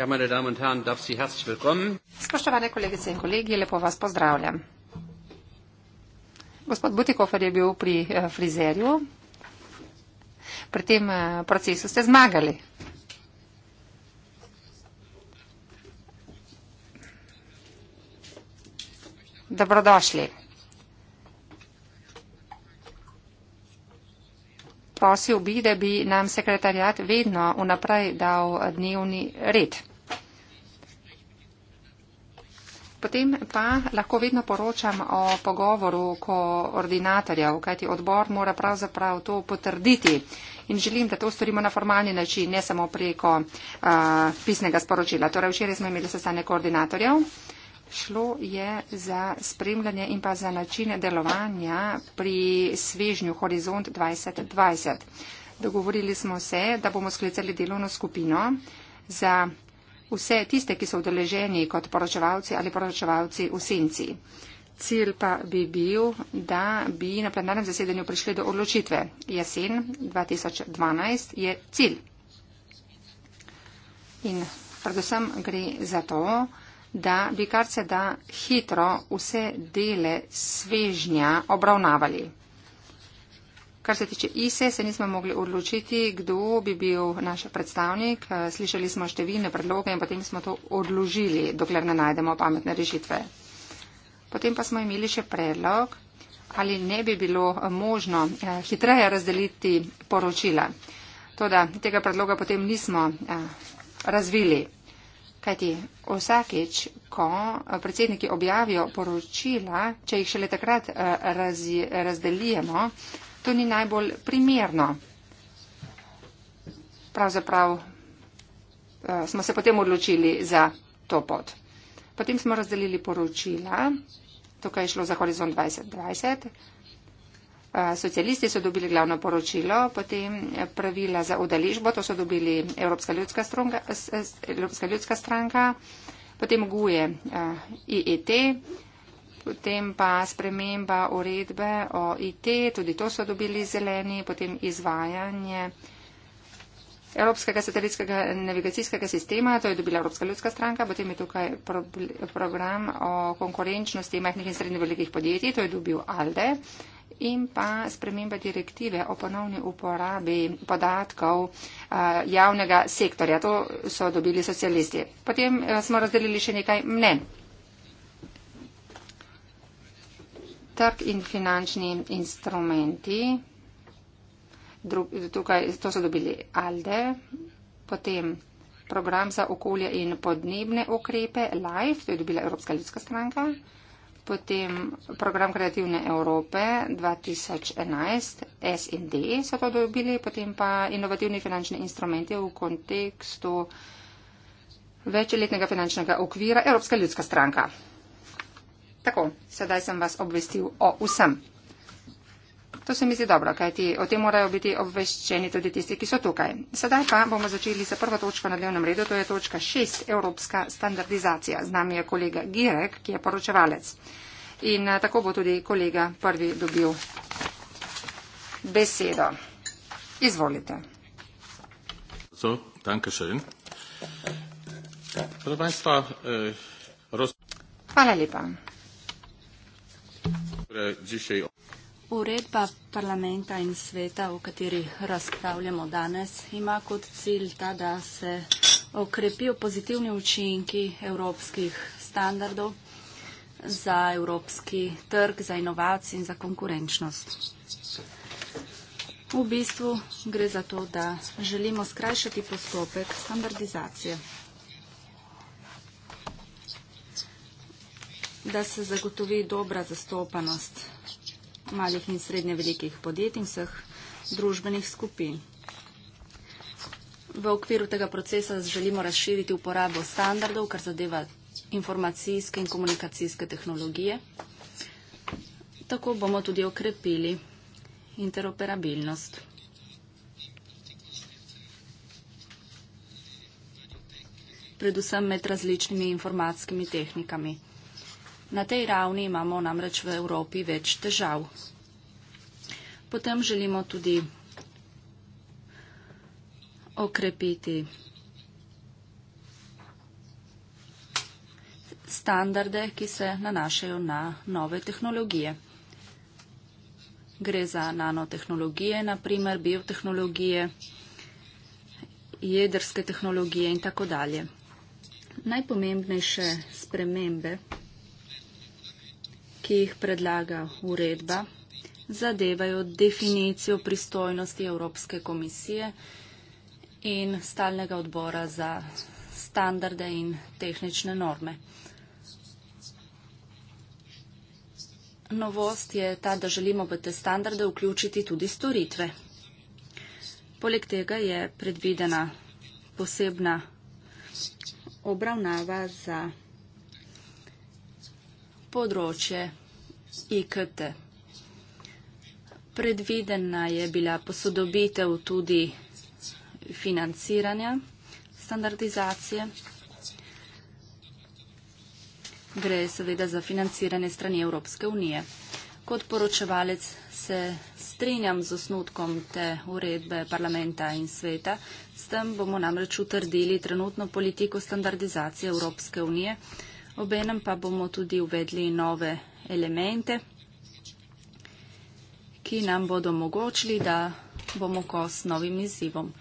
Ja, meine Damen und Herren, darf Sie herzlich willkommen. Spoštovane kolegice in kolegi, lepo vas pozdravljam. Gospod Butikofer je bil pri eh, frizerju. Pri tem eh, procesu ste zmagali. Dobrodošli. Prosil bi, da bi nam sekretarjat vedno vnaprej dal dnevni red. Potem pa lahko vedno poročam o pogovoru koordinatorjev, kajti odbor mora pravzaprav to potrditi. In želim, da to storimo na formalni način, ne samo preko a, pisnega sporočila. Torej, včeraj smo imeli sestanek koordinatorjev. Šlo je za spremljanje in pa za načine delovanja pri svežnju Horizont 2020. Dogovorili smo se, da bomo sklicali delovno skupino za vse tiste, ki so udeleženi kot poročevalci ali poročevalci v senci. Cilj pa bi bil, da bi na plenarnem zasedanju prišli do odločitve. Jesen 2012 je cilj. In predvsem gre za to, da bi kar se da hitro vse dele svežnja obravnavali. Kar se tiče ISE, se nismo mogli odločiti, kdo bi bil naš predstavnik. Eh, slišali smo številne predloge in potem smo to odložili, dokler ne najdemo pametne rešitve. Potem pa smo imeli še predlog, ali ne bi bilo eh, možno eh, hitreje razdeliti poročila. Toda tega predloga potem nismo razvili. Kajti vsakeč, ko predsedniki objavijo poročila, če jih šele takrat raz, razdelijemo, to ni najbolj primerno. Pravzaprav uh, smo se potem odločili za to pot. Potem smo razdelili poročila, tukaj je šlo za horizont 2020. Eh, socialisti so dobili glavno poročilo, potem pravila za udeležbo, to so dobili Evropska ljudska, stronga, Evropska ljudska stranka, potem GUE eh, IET, Potem pa sprememba uredbe o IT, tudi to so dobili zeleni, potem izvajanje Evropskega satelitskega navigacijskega sistema, to je dobila Evropska ljudska stranka, potem je tukaj program o konkurenčnosti majhnih in srednjih velikih podjetij, to je dobil ALDE in pa sprememba direktive o ponovni uporabi podatkov javnega sektorja, to so dobili socialisti. Potem smo razdelili še nekaj mnen. trg in finančni instrumenti. Drug, tukaj, to so dobili ALDE, potem program za okolje in podnebne ukrepe LIFE, to je dobila Evropska ljudska stranka, potem program kreativne Evrope 2011, SND so to dobili, potem pa inovativni finančni instrumenti v kontekstu večletnega finančnega okvira Evropska ljudska stranka. Tako, sedaj sem vas obvestil o vsem. To se mi zdi dobro, kajti o tem morajo biti obveščeni tudi tisti, ki so tukaj. Sedaj pa bomo začeli s prvo točko na dnevnem redu, to je točka 6, evropska standardizacija. Z nami je kolega Girek, ki je poročevalec. In eh, tako bo tudi kolega prvi dobil besedo. Izvolite. So, eh, Hvala lepa. Uredba parlamenta in sveta, o kateri razpravljamo danes, ima kot cilj ta, da se okrepijo pozitivni učinki evropskih standardov za evropski trg, za inovacije in za konkurenčnost. V bistvu gre za to, da želimo skrajšati postopek standardizacije. da se zagotovi dobra zastopanost malih in srednje velikih podjetij in vseh družbenih skupin. V okviru tega procesa želimo razširiti uporabo standardov, kar zadeva informacijske in komunikacijske tehnologije. Tako bomo tudi okrepili interoperabilnost. predvsem med različnimi informatskimi tehnikami. Na tej ravni imamo namreč v Evropi več težav. Potem želimo tudi okrepiti standarde, ki se nanašajo na nove tehnologije. Gre za nanotehnologije, naprimer biotehnologije, jedrske tehnologije in tako dalje. Najpomembnejše spremembe ki jih predlaga uredba, zadevajo definicijo pristojnosti Evropske komisije in stalnega odbora za standarde in tehnične norme. Novost je ta, da želimo v te standarde vključiti tudi storitve. Poleg tega je predvidena posebna obravnava za področje IKT. Predvidena je bila posodobitev tudi financiranja standardizacije. Gre seveda za financiranje strani Evropske unije. Kot poročevalec se strinjam z osnutkom te uredbe parlamenta in sveta. S tem bomo namreč utrdili trenutno politiko standardizacije Evropske unije. Obenem pa bomo tudi uvedli nove elemente, ki nam bodo omogočili, da bomo kos novim izzivom.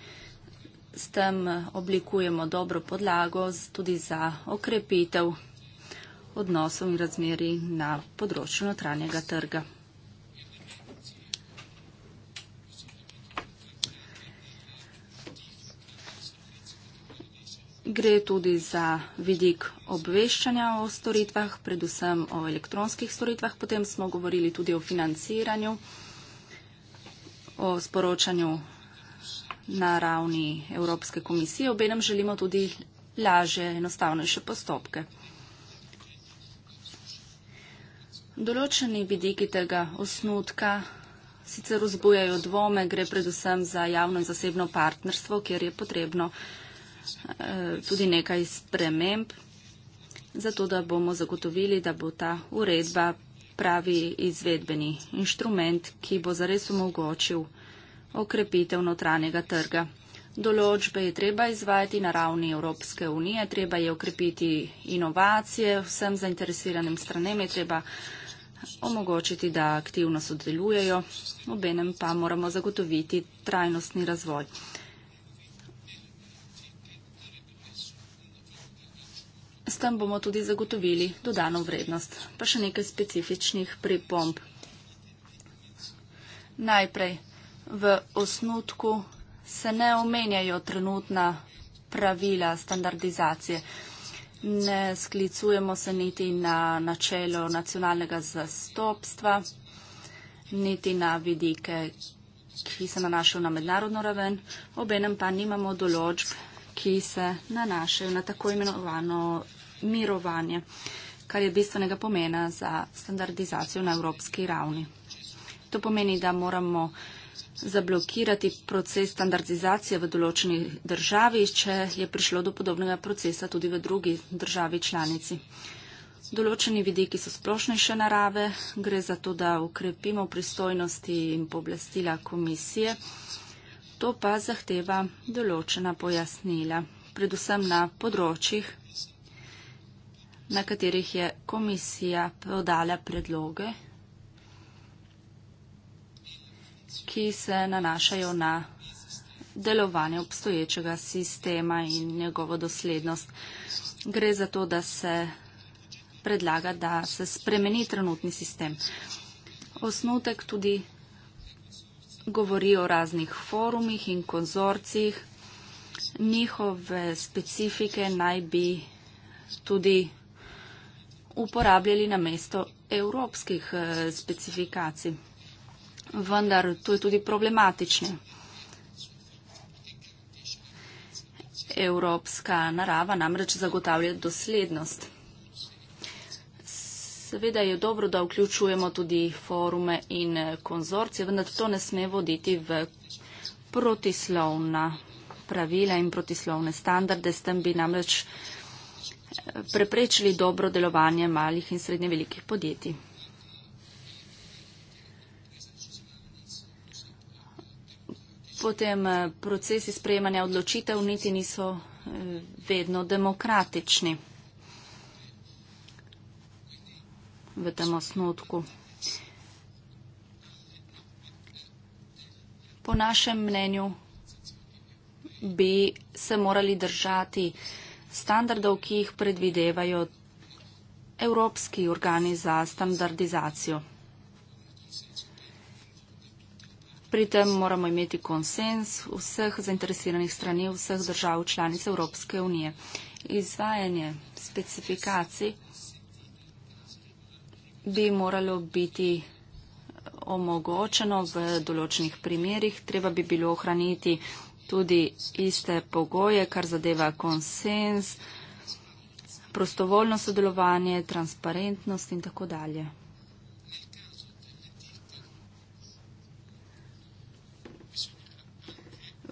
S tem oblikujemo dobro podlago tudi za okrepitev odnosov in razmeri na področju notranjega trga. Gre tudi za vidik obveščanja o storitvah, predvsem o elektronskih storitvah. Potem smo govorili tudi o financiranju, o sporočanju na ravni Evropske komisije. Obenem želimo tudi laže, enostavnejše postopke. Določeni vidiki tega osnutka sicer vzbujajo dvome, gre predvsem za javno in zasebno partnerstvo, kjer je potrebno Eh, tudi nekaj sprememb, zato da bomo zagotovili, da bo ta uredba pravi izvedbeni inštrument, ki bo zares omogočil okrepitev notranjega trga. Določbe je treba izvajati na ravni Evropske unije, treba je okrepiti inovacije, vsem zainteresiranim stranem je treba omogočiti, da aktivno sodelujejo, obenem pa moramo zagotoviti trajnostni razvoj. gostem bomo tudi zagotovili dodano vrednost. Pa še nekaj specifičnih pripomb. Najprej, v osnutku se ne omenjajo trenutna pravila standardizacije. Ne sklicujemo se niti na načelo nacionalnega zastopstva, niti na vidike, ki se nanašajo na mednarodno raven, obenem pa nimamo določb, ki se nanašajo na tako imenovano mirovanje, kar je bistvenega pomena za standardizacijo na evropski ravni. To pomeni, da moramo zablokirati proces standardizacije v določeni državi, če je prišlo do podobnega procesa tudi v drugi državi članici. Določeni vidiki so splošnejše narave, gre za to, da ukrepimo pristojnosti in pooblastila komisije. To pa zahteva določena pojasnila, predvsem na področjih, na katerih je komisija podala predloge, ki se nanašajo na delovanje obstoječega sistema in njegovo doslednost. Gre za to, da se predlaga, da se spremeni trenutni sistem. Osnutek tudi govori o raznih forumih in konzorcih. Njihove specifike naj bi tudi uporabljali na mesto evropskih eh, specifikacij. Vendar to je tudi problematično. Evropska narava namreč zagotavlja doslednost. Seveda je dobro, da vključujemo tudi forume in eh, konzorcije, vendar to ne sme voditi v protislovna pravila in protislovne standarde, s tem bi namreč preprečili dobro delovanje malih in srednje velikih podjetij. Potem eh, procesi sprejemanja odločitev niti niso eh, vedno demokratični v tem osnutku. Po našem mnenju bi se morali držati standardov, ki jih predvidevajo evropski organi za standardizacijo. Pri tem moramo imeti konsens vseh zainteresiranih strani, vseh držav članic Evropske unije. Izvajanje specifikacij bi moralo biti omogočeno v določenih primerjih. Treba bi bilo ohraniti tudi iste pogoje, kar zadeva konsens, prostovoljno sodelovanje, transparentnost in tako dalje.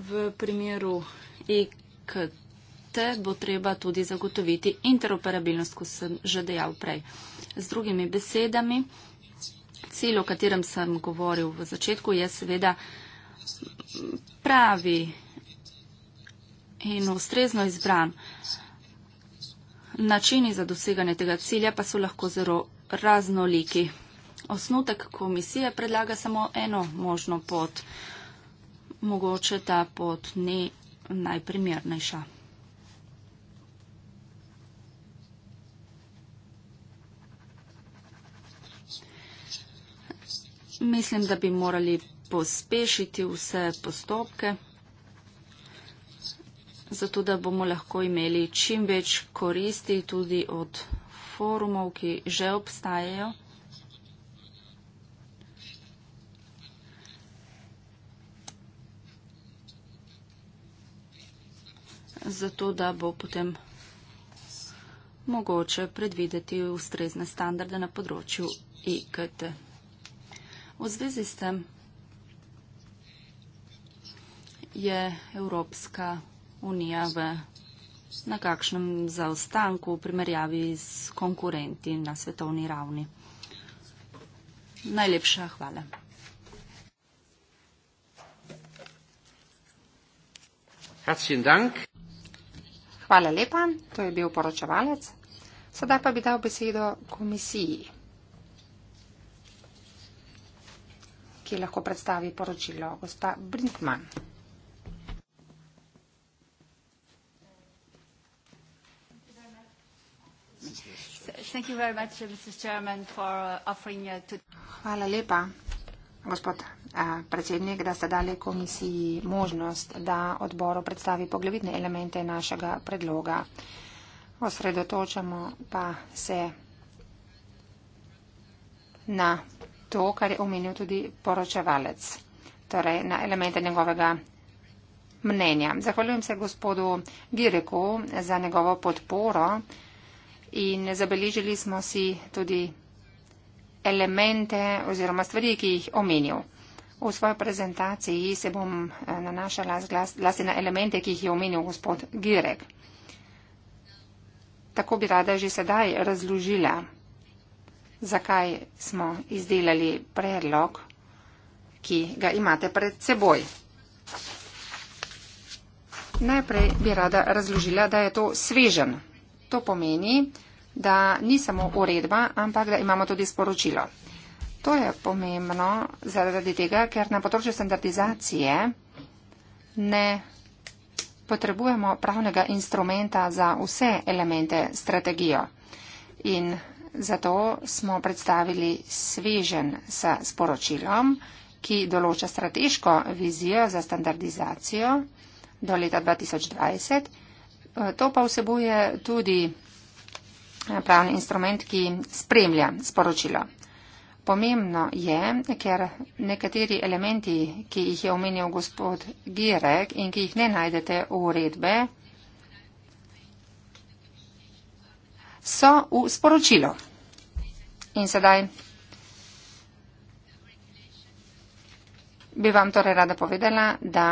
V primeru IKT bo treba tudi zagotoviti interoperabilnost, kot sem že dejal prej. Z drugimi besedami, cilj, o katerem sem govoril v začetku, je seveda pravi in ustrezno izbran. Načini za doseganje tega cilja pa so lahko zelo raznoliki. Osnutek komisije predlaga samo eno možno pot. Mogoče ta pot ni najprimernejša. Mislim, da bi morali pospešiti vse postopke zato da bomo lahko imeli čim več koristi tudi od forumov, ki že obstajajo. Zato, da bo potem mogoče predvideti ustrezne standarde na področju IKT. V zvezi s tem je Evropska unija. Unija v na kakšnem zaostanku v primerjavi s konkurenti na svetovni ravni. Najlepša hvala. Hvala lepa, to je bil poročevalec. Sedaj pa bi dal besedo komisiji, ki lahko predstavi poročilo gospa Brinkman. Uh, uh, uh, Hvala lepa, gospod predsednik, da ste dali komisiji možnost, da odboru predstavi poglavitne elemente našega predloga. Osredotočamo pa se na to, kar je omenil tudi poročevalec, torej na elemente njegovega mnenja. Zahvaljujem se gospodu Gireku za njegovo podporo in zabeležili smo si tudi elemente oziroma stvari, ki jih omenil. V svoji prezentaciji se bom eh, nanašala zlasti na elemente, ki jih je omenil gospod Girek. Tako bi rada že sedaj razložila, zakaj smo izdelali predlog, ki ga imate pred seboj. Najprej bi rada razložila, da je to svežen. To pomeni, da ni samo uredba, ampak da imamo tudi sporočilo. To je pomembno zaradi tega, ker na področju standardizacije ne potrebujemo pravnega instrumenta za vse elemente strategijo. In zato smo predstavili svežen s sporočilom, ki določa strateško vizijo za standardizacijo do leta 2020. Eh, to pa vsebuje tudi eh, pravni instrument, ki spremlja sporočilo. Pomembno je, ker nekateri elementi, ki jih je omenil gospod Girek in ki jih ne najdete v uredbe, so v sporočilo. In sedaj bi vam torej rada povedala, da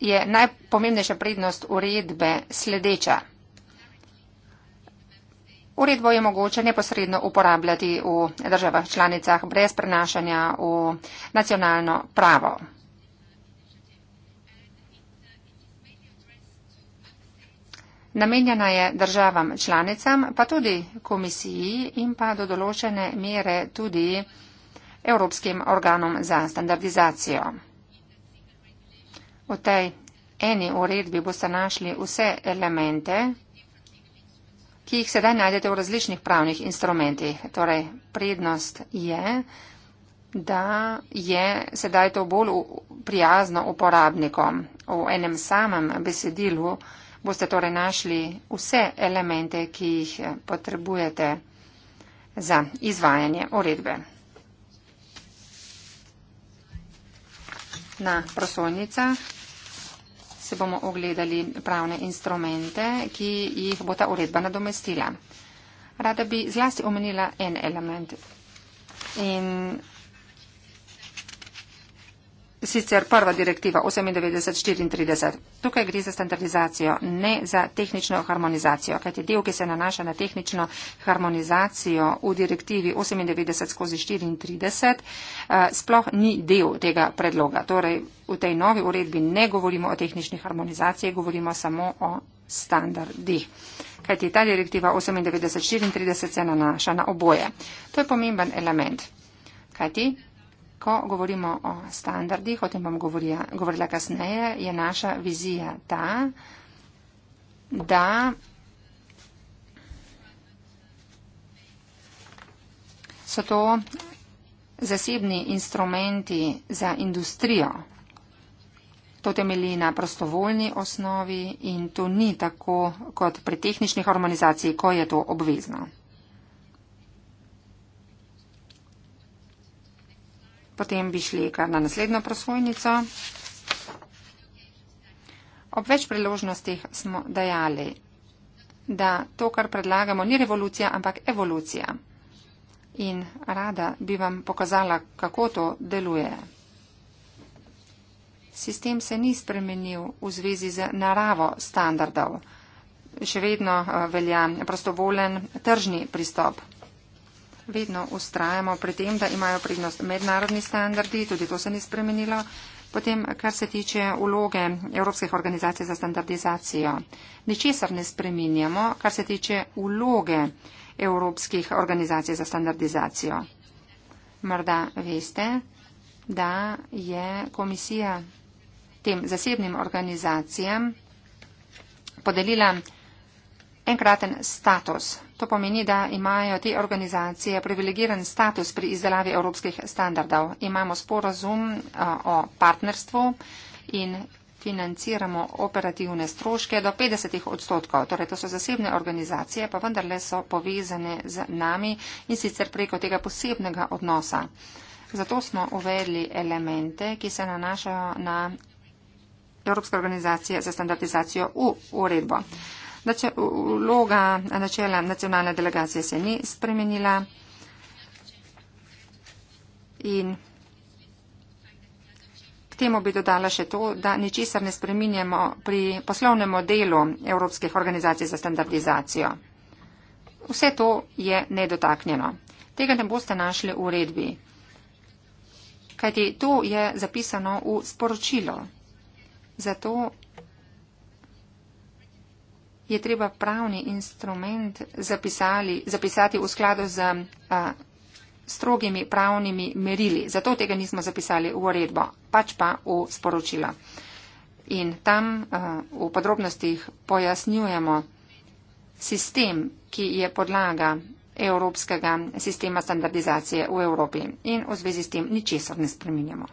je najpomembnejša prednost uredbe sledeča. Uredbo je mogoče neposredno uporabljati v državah članicah brez prenašanja v nacionalno pravo. Namenjena je državam članicam, pa tudi komisiji in pa do določene mere tudi Evropskim organom za standardizacijo. V tej eni uredbi boste našli vse elemente, ki jih sedaj najdete v različnih pravnih instrumentih. Torej, prednost je, da je sedaj to bolj prijazno uporabnikom. V enem samem besedilu boste torej našli vse elemente, ki jih potrebujete za izvajanje uredbe. Na prosojnicah si bomo ogledali pravne instrumente, ki jih bo ta uredba nadomestila. Rada bi zlasti omenila en element. In sicer prva direktiva 98-34. Tukaj gre za standardizacijo, ne za tehnično harmonizacijo, kajti del, ki se nanaša na tehnično harmonizacijo v direktivi 98-34, eh, sploh ni del tega predloga. Torej, v tej novi uredbi ne govorimo o tehnični harmonizaciji, govorimo samo o standardih. Kajti ta direktiva 98-34 se nanaša na oboje. To je pomemben element. Kajti ko govorimo o standardih, o tem bom govorila, govorila kasneje, je naša vizija ta, da so to zasebni instrumenti za industrijo. To temelji na prostovoljni osnovi in to ni tako kot pri tehnični harmonizaciji, ko je to obvezno. Potem bi šli kar na naslednjo prosojnico. Ob več priložnostih smo dejali, da to, kar predlagamo, ni revolucija, ampak evolucija. In rada bi vam pokazala, kako to deluje. Sistem se ni spremenil v zvezi z naravo standardov. Še vedno eh, velja prostovolen tržni pristop vedno ustrajamo pri tem, da imajo prednost mednarodni standardi, tudi to se ni spremenilo. Potem, kar se tiče uloge Evropskih organizacij za standardizacijo, ničesar ne spreminjamo, kar se tiče uloge Evropskih organizacij za standardizacijo. Morda veste, da je komisija tem zasebnim organizacijam podelila enkraten status To pomeni, da imajo te organizacije privilegiran status pri izdelavi evropskih standardov. Imamo sporazum o partnerstvu in financiramo operativne stroške do 50 odstotkov. Torej, to so zasebne organizacije, pa vendarle so povezane z nami in sicer preko tega posebnega odnosa. Zato smo uvedli elemente, ki se nanašajo na Evropske organizacije za standardizacijo v uredbo. Vloga načela nacionalne delegacije se ni spremenila in k temu bi dodala še to, da ničesar ne spreminjamo pri poslovnem modelu Evropskih organizacij za standardizacijo. Vse to je nedotaknjeno. Tega ne boste našli v uredbi. Kajti to je zapisano v sporočilo. Zato je treba pravni instrument zapisali, zapisati v skladu z a, strogimi pravnimi merili. Zato tega nismo zapisali v uredbo, pač pa v sporočila. In tam a, v podrobnostih pojasnjujemo sistem, ki je podlaga evropskega sistema standardizacije v Evropi in v zvezi s tem ničesar ne spreminjamo.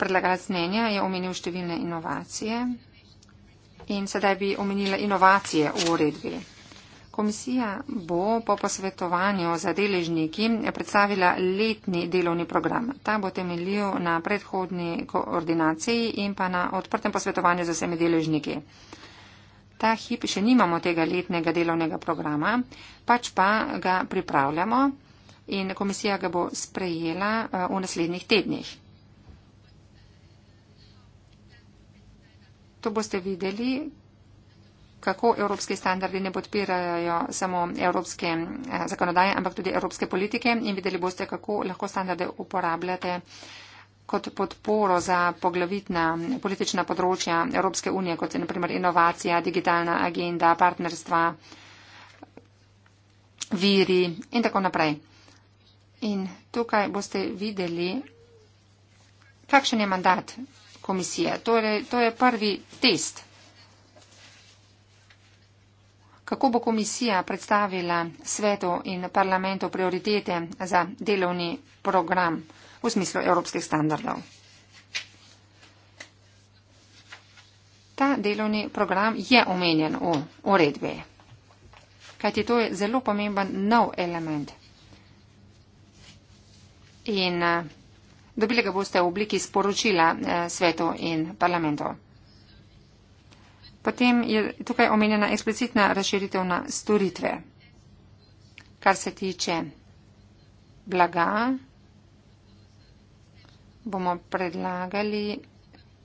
Predlagalec mnenja je omenil številne inovacije. In sedaj bi omenila inovacije v uredbi. Komisija bo po posvetovanju za deležniki predstavila letni delovni program. Ta bo temeljil na predhodni koordinaciji in pa na odprtem posvetovanju z vsemi deležniki. Ta hip še nimamo tega letnega delovnega programa, pač pa ga pripravljamo in komisija ga bo sprejela eh, v naslednjih tednih. To boste videli, kako evropski standardi ne podpirajo samo evropske eh, zakonodaje, ampak tudi evropske politike in videli boste, kako lahko standarde uporabljate kot podporo za poglavitna politična področja Evropske unije, kot je naprimer inovacija, digitalna agenda, partnerstva, viri in tako naprej. In tukaj boste videli, kakšen je mandat komisije. Torej, to je prvi test. Kako bo komisija predstavila svetu in parlamentu prioritete za delovni program v smislu evropskih standardov? Ta delovni program je omenjen v uredbi, kajti to je zelo pomemben nov element. In Dobili ga boste v obliki sporočila eh, svetu in parlamentu. Potem je tukaj omenjena eksplicitna razširitev na storitve. Kar se tiče blaga, bomo predlagali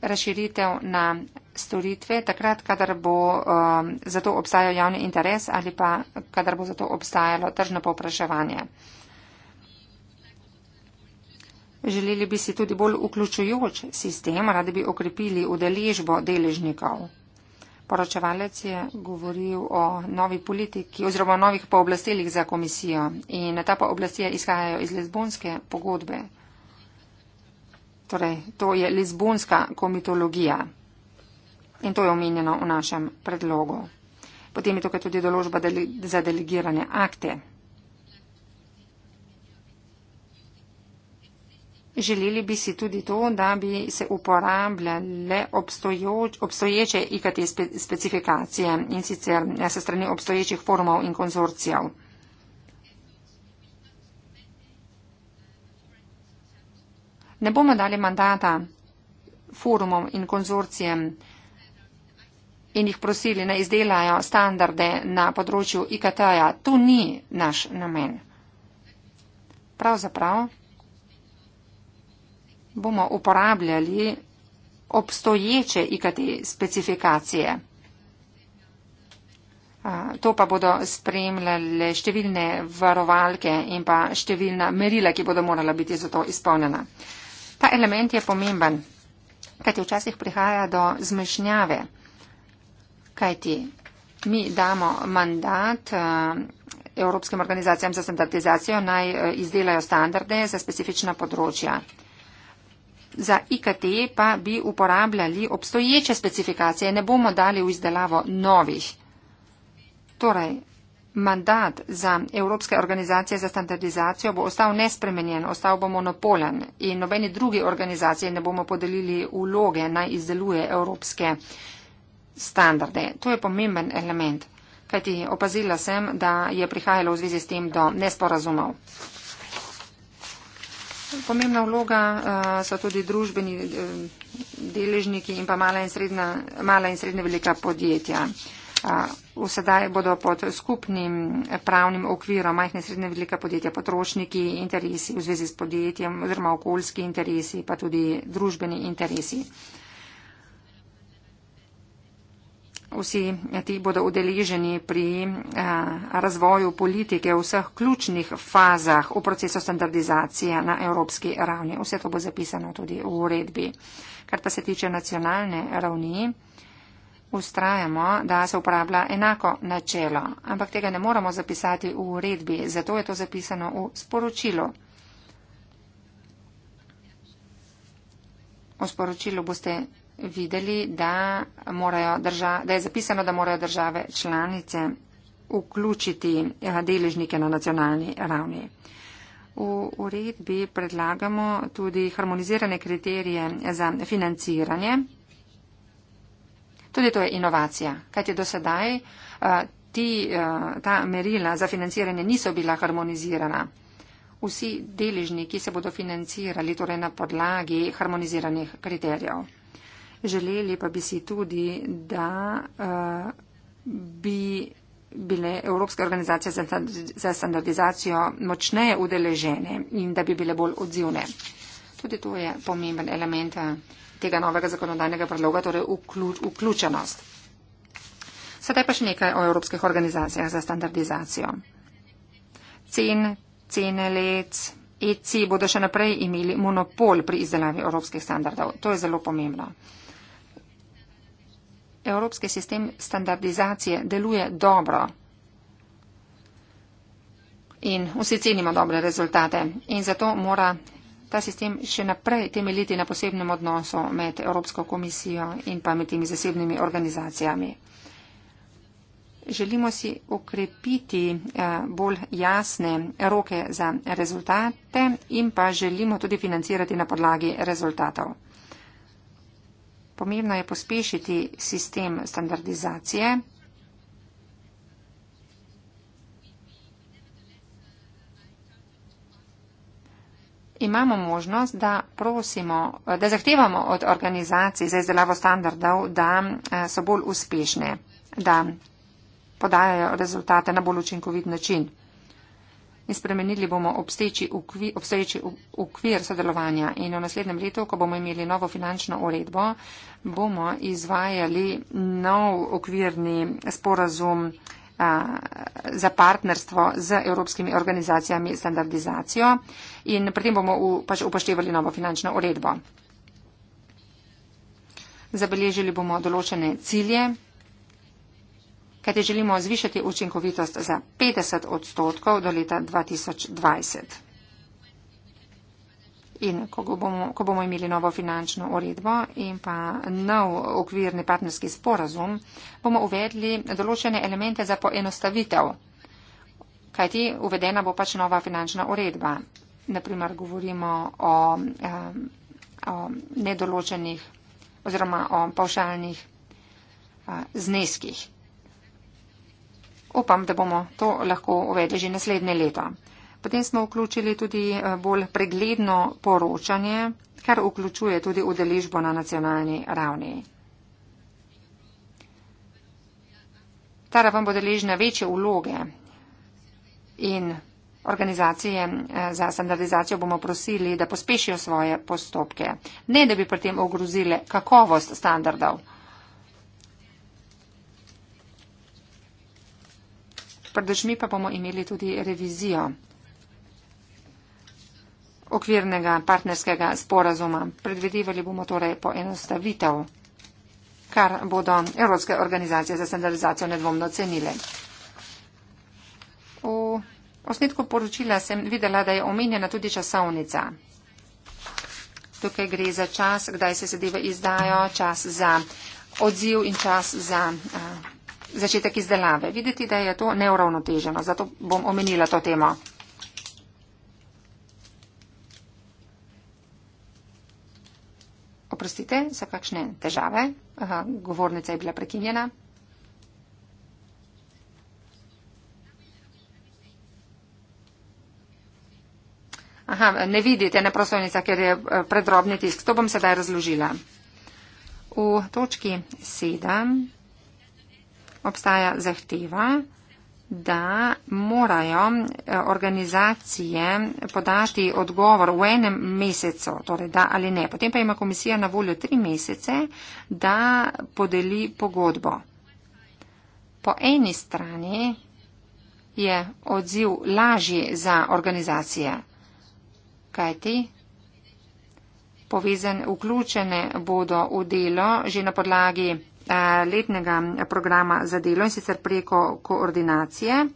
razširitev na storitve takrat, kadar bo um, za to obstajal javni interes ali pa kadar bo za to obstajalo tržno povpraševanje. Želeli bi si tudi bolj vključujoč sistem, radi bi okrepili udeležbo deležnikov. Poročevalec je govoril o novi politiki oziroma o novih pooblastilih za komisijo in ta pooblastila izhajajo iz Lizbonske pogodbe. Torej, to je Lizbonska komitologija in to je omenjeno v našem predlogu. Potem je tukaj tudi doložba deli za delegirane akte. Želeli bi si tudi to, da bi se uporabljale obstojoč, obstoječe IKT specifikacije in sicer ja, se strani obstoječih forumov in konzorcijev. Ne bomo dali mandata forumom in konzorcijem in jih prosili, da izdelajo standarde na področju IKT-ja. To ni naš namen. Pravzaprav. Prav bomo uporabljali obstoječe IKT specifikacije. To pa bodo spremljale številne varovalke in pa številna merila, ki bodo morala biti za to izpolnjena. Ta element je pomemben, kajti včasih prihaja do zmešnjave, kajti mi damo mandat Evropskim organizacijam za standardizacijo naj izdelajo standarde za specifična področja za IKTE pa bi uporabljali obstoječe specifikacije, ne bomo dali v izdelavo novih. Torej, mandat za Evropske organizacije za standardizacijo bo ostal nespremenjen, ostal bo monopolen in nobeni drugi organizaciji ne bomo podelili vloge naj izdeluje evropske standarde. To je pomemben element, kajti opazila sem, da je prihajalo v zvezi s tem do nesporazumov. Pomembna vloga eh, so tudi družbeni eh, deležniki in pa mala in srednja, mala in srednja velika podjetja. Eh, Vsedaj bodo pod skupnim pravnim okvirom majhne in srednje velika podjetja potrošniki, interesi v zvezi s podjetjem oziroma okoljski interesi, pa tudi družbeni interesi vsi ti bodo udeleženi pri eh, razvoju politike v vseh ključnih fazah v procesu standardizacije na evropski ravni. Vse to bo zapisano tudi v uredbi. Kar pa se tiče nacionalne ravni, ustrajamo, da se uporablja enako načelo, ampak tega ne moramo zapisati v uredbi, zato je to zapisano v sporočilu. V sporočilu boste videli, da, morajo, da je zapisano, da morajo države članice vključiti eh, deležnike na nacionalni ravni. V uredbi predlagamo tudi harmonizirane kriterije za financiranje. Tudi to je inovacija, kajti do sedaj eh, ti, eh, ta merila za financiranje niso bila harmonizirana. Vsi deležniki se bodo financirali torej na podlagi harmoniziranih kriterijev. Želeli pa bi si tudi, da eh, bi bile Evropske organizacije za standardizacijo močneje udeležene in da bi bile bolj odzivne. Tudi to je pomemben element eh, tega novega zakonodajnega predloga, torej vključ, vključenost. Sedaj pa še nekaj o Evropskih organizacijah za standardizacijo. Cen, cene let, ECI bodo še naprej imeli monopol pri izdelavi evropskih standardov. To je zelo pomembno evropski sistem standardizacije deluje dobro. In vsi cenimo dobre rezultate. In zato mora ta sistem še naprej temeljiti na posebnem odnosu med Evropsko komisijo in pa med temi zasebnimi organizacijami. Želimo si ukrepiti eh, bolj jasne roke za rezultate in pa želimo tudi financirati na podlagi rezultatov. Pomembno je pospešiti sistem standardizacije. Imamo možnost, da, prosimo, da zahtevamo od organizacij za izdelavo standardov, da eh, so bolj uspešne, da podajajo rezultate na bolj učinkovit način in spremenili bomo obstoječi ukvir, obstoječi ukvir sodelovanja. In v naslednjem letu, ko bomo imeli novo finančno uredbo, bomo izvajali nov ukvirni sporazum a, za partnerstvo z evropskimi organizacijami standardizacijo in pri tem bomo u, pač upoštevali novo finančno uredbo. Zabeležili bomo določene cilje kajte želimo zvišati učinkovitost za 50 odstotkov do leta 2020. In ko bomo, ko bomo imeli novo finančno uredbo in pa nov okvirni partnerski sporazum, bomo uvedli določene elemente za poenostavitev, kajti uvedena bo pač nova finančna uredba. Naprimer, govorimo o, o nedoločenih oziroma o pavšalnih zneskih. Upam, da bomo to lahko uvedli že naslednje leto. Potem smo vključili tudi eh, bolj pregledno poročanje, kar vključuje tudi udeležbo na nacionalni ravni. Tara vam bo deležna večje vloge in organizacije eh, za standardizacijo bomo prosili, da pospešijo svoje postopke, ne da bi pri tem ogrozile kakovost standardov. pridržmi pa bomo imeli tudi revizijo okvirnega partnerskega sporazuma. Predvidevali bomo torej poenostavitev, kar bodo Evropske organizacije za standardizacijo nedvomno cenile. V osnetku poročila sem videla, da je omenjena tudi časovnica. Tukaj gre za čas, kdaj se zadeve izdajo, čas za odziv in čas za. Uh, začetek izdelave. Videti, da je to neuravnoteženo, zato bom omenila to temo. Oprostite za kakšne težave. Aha, govornica je bila prekinjena. Aha, ne vidite na prosojnicah, ker je eh, predrobni tisk. To bom sedaj razložila. V točki 7 obstaja zahteva, da morajo eh, organizacije podati odgovor v enem mesecu, torej da ali ne. Potem pa ima komisija na voljo tri mesece, da podeli pogodbo. Po eni strani je odziv lažji za organizacije, kajti povezane, vključene bodo v delo že na podlagi Eh, letnega programa za delo in sicer preko koordinacije.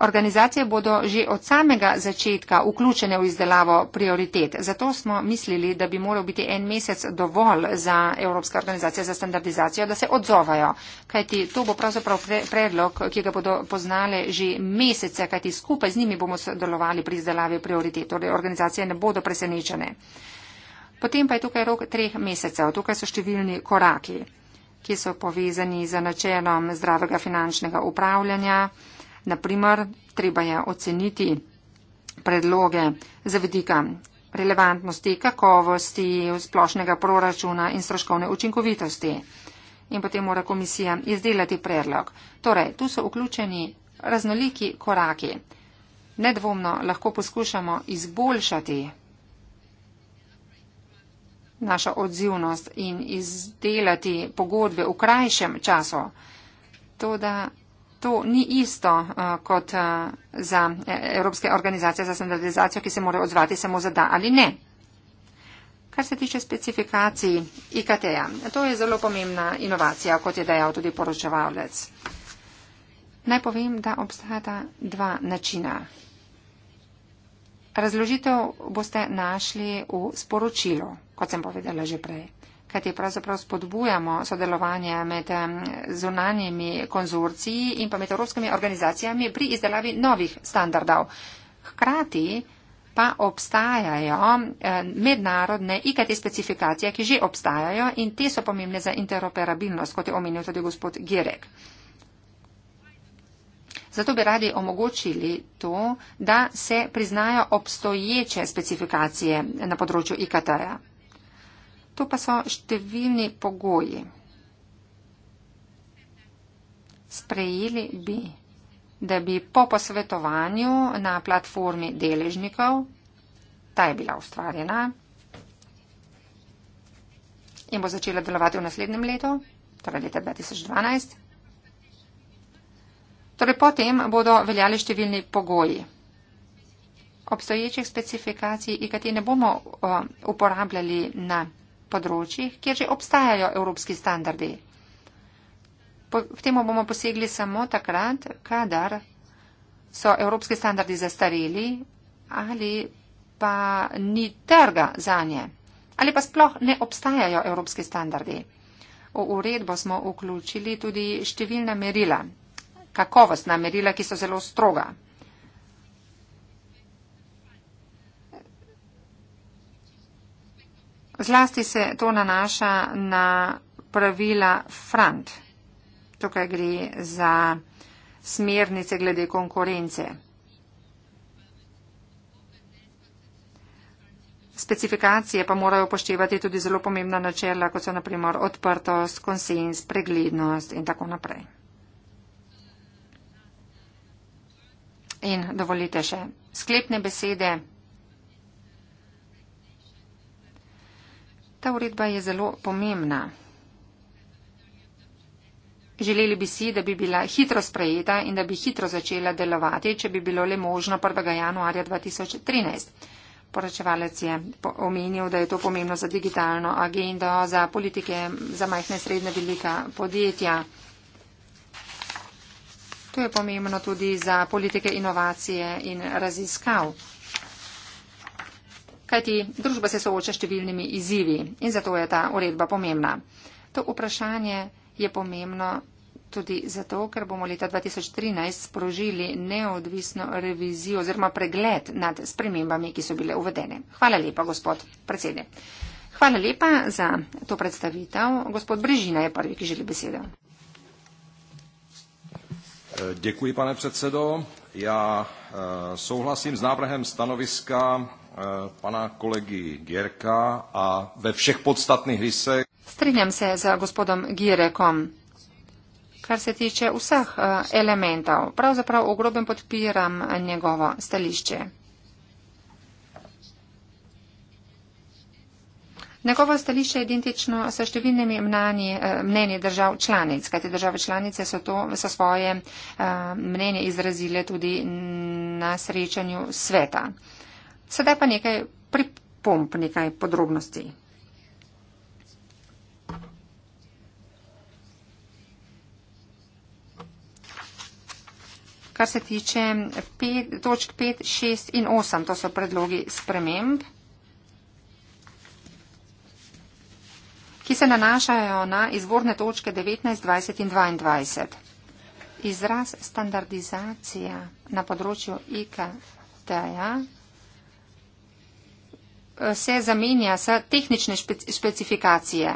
Organizacije bodo že od samega začetka vključene v izdelavo prioritet. Zato smo mislili, da bi moral biti en mesec dovolj za Evropska organizacija za standardizacijo, da se odzovajo. Kajti to bo pravzaprav predlog, ki ga bodo poznali že mesece, kajti skupaj z njimi bomo sodelovali pri izdelavi prioritet. Torej organizacije ne bodo presenečene. Potem pa je tukaj rok treh mesecev. Tukaj so številni koraki, ki so povezani z načelom zdravega finančnega upravljanja. Naprimer, treba je oceniti predloge za vidika relevantnosti, kakovosti splošnega proračuna in stroškovne učinkovitosti. In potem mora komisija izdelati predlog. Torej, tu so vključeni raznoliki koraki. Nedvomno lahko poskušamo izboljšati naša odzivnost in izdelati pogodbe v krajšem času. To, da to ni isto eh, kot eh, za eh, Evropske organizacije za standardizacijo, ki se morajo odzvati samo za da ali ne. Kar se tiče specifikacij IKT-ja, to je zelo pomembna inovacija, kot je dejal tudi poročevalec. Naj povem, da obstajata dva načina. Razložitev boste našli v sporočilu kot sem povedala že prej. Kaj ti pravzaprav spodbujamo sodelovanje med zunanjimi konzorciji in pa med evropskimi organizacijami pri izdelavi novih standardov. Hkrati pa obstajajo mednarodne IKT specifikacije, ki že obstajajo in te so pomembne za interoperabilnost, kot je omenil tudi gospod Girek. Zato bi radi omogočili to, da se priznajo obstoječe specifikacije na področju IKT-ja. To pa so številni pogoji. Sprejeli bi, da bi po posvetovanju na platformi deležnikov, ta je bila ustvarjena in bo začela delovati v naslednjem letu, torej leta 2012. Torej potem bodo veljali številni pogoji. Obstoječih specifikacij IKT ne bomo eh, uporabljali na področjih, kjer že obstajajo evropski standardi. V temo bomo posegli samo takrat, kadar so evropski standardi zastareli ali pa ni trga za nje ali pa sploh ne obstajajo evropski standardi. V uredbo smo vključili tudi številna merila, kakovostna merila, ki so zelo stroga, Zlasti se to nanaša na pravila front. Tukaj gre za smernice glede konkurence. Specifikacije pa morajo upoštevati tudi zelo pomembna načela, kot so naprimer odprtost, konsens, preglednost in tako naprej. In dovolite še sklepne besede. Ta uredba je zelo pomembna. Želeli bi si, da bi bila hitro sprejeta in da bi hitro začela delovati, če bi bilo le možno 1. januarja 2013. Poročevalec je omenil, da je to pomembno za digitalno agendo, za politike, za majhne srednje velika podjetja. To je pomembno tudi za politike inovacije in raziskav. Kajti družba se sooča s številnimi izzivi in zato je ta uredba pomembna. To vprašanje je pomembno tudi zato, ker bomo leta 2013 sprožili neodvisno revizijo oziroma pregled nad spremembami, ki so bile uvedene. Hvala lepa, gospod predsednik. Hvala lepa za to predstavitev. Gospod Brežina je prvi, ki želi besedo. Děkuji, pane předsedo. Já eh, souhlasím s návrhem stanoviska Eh, pana kolegy Gierka a ve všech podstatných rysech. Strinjam se za gospodom Gierekom. Kar se tiče vseh eh, elementov, pravzaprav v grobem podpiram njegovo stališče. Njegovo stališče je identično s številnimi mnenji, eh, mnenji držav članic, kajti države članice so, to, so svoje mnenje izrazile tudi na srečanju sveta. Sedaj pa nekaj pripomp, nekaj podrobnosti. Kar se tiče pet, točk 5, 6 in 8, to so predlogi sprememb, ki se nanašajo na izvorne točke 19, 20 in 22. Izraz standardizacija na področju IKT-ja se zamenja s tehnične specifikacije.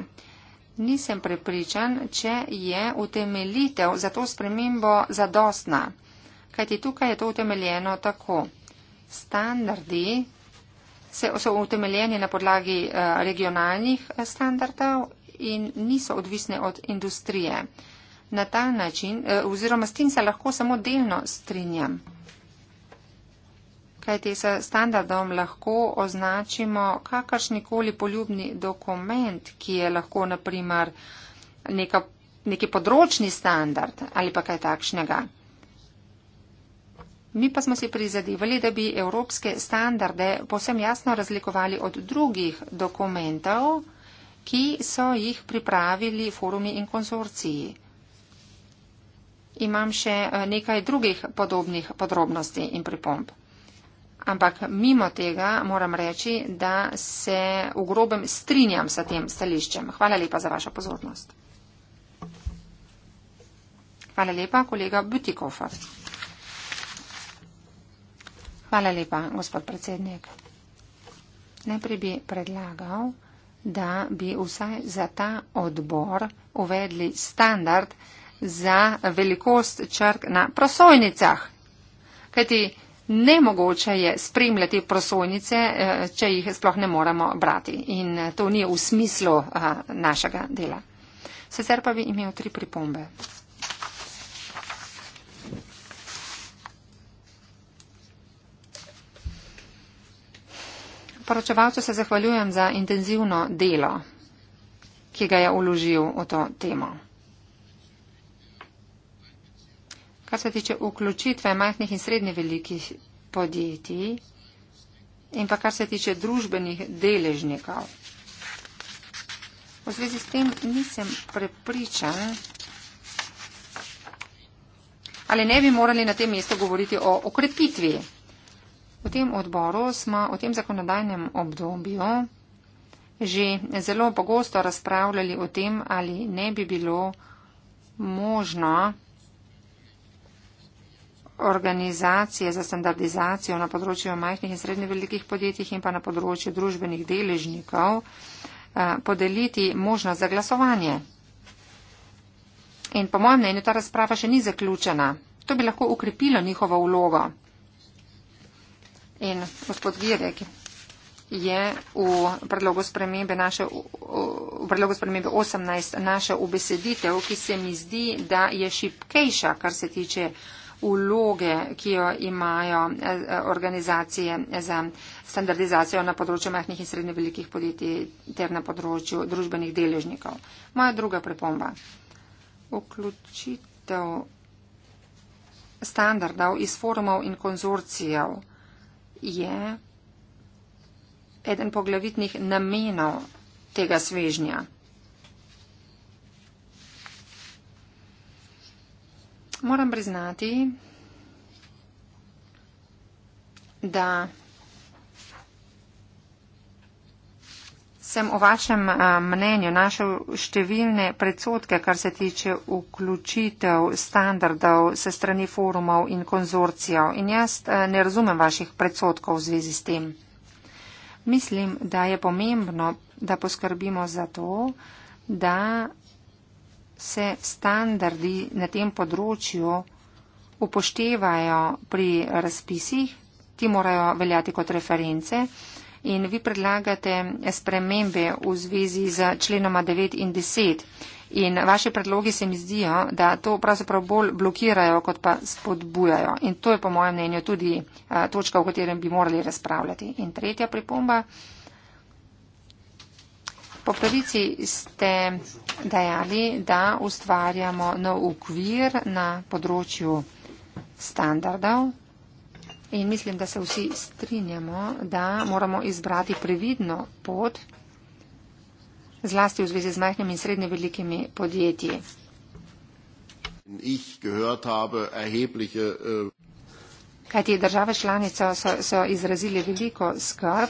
Nisem prepričan, če je utemeljitev za to spremembo zadostna, kajti tukaj je to utemeljeno tako. Standardi so utemeljeni na podlagi eh, regionalnih eh, standardov in niso odvisne od industrije. Na ta način, eh, oziroma s tem se lahko samo delno strinjam. Kajti s standardom lahko označimo kakršnikoli poljubni dokument, ki je lahko naprimer neka, neki področni standard ali pa kaj takšnega. Mi pa smo si prizadevali, da bi evropske standarde posem jasno razlikovali od drugih dokumentov, ki so jih pripravili forumi in konzorciji. Imam še eh, nekaj drugih podobnih podrobnosti in pripomb. Ampak mimo tega moram reči, da se v grobem strinjam sa tem stališčem. Hvala lepa za vašo pozornost. Hvala lepa, kolega Butikofer. Hvala lepa, gospod predsednik. Najprej bi predlagal, da bi vsaj za ta odbor uvedli standard za velikost črk na prosojnicah. Kajti Nemogoče je spremljati prosojnice, eh, če jih sploh ne moremo brati. In eh, to ni v smislu eh, našega dela. Sicer pa bi imel tri pripombe. Poročevalcu se zahvaljujem za intenzivno delo, ki ga je uložil v to temo. Kar se tiče vključitve majhnih in srednje velikih podjetij in pa kar se tiče družbenih deležnikov. V zvezi s tem nisem prepričan, ali ne bi morali na tem mestu govoriti o okrepitvi. V tem odboru smo v tem zakonodajnem obdobju že zelo pogosto razpravljali o tem, ali ne bi bilo možno organizacije za standardizacijo na področju majhnih in srednje velikih podjetij in pa na področju družbenih deležnikov eh, podeliti možnost za glasovanje. In po mojem mnenju ta razprava še ni zaključena. To bi lahko ukrepilo njihovo vlogo. In gospod Girek je v predlogu spremembe, naše, v predlogu spremembe 18 naša ubeseditev, ki se mi zdi, da je šipkejša, kar se tiče vloge, ki jo imajo eh, eh, organizacije za standardizacijo na področju mehnih in srednje velikih podjetij ter na področju družbenih deležnikov. Moja druga pripomba. Vključitev standardov iz forumov in konzorcijev je eden poglavitnih namenov tega svežnja. moram priznati, da sem o vašem eh, mnenju našel številne predsotke, kar se tiče vključitev standardov se strani forumov in konzorcijev. In jaz eh, ne razumem vaših predsotkov v zvezi s tem. Mislim, da je pomembno, da poskrbimo za to, da se standardi na tem področju upoštevajo pri razpisih, ti morajo veljati kot reference in vi predlagate spremembe v zvezi z členoma 9 in 10 in vaše predlogi se mi zdijo, da to pravzaprav bolj blokirajo, kot pa spodbujajo in to je po mojem mnenju tudi eh, točka, o katerem bi morali razpravljati. In tretja pripomba. Po pravici ste dejali, da ustvarjamo nov ukvir na področju standardov in mislim, da se vsi strinjamo, da moramo izbrati previdno pot zlasti v zvezi z majhnimi in srednje velikimi podjetji. Äh, Kajti države članice so, so izrazili veliko skrb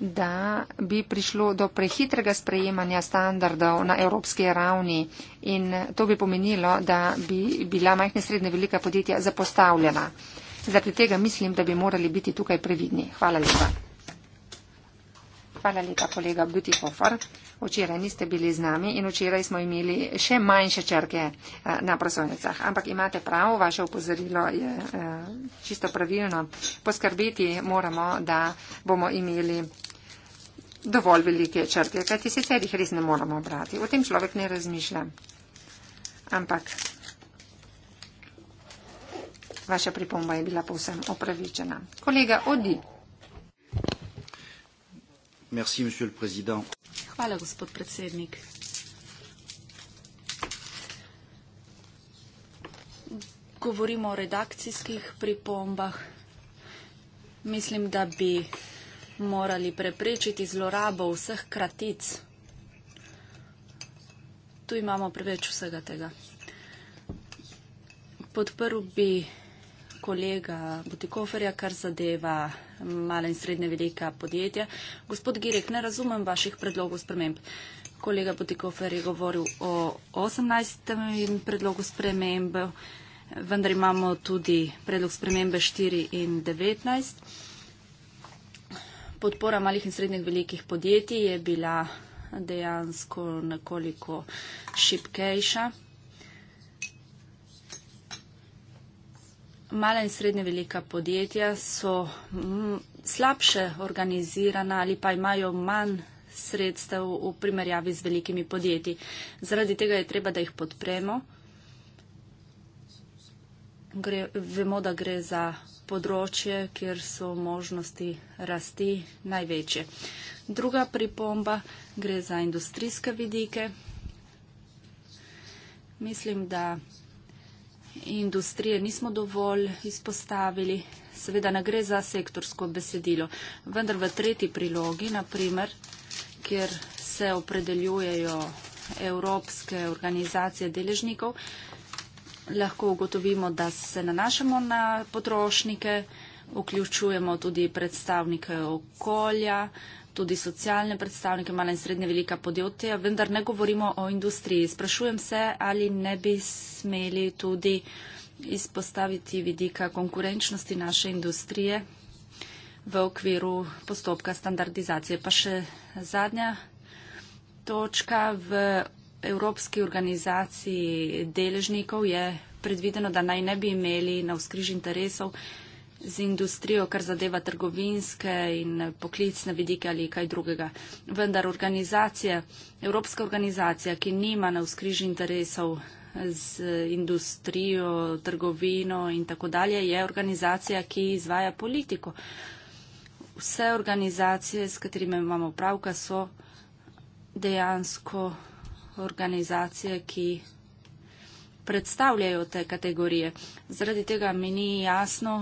da bi prišlo do prehitrega sprejemanja standardov na evropski ravni in to bi pomenilo, da bi bila majhne srednje velika podjetja zapostavljena. Zaradi tega mislim, da bi morali biti tukaj previdni. Hvala lepa. Hvala lepa, kolega Butihofer. Včeraj niste bili z nami in včeraj smo imeli še manjše črke eh, na prosovnicah. Ampak imate prav, vaše upozorilo je eh, čisto pravilno. Poskrbeti moramo, da bomo imeli dovolj velike črke, kajti sicer jih res ne moramo brati. O tem človek ne razmišlja. Ampak vaša pripomba je bila povsem opravičena. Kolega, odi. Merci, Hvala, gospod predsednik. Govorimo o redakcijskih pripombah. Mislim, da bi morali preprečiti zlorabo vseh kratic. Tu imamo preveč vsega tega. Podprl bi kolega Butikoferja, kar zadeva male in srednje velika podjetja. Gospod Girek, ne razumem vaših predlogov sprememb. Kolega Butikofer je govoril o 18. predlogu sprememb, vendar imamo tudi predlog spremembe 4 in 19. Podpora malih in srednjih velikih podjetij je bila dejansko nekoliko šipkejša. mala in srednje velika podjetja so mm, slabše organizirana ali pa imajo manj sredstev v primerjavi z velikimi podjetji. Zaradi tega je treba, da jih podpremo. Gre, vemo, da gre za področje, kjer so možnosti rasti največje. Druga pripomba gre za industrijske vidike. Mislim, da industrije nismo dovolj izpostavili. Seveda ne gre za sektorsko besedilo, vendar v tretji prilogi, naprimer, kjer se opredeljujejo evropske organizacije deležnikov, lahko ugotovimo, da se nanašamo na potrošnike, vključujemo tudi predstavnike okolja, tudi socialne predstavnike, mala in srednja velika podjetja, vendar ne govorimo o industriji. Sprašujem se, ali ne bi smeli tudi izpostaviti vidika konkurenčnosti naše industrije v okviru postopka standardizacije. Pa še zadnja točka v Evropski organizaciji deležnikov je predvideno, da naj ne bi imeli na vzkriž interesov z industrijo, kar zadeva trgovinske in poklicne vidike ali kaj drugega. Vendar organizacija, evropska organizacija, ki nima na vzkriži interesov z industrijo, trgovino in tako dalje, je organizacija, ki izvaja politiko. Vse organizacije, s katerimi imamo pravka, so dejansko organizacije, ki predstavljajo te kategorije. Zaradi tega mi ni jasno,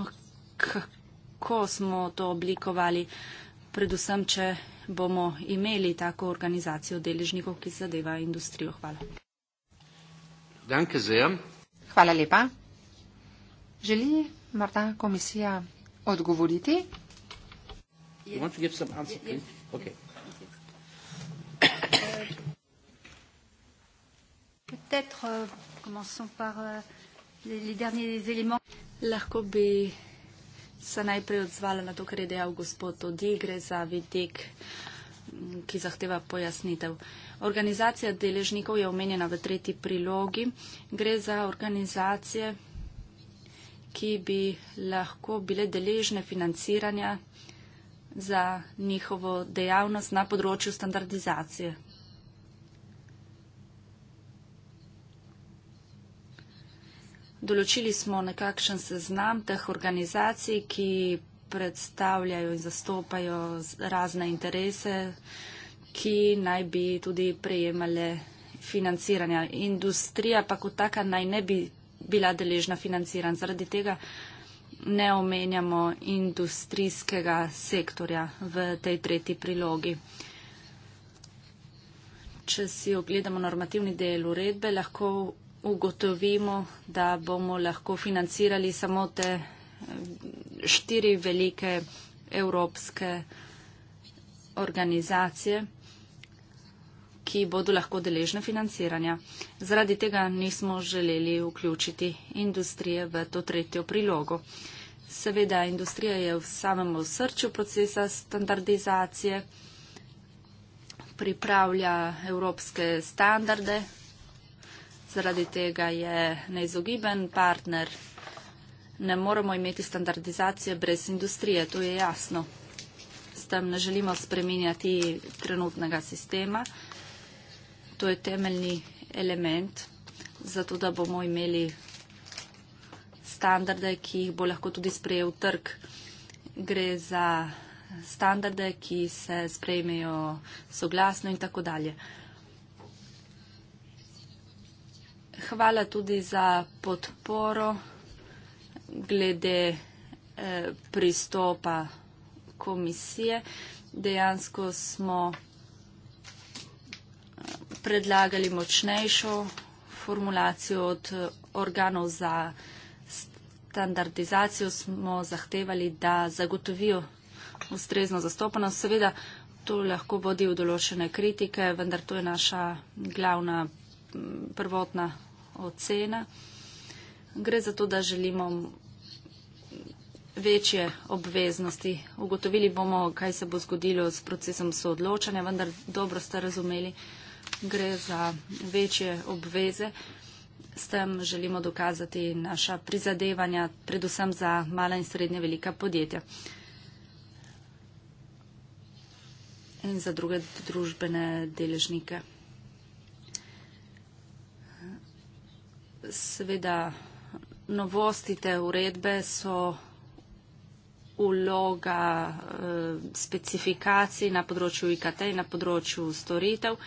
kako smo to oblikovali, predvsem, če bomo imeli tako organizacijo deležnikov, ki zadeva industrijo. Hvala. Hvala lepa. Želi morda komisija odgovoriti? Euh, euh, Lahko bi se najprej odzvala na to, kar je dejal gospod Todi, gre za vidik, ki zahteva pojasnitev. Organizacija deležnikov je omenjena v tretji prilogi. Gre za organizacije, ki bi lahko bile deležne financiranja za njihovo dejavnost na področju standardizacije. Določili smo nekakšen seznam teh organizacij, ki predstavljajo in zastopajo razne interese, ki naj bi tudi prejemale financiranja. Industrija pa kot taka naj ne bi bila deležna financiran. Zaradi tega ne omenjamo industrijskega sektorja v tej tretji prilogi. Če si ogledamo normativni del uredbe, lahko ugotovimo, da bomo lahko financirali samo te eh, štiri velike evropske organizacije, ki bodo lahko deležne financiranja. Zaradi tega nismo želeli vključiti industrije v to tretjo prilogo. Seveda, industrija je v samem srču procesa standardizacije, pripravlja evropske standarde zaradi tega je neizogiben partner. Ne moremo imeti standardizacije brez industrije, to je jasno. S tem ne želimo spreminjati trenutnega sistema. To je temeljni element, zato da bomo imeli standarde, ki jih bo lahko tudi sprejel trg. Gre za standarde, ki se sprejmejo soglasno in tako dalje. hvala tudi za podporo glede eh, pristopa komisije. Dejansko smo eh, predlagali močnejšo formulacijo od eh, organov za standardizacijo, smo zahtevali, da zagotovijo ustrezno zastopanost. Seveda to lahko vodi v določene kritike, vendar to je naša glavna prvotna ocene. Gre za to, da želimo večje obveznosti. Ugotovili bomo, kaj se bo zgodilo s procesom soodločanja, vendar dobro ste razumeli, gre za večje obveze. S tem želimo dokazati naša prizadevanja, predvsem za mala in srednje velika podjetja in za druge družbene deležnike. seveda novosti te uredbe so uloga eh, specifikacij na področju IKT in na področju storitev.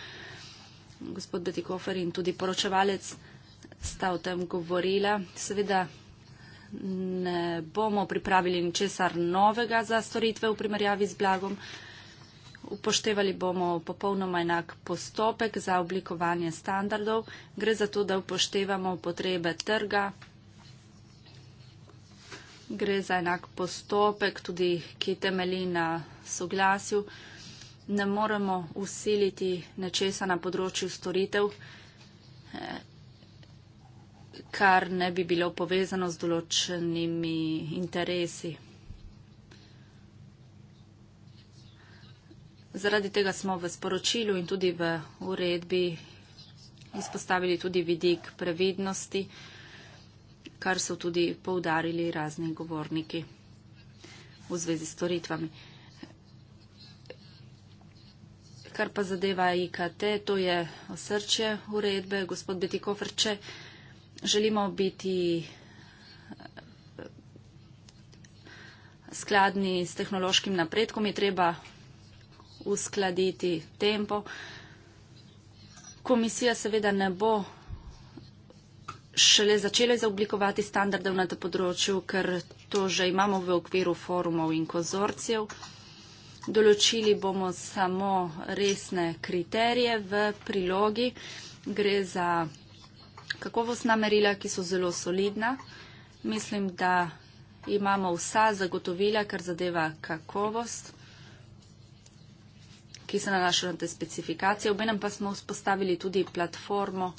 Gospod Betikofer in tudi poročevalec sta o tem govorila. Seveda ne bomo pripravili ničesar novega za storitve v primerjavi z blagom. Eh, Upoštevali bomo popolnoma enak postopek za oblikovanje standardov. Gre za to, da upoštevamo potrebe trga. Gre za enak postopek, tudi ki temeli na soglasju. Ne moremo usiliti nečesa na področju storitev, eh, kar ne bi bilo povezano z določenimi interesi. Zaradi tega smo v sporočilu in tudi v uredbi izpostavili tudi vidik previdnosti, kar so tudi poudarili razni govorniki v zvezi s storitvami. Kar pa zadeva IKT, to je osrče uredbe, gospod Betikofer, če želimo biti eh, skladni s tehnološkim napredkom, je treba uskladiti tempo. Komisija seveda ne bo šele začela zaoblikovati standarde na tem področju, ker to že imamo v okviru forumov in konzorcijev. Določili bomo samo resne kriterije v prilogi. Gre za kakovostna merila, ki so zelo solidna. Mislim, da imamo vsa zagotovila, kar zadeva kakovost ki se nanašajo na te specifikacije. Obenem pa smo vzpostavili tudi platformo,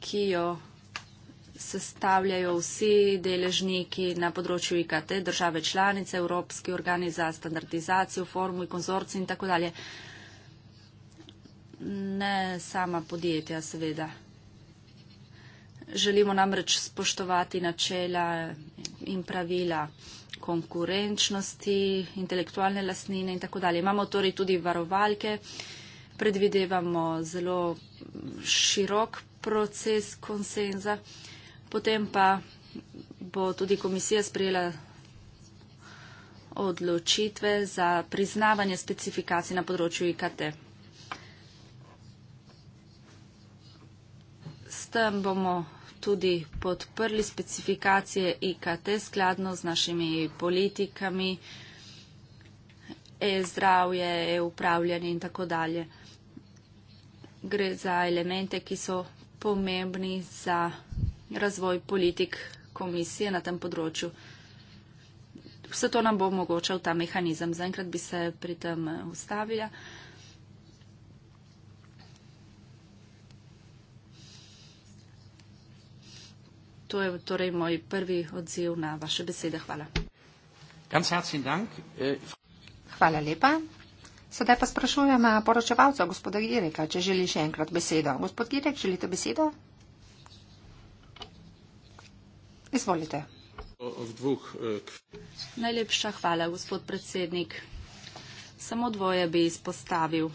ki jo sestavljajo vsi deležniki na področju IKT, države članice, Evropski organi za standardizacijo, formu in konzorci in tako dalje. Ne sama podjetja, seveda. Želimo namreč spoštovati načela in pravila konkurenčnosti, intelektualne lasnine in tako dalje. Imamo torej tudi varovalke, predvidevamo zelo širok proces konsenza, potem pa bo tudi komisija sprejela odločitve za priznavanje specifikacij na področju IKT. S tem bomo tudi podprli specifikacije IKT skladno z našimi politikami, e-zdravje, e-upravljanje in tako dalje. Gre za elemente, ki so pomembni za razvoj politik komisije na tem področju. Vse to nam bo omogočal ta mehanizem. Zaenkrat bi se pri tem ustavila. To je torej moj prvi odziv na vaše besede. Hvala. Äh, hvala lepa. Sedaj pa sprašujem eh, poročevalca, gospoda Gireka, če želi še enkrat besedo. Gospod Girek, želite besedo? Izvolite. Eh, Najlepša hvala, gospod predsednik. Samo dvoje bi izpostavil.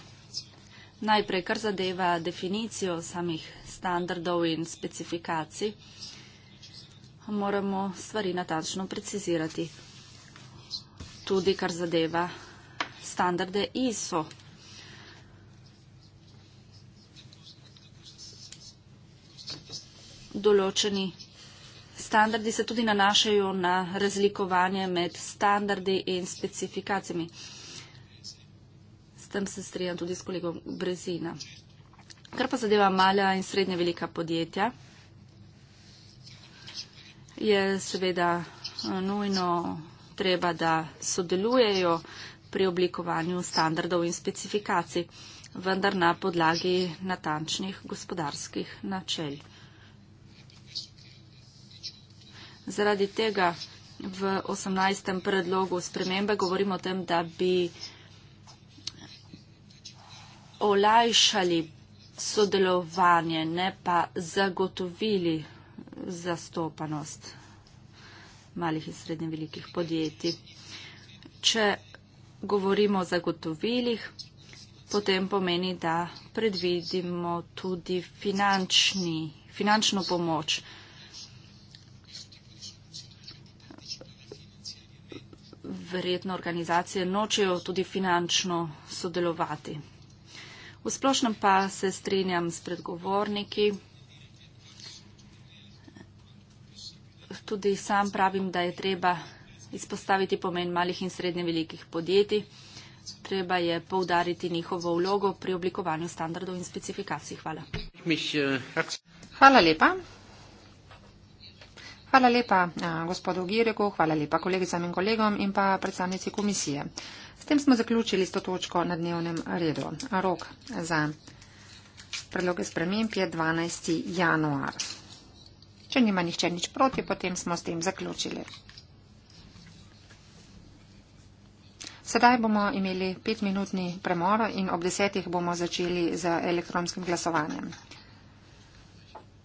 Najprej, kar zadeva definicijo samih standardov in specifikacij moramo stvari natančno precizirati. Tudi kar zadeva standarde ISO. Določeni standardi se tudi nanašajo na razlikovanje med standardi in specifikacijami. S tem se strijam tudi s kolegom Brezina. Kar pa zadeva malja in srednje velika podjetja, je seveda eh, nujno treba, da sodelujejo pri oblikovanju standardov in specifikacij, vendar na podlagi natančnih gospodarskih načelj. Zaradi tega v 18. predlogu spremembe govorimo o tem, da bi olajšali sodelovanje, ne pa zagotovili zastopanost malih in srednje velikih podjetij. Če govorimo o zagotovilih, potem pomeni, da predvidimo tudi finančni, finančno pomoč. Verjetno organizacije nočejo tudi finančno sodelovati. V splošnem pa se strinjam s predgovorniki. tudi sam pravim, da je treba izpostaviti pomen malih in srednje velikih podjetij. Treba je poudariti njihovo vlogo pri oblikovanju standardov in specifikacij. Hvala. Hvala lepa. Hvala lepa eh, gospodu Gireku, hvala lepa kolegicam in kolegom in pa predstavnici komisije. S tem smo zaključili to točko na dnevnem redu. Rok za predloge sprememb je 12. januar. Če nima nihče nič proti, potem smo s tem zaključili. Sedaj bomo imeli petminutni premor in ob desetih bomo začeli z elektronskim glasovanjem.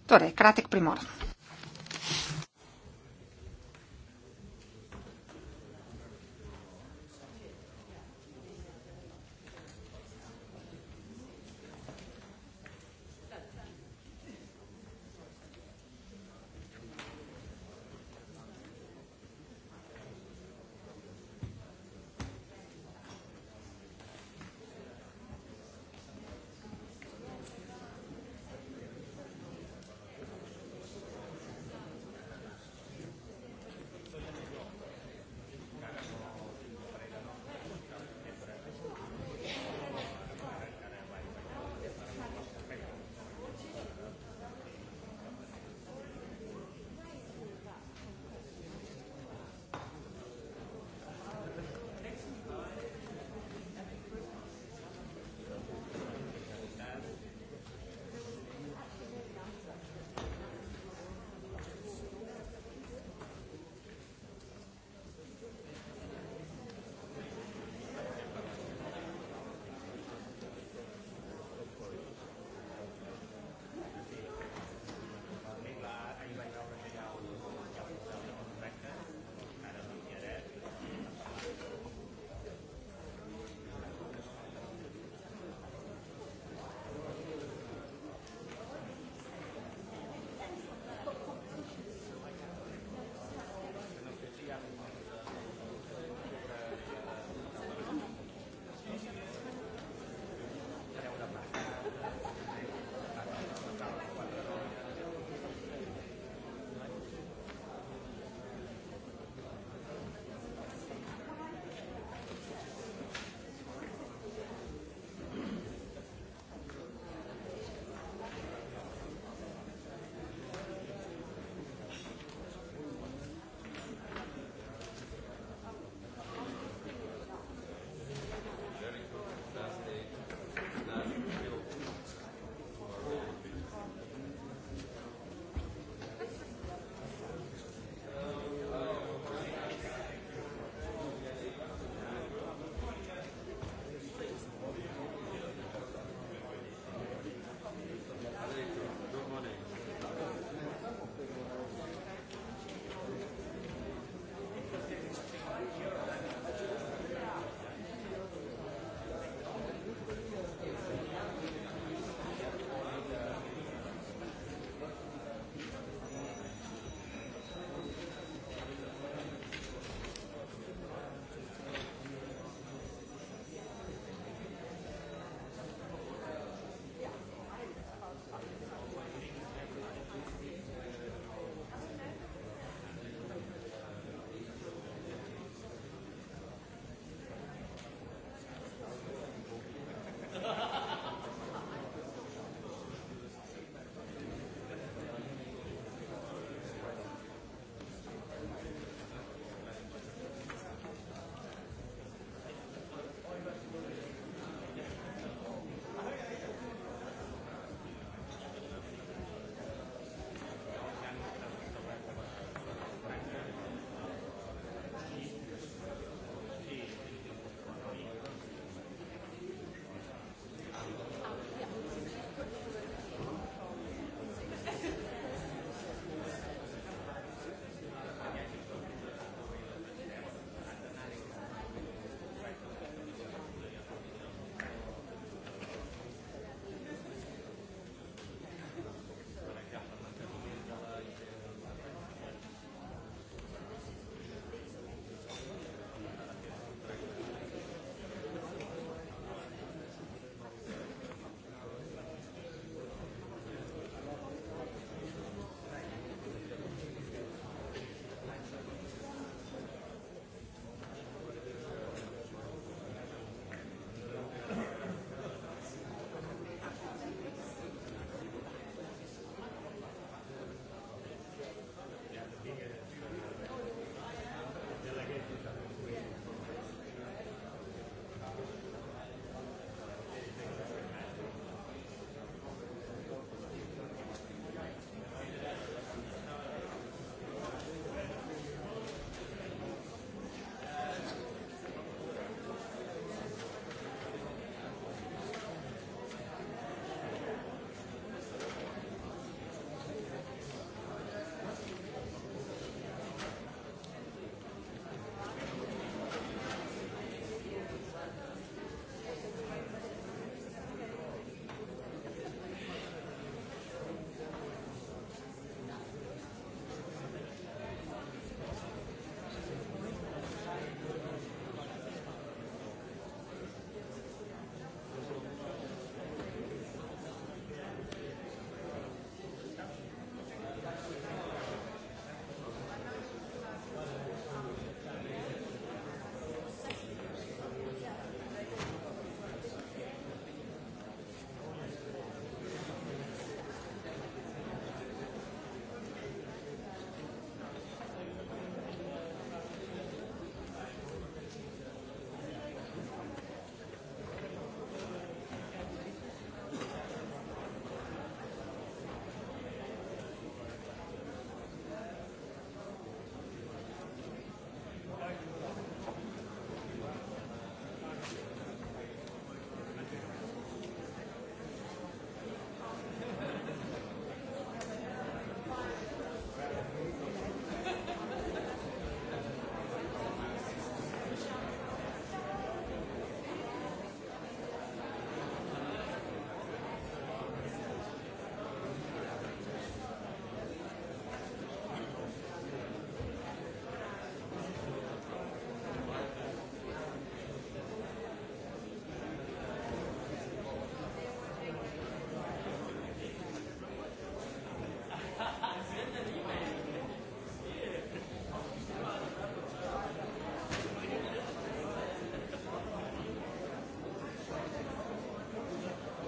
Torej, kratek premor.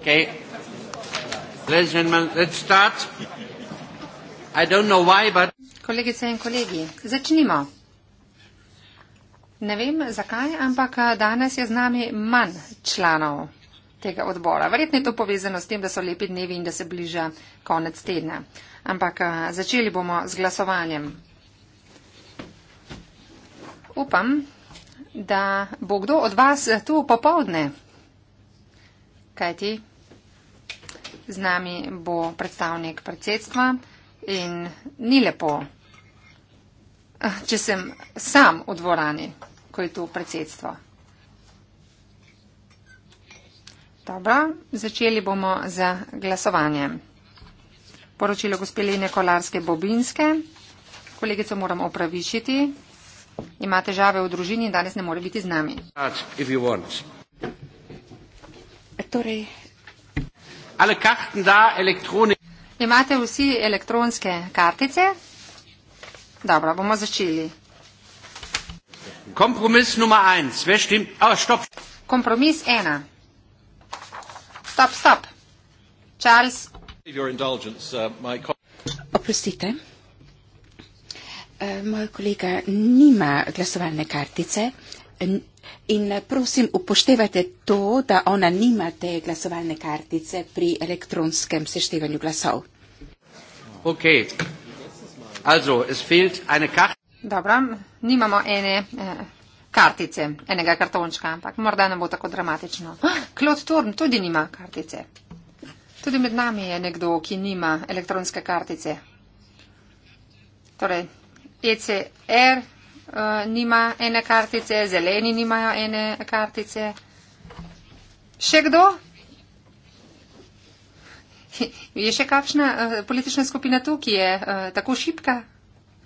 Okay. Ladies and gentlemen, let's start. I don't know why, but... Kolegice in kolegi, začnimo. Ne vem zakaj, ampak eh, danes je z nami manj članov tega odbora. Verjetno je to povezano s tem, da so lepi dnevi in da se bliža konec tedna. Ampak eh, začeli bomo z glasovanjem. Upam, da bo kdo od vas tu popovdne. Kaj ti? Z nami bo predstavnik predsedstva in ni lepo, eh, če sem sam v dvorani, ko je tu predsedstvo. Dobro, začeli bomo z glasovanjem. Poročilo gospeline Kolarske Bobinske. Kolegico moram opravičiti. Ima težave v družini in danes ne more biti z nami. Torej, Alle Karten da elektronisch. Imate vsi elektronske kartice? Dobro, bomo začeli. Kompromis nummer 1. Wer stimmt? Oh, stopp. Kompromis 1. Stop, stop. Charles. Your indulgence, uh, my Oprostite. Uh, moj kolega nima glasovalne kartice, In eh, prosim, upoštevajte to, da ona nima te glasovalne kartice pri elektronskem seštevanju glasov. Okay. Also, Dobro, nimamo ene eh, kartice, enega kartončka, ampak morda ne bo tako dramatično. Klot ah, Turn tudi nima kartice. Tudi med nami je nekdo, ki nima elektronske kartice. Torej, ECR uh, nima ene kartice, zeleni nimajo ene kartice. Še kdo? Je še kakšna uh, politična skupina tu, ki je uh, tako šipka,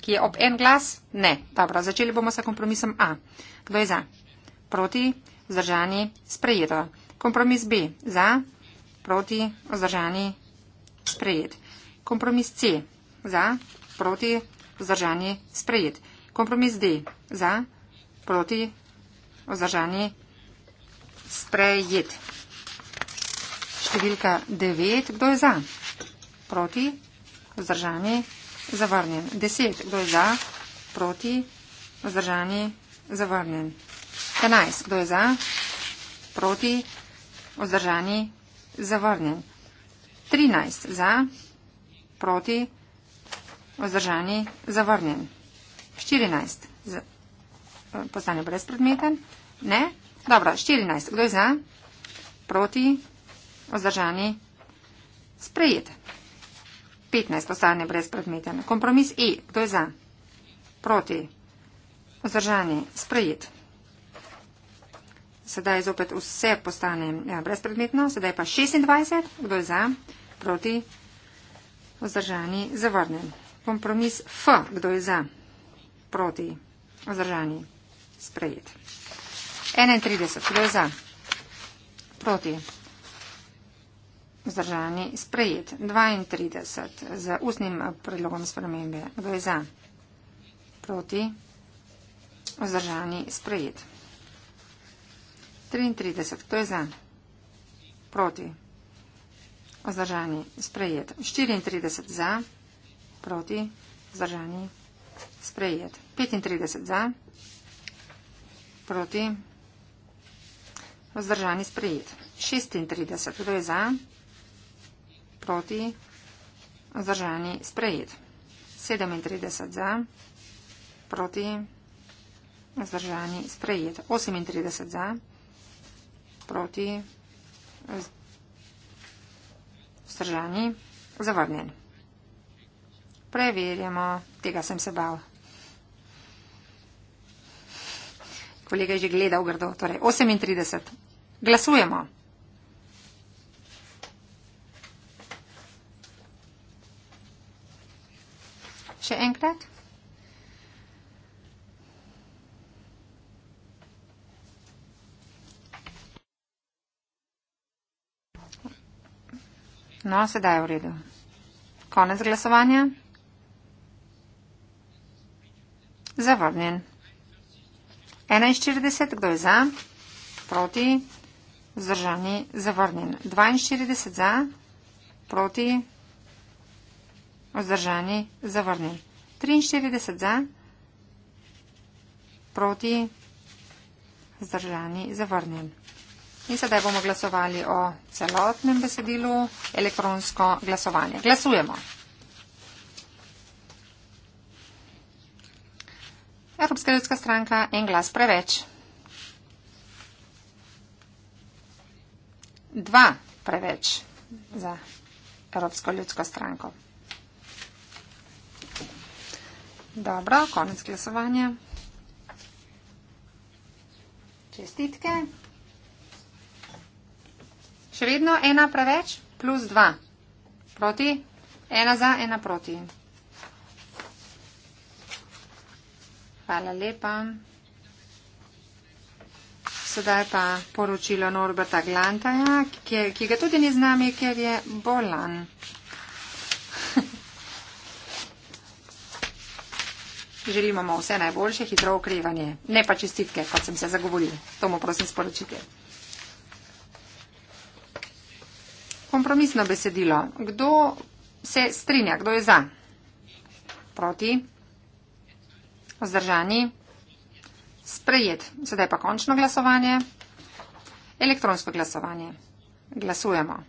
ki je ob en glas? Ne. Dobro, začeli bomo sa kompromisom A. Kdo je za? Proti, vzdržani, sprejeto. Kompromis B. Za, proti, vzdržani, sprejet. Kompromis C. Za, proti, vzdržani, sprejet. Компромисс D. За, против, воздържани, спреет. Številка 9. Кто е за? Против, воздържани, завърнен. 10. Кто е за? Против, воздържани, завърнен. 11. Кто е за? Против, воздържани, завърнен. 13. За, против, воздържани, завърнен. 14. 14. Eh, postane brezpredmeten. Ne? Dobro, 14. Kdo je za? Proti? Ozdržani? Sprejet. 15. Postane brezpredmeten. Kompromis E. Kdo je za? Proti? Ozdržani? Sprejet. Sedaj zopet vse postane ja, brezpredmetno. Sedaj pa 26. Kdo je za? Proti? Ozdržani? Zavrnen. Kompromis F. Kdo je za? Proti? proti, vzdržani, sprejet. 31, kdo je za, proti, vzdržani, sprejet. 32, z ustnim predlogom spremembe, kdo je za, proti, vzdržani, sprejet. 33, kdo je za, proti, vzdržani, sprejet. 34, za, proti, vzdržani, sprejet sprejet. 35 za, proti, vzdržani sprejet. 36, kdo je za, proti, vzdržani sprejet. 37 za, proti, vzdržani sprejet. 38 za, proti, vzdržani zavrnjen. Preverjamo, tega sem se bal. kolega je že gledal grdo, torej 38. Glasujemo. Še enkrat. No, sedaj je v redu. Konec glasovanja. Zavrnjen. 41, kdo je za? Proti, vzdržani, zavrnjen. 42 za, proti, vzdržani, zavrnjen. 43 za, proti, vzdržani, zavrnjen. In sedaj bomo glasovali o celotnem besedilu elektronsko glasovanje. Glasujemo. Evropska ljudska stranka en glas preveč. Dva preveč za Evropsko ljudsko stranko. Dobro, konec glasovanja. Čestitke. Še vedno ena preveč plus dva proti. Ena za, ena proti. Hvala lepa. Sedaj pa poročilo Norberta Glantaja, ki, ki ga tudi ni z nami, ker je bolan. Želimo mu vse najboljše, hitro okrevanje, ne pa čestitke, kot sem se zagovoril. To mu prosim sporočite. Kompromisno besedilo. Kdo se strinja, kdo je za? Proti? Vzdržani. Sprejet. Sedaj pa končno glasovanje. Elektronsko glasovanje. Glasujemo.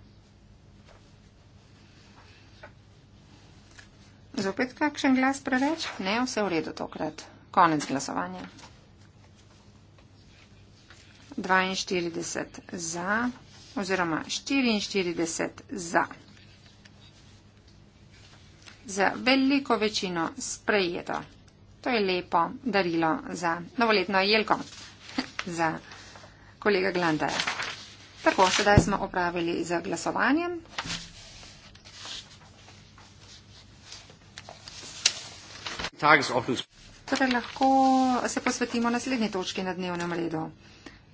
Zopet kakšen glas preveč? Ne, vse v redu tokrat. Konec glasovanja. 42 za oziroma 44 za. Za veliko večino sprejeto. To je lepo darilo za novoletno jelko za kolega Glandaja. Tako, sedaj smo opravili z glasovanjem. Torej lahko se posvetimo naslednji točki na dnevnem redu.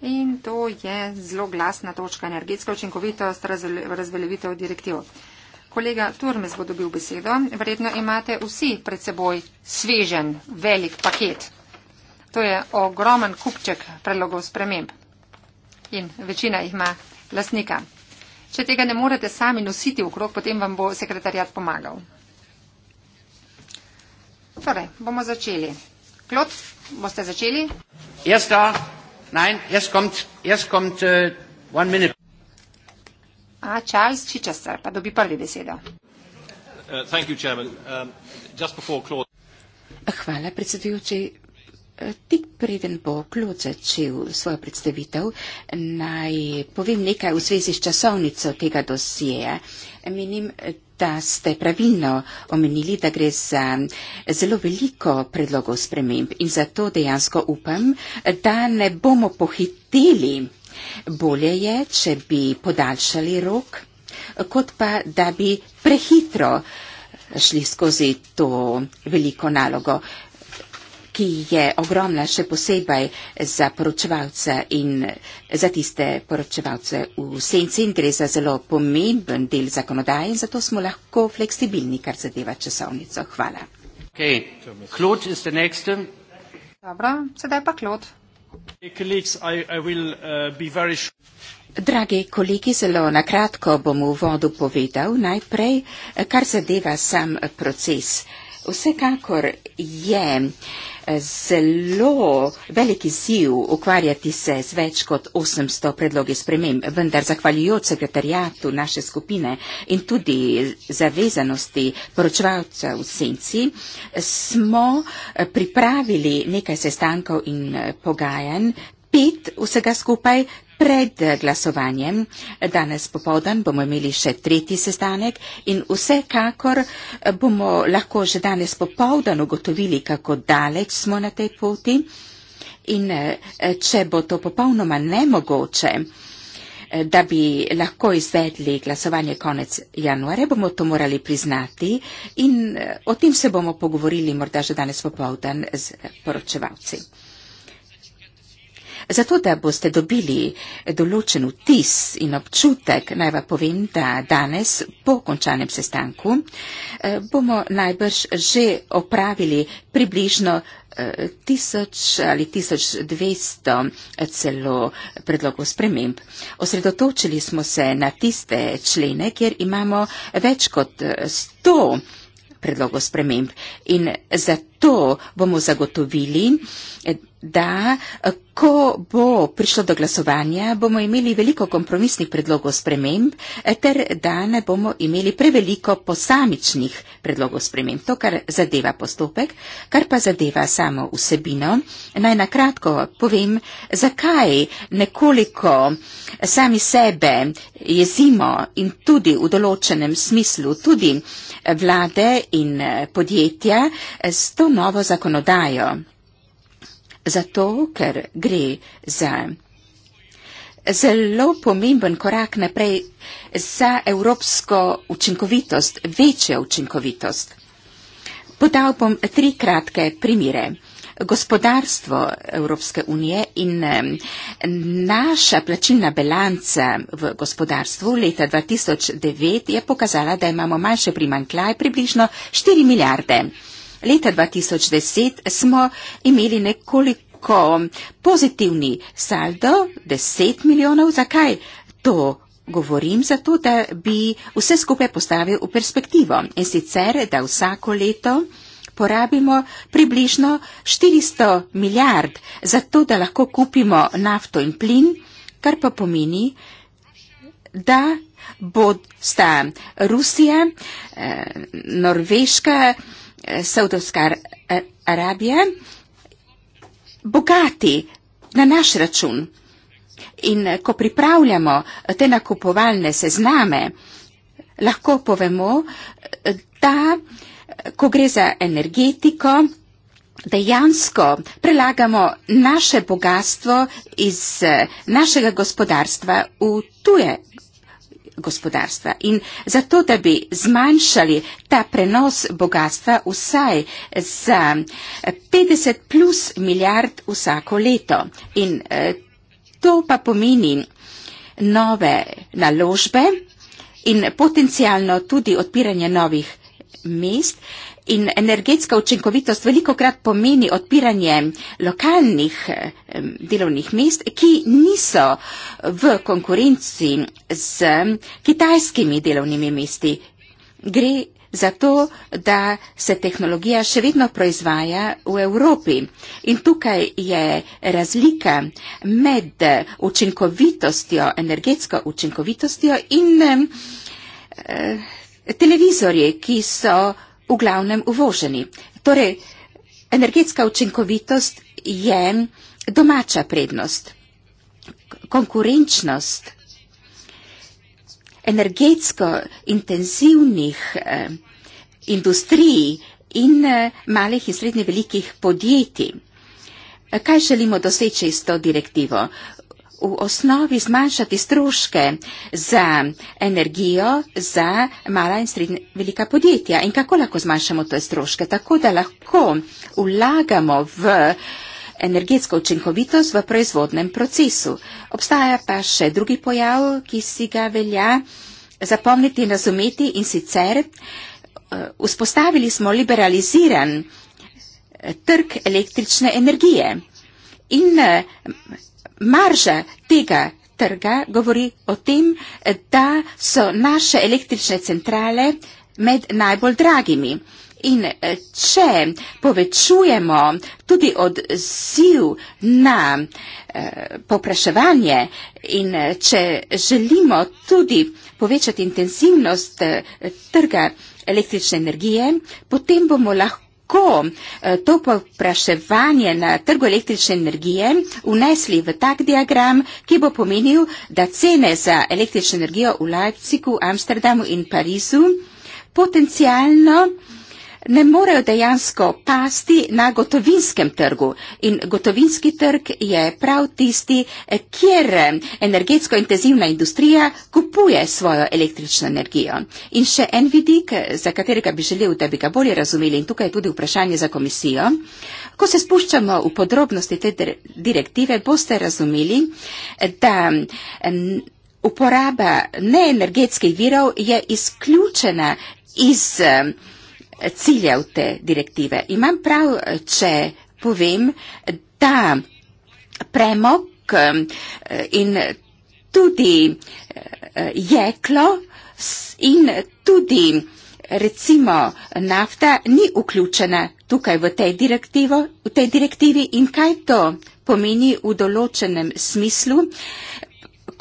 In to je zelo glasna točka energetska učinkovitost razveljavitev direktiv. Kolega Turmes bo dobil besedo. Vredno imate vsi pred seboj svežen, velik paket. To je ogromen kupček predlogov sprememb in večina jih ima lasnika. Če tega ne morete sami nositi okrog, potem vam bo sekretarjat pomagal. Torej, bomo začeli. Klot, boste začeli? Jaz da, ne, jaz kom, jaz kom, uh, one minute. Charles Chichester pa dobi prvi besedo. Uh, um, Hvala, predsedujoči. Uh, tik preden bo Klod začel svojo predstavitev, naj povem nekaj v zvezi s časovnico tega dosjeja. Menim, da ste pravilno omenili, da gre za zelo veliko predlogov sprememb in zato dejansko upam, da ne bomo pohiteli Bolje je, če bi podaljšali rok, kot pa da bi prehitro šli skozi to veliko nalogo, ki je ogromna še posebej za poročevalce in za tiste poročevalce v senci in gre za zelo pomemben del zakonodaje in zato smo lahko fleksibilni, kar zadeva časovnico. Hvala. Okay. Klot je naslednji. Dobro, sedaj pa Klot. Dragi kolegi, zelo na kratko bom v vodu povedal najprej, kar zadeva sam proces. Vsekakor je. Uh, zelo veliki ziv ukvarjati se z več kot 800 predlogi sprememb, vendar zahvaljujoč sekretarijatu naše skupine in tudi zavezanosti poročevalca v senci smo eh, pripravili nekaj sestankov in eh, pogajanj, pet vsega skupaj, Pred glasovanjem danes popovdan bomo imeli še tretji sestanek in vsekakor bomo lahko že danes popovdan ugotovili, kako daleč smo na tej poti in eh, če bo to popolnoma nemogoče, eh, da bi lahko izvedli glasovanje konec januarja, bomo to morali priznati in eh, o tem se bomo pogovorili morda že danes popovdan z poročevalci. Zato, da boste dobili določen vtis in občutek, naj vam povem, da danes po končanem sestanku eh, bomo najbrž že opravili približno eh, tisoč ali tisoč dvesto eh, celo predlogov sprememb. Osredotočili smo se na tiste člene, kjer imamo več kot sto predlogov sprememb in zato bomo zagotovili da eh, ko bo prišlo do glasovanja, bomo imeli veliko kompromisnih predlogov sprememb, eh, ter da ne bomo imeli preveliko posamičnih predlogov sprememb. To, kar zadeva postopek, kar pa zadeva samo vsebino, naj nakratko povem, zakaj nekoliko sami sebe jezimo in tudi v določenem smislu tudi vlade in eh, podjetja s to novo zakonodajo zato ker gre za zelo pomemben korak naprej za evropsko učinkovitost, večjo učinkovitost. Podal bom tri kratke primire. Gospodarstvo Evropske unije in naša plačilna bilanca v gospodarstvu leta 2009 je pokazala, da imamo manjše primankljaj približno 4 milijarde. Leta 2010 smo imeli nekoliko pozitivni saldo, 10 milijonov. Zakaj to govorim? Zato, da bi vse skupaj postavil v perspektivo. In sicer, da vsako leto porabimo približno 400 milijard za to, da lahko kupimo nafto in plin, kar pa pomeni, da bo sta Rusija, eh, Norveška, Saudovska Arabija, bogati na naš račun. In eh, ko pripravljamo eh, te nakupovalne sezname, lahko povemo, eh, da ko gre za energetiko, dejansko prelagamo naše bogatstvo iz našega gospodarstva v tuje gospodarstva. In zato, da bi zmanjšali ta prenos bogatstva vsaj za 50 plus milijard vsako leto. In eh, to pa pomeni nove naložbe in potencijalno tudi odpiranje novih mest. In energetska učinkovitost veliko krat pomeni odpiranje lokalnih delovnih mest, ki niso v konkurenci z kitajskimi delovnimi mesti. Gre zato, da se tehnologija še vedno proizvaja v Evropi. In tukaj je razlika med učinkovitostjo, energetsko učinkovitostjo in eh, televizorje, ki so eh, v glavnem uvoženi. Torej, energetska učinkovitost je domača prednost. Konkurenčnost energetsko intenzivnih eh, industrij in eh, malih in srednje velikih podjetij. Kaj želimo doseči s to direktivo? v osnovi zmanjšati stroške za energijo za mala in srednja velika podjetja. In kako lahko zmanjšamo te stroške? Tako da lahko vlagamo v energetsko učinkovitost v proizvodnem procesu. Obstaja pa še drugi pojav, ki si ga velja zapomniti in razumeti in sicer eh, vzpostavili smo liberaliziran eh, trg električne energije in eh, marža tega trga govori o tem, da so naše električne centrale med najbolj dragimi. In eh, če povečujemo tudi odziv na eh, popraševanje in eh, če želimo tudi povečati intenzivnost trga električne energije, potem bomo lahko lahko eh, to povpraševanje na trgu električne energije unesli v tak diagram, ki bo pomenil, da cene za električno energijo v Leipzigu, Amsterdamu in Parizu potencialno uh, ne morejo dejansko pasti na gotovinskem trgu. In gotovinski trg je prav tisti, kjer energetsko intenzivna industrija kupuje svojo električno energijo. In še en vidik, za katerega bi želel, da bi ga bolje razumeli, in tukaj je tudi vprašanje za komisijo. Ko se spuščamo v podrobnosti te direktive, boste razumeli, da. Uporaba neenergetskih virov je izključena iz um, ciljev te direktive. Imam prav, če povem, da premok eh, in tudi eh, jeklo in tudi recimo nafta ni vključena tukaj v tej, v tej direktivi in kaj to pomeni v določenem smislu. Uh,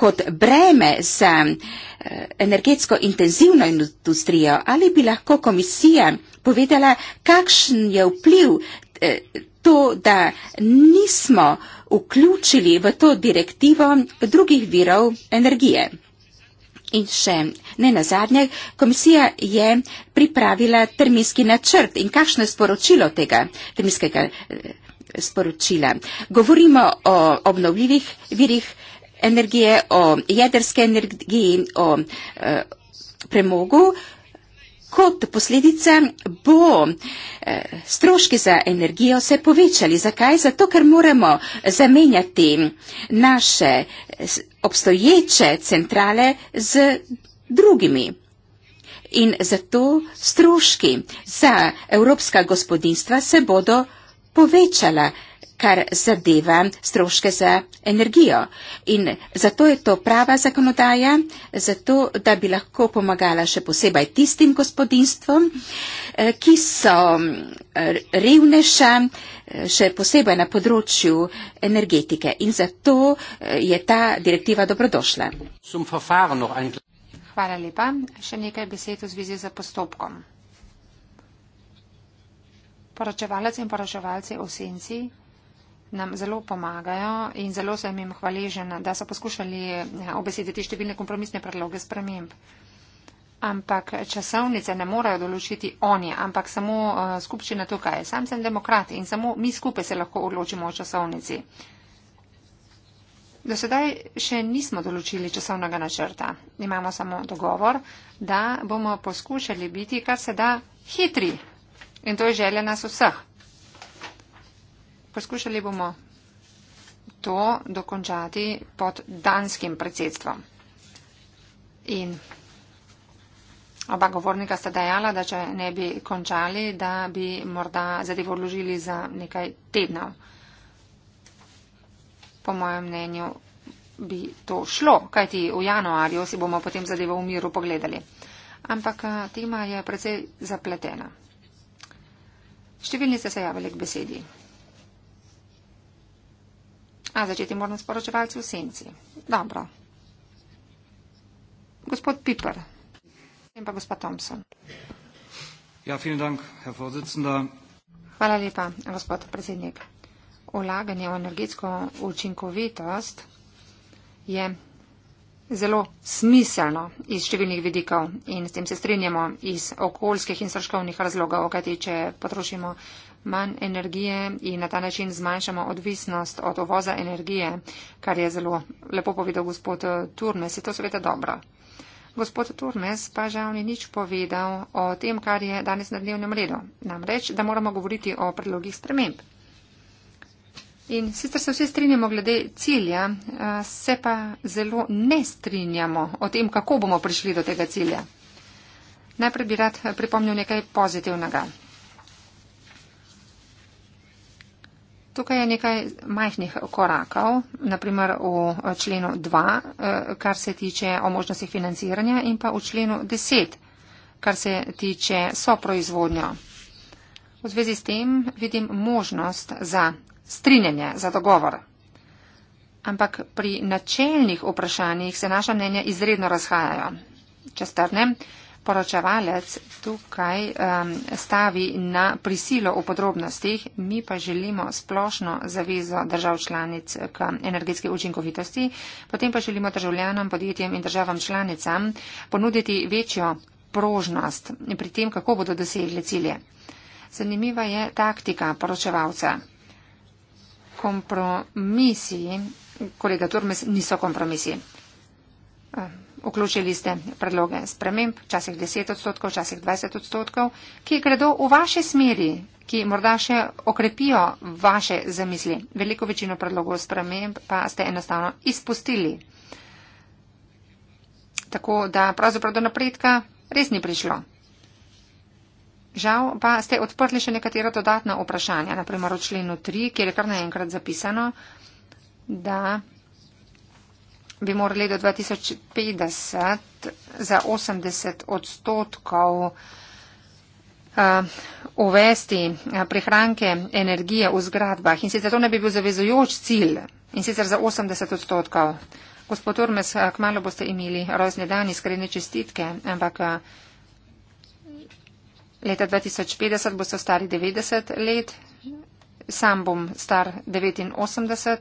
kot breme z eh, energetsko intenzivno industrijo, ali bi lahko komisija povedala, kakšen je vpliv eh, to, da nismo vključili v to direktivo drugih virov energije. In še ne na zadnje, komisija je pripravila terminski načrt in kakšno je sporočilo tega terminskega eh, sporočila. Govorimo o obnovljivih virih energije, o jedrske energiji, o e, premogu. Kot posledica bo e, stroški za energijo se povečali. Zakaj? Zato, ker moramo zamenjati naše obstoječe centrale z drugimi. In zato stroški za evropska gospodinstva se bodo povečala kar zadeva stroške za energijo. In zato je to prava zakonodaja, zato da bi lahko pomagala še posebej tistim gospodinstvom, eh, ki so eh, revneša, eh, še posebej na področju energetike. In zato je ta direktiva dobrodošla. Hvala lepa. Še nekaj besed v zvezi z postopkom. Poročevalec in poročevalci v senci nam zelo pomagajo in zelo sem jim hvaležen, da so poskušali eh, obesediti številne kompromisne predloge sprememb. Ampak časovnice ne morajo določiti oni, ampak samo eh, skupščina tukaj. Sam sem demokrat in samo mi skupaj se lahko odločimo o časovnici. Do sedaj še nismo določili časovnega načrta. Imamo samo dogovor, da bomo poskušali biti kar se da hitri. In to je želja nas vseh. Poskušali bomo to dokončati pod danskim predsedstvom. In oba govornika sta dejala, da če ne bi končali, da bi morda zadevo vložili za nekaj tednov. Po mojem mnenju bi to šlo, kajti v januarju si bomo potem zadevo v miru pogledali. Ampak eh, tema je precej zapletena. Številni ste se javili k besedi. A, začeti moram s poročevalci v senci. Dobro. Gospod Piper in pa gospod Thompson. Ja, dank, Hvala lepa, gospod predsednik. Ulaganje v energetsko učinkovitost je zelo smiselno iz številnih vidikov in s tem se strinjamo iz okoljskih in stroškovnih razlogov, kajti če potrošimo manj energije in na ta način zmanjšamo odvisnost od ovoza energije, kar je zelo lepo povedal gospod Turmes, je to seveda dobro. Gospod Turmes pa žal ni nič povedal o tem, kar je danes na dnevnem redu. Namreč, da moramo govoriti o predlogih sprememb. In sicer se vsi strinjamo glede cilja, eh, se pa zelo ne strinjamo o tem, kako bomo prišli do tega cilja. Najprej bi rad eh, pripomnil nekaj pozitivnega. Tukaj je nekaj majhnih korakov, naprimer v eh, členu 2, kar se tiče o možnosti financiranja in pa v členu 10, kar se tiče soproizvodnjo. V zvezi s tem vidim možnost za strinjanje za dogovor. Ampak pri načeljnih vprašanjih se naša mnenja izredno razhajajo. Če strnem, poročevalec tukaj um, stavi na prisilo v podrobnostih, mi pa želimo splošno zavezo držav članic k energetski učinkovitosti, potem pa želimo državljanom, podjetjem in državam članicam ponuditi večjo prožnost pri tem, kako bodo dosegli cilje. Zanimiva je taktika poročevalca kompromisi, kolega Turmes, niso kompromisi. Eh, vključili ste predloge sprememb, včasih 10 odstotkov, včasih 20 odstotkov, ki gredo v vaše smeri, ki morda še okrepijo vaše zamisli. Veliko večino predlogov sprememb pa ste enostavno izpustili. Tako da pravzaprav do napredka res ni prišlo. Žal pa ste odprli še nekatera dodatna vprašanja, naprimer v členu 3, kjer je kar naenkrat zapisano, da bi morali do 2050 za 80 odstotkov eh, uvesti eh, prihranke energije v zgradbah in sicer to ne bi bil zavezujoč cilj in sicer za 80 odstotkov. Gospod Urmes, eh, kmalo boste imeli rojstni dan, iskrene čestitke, ampak. A, Leta 2050 boste stari 90 let, sam bom star 89.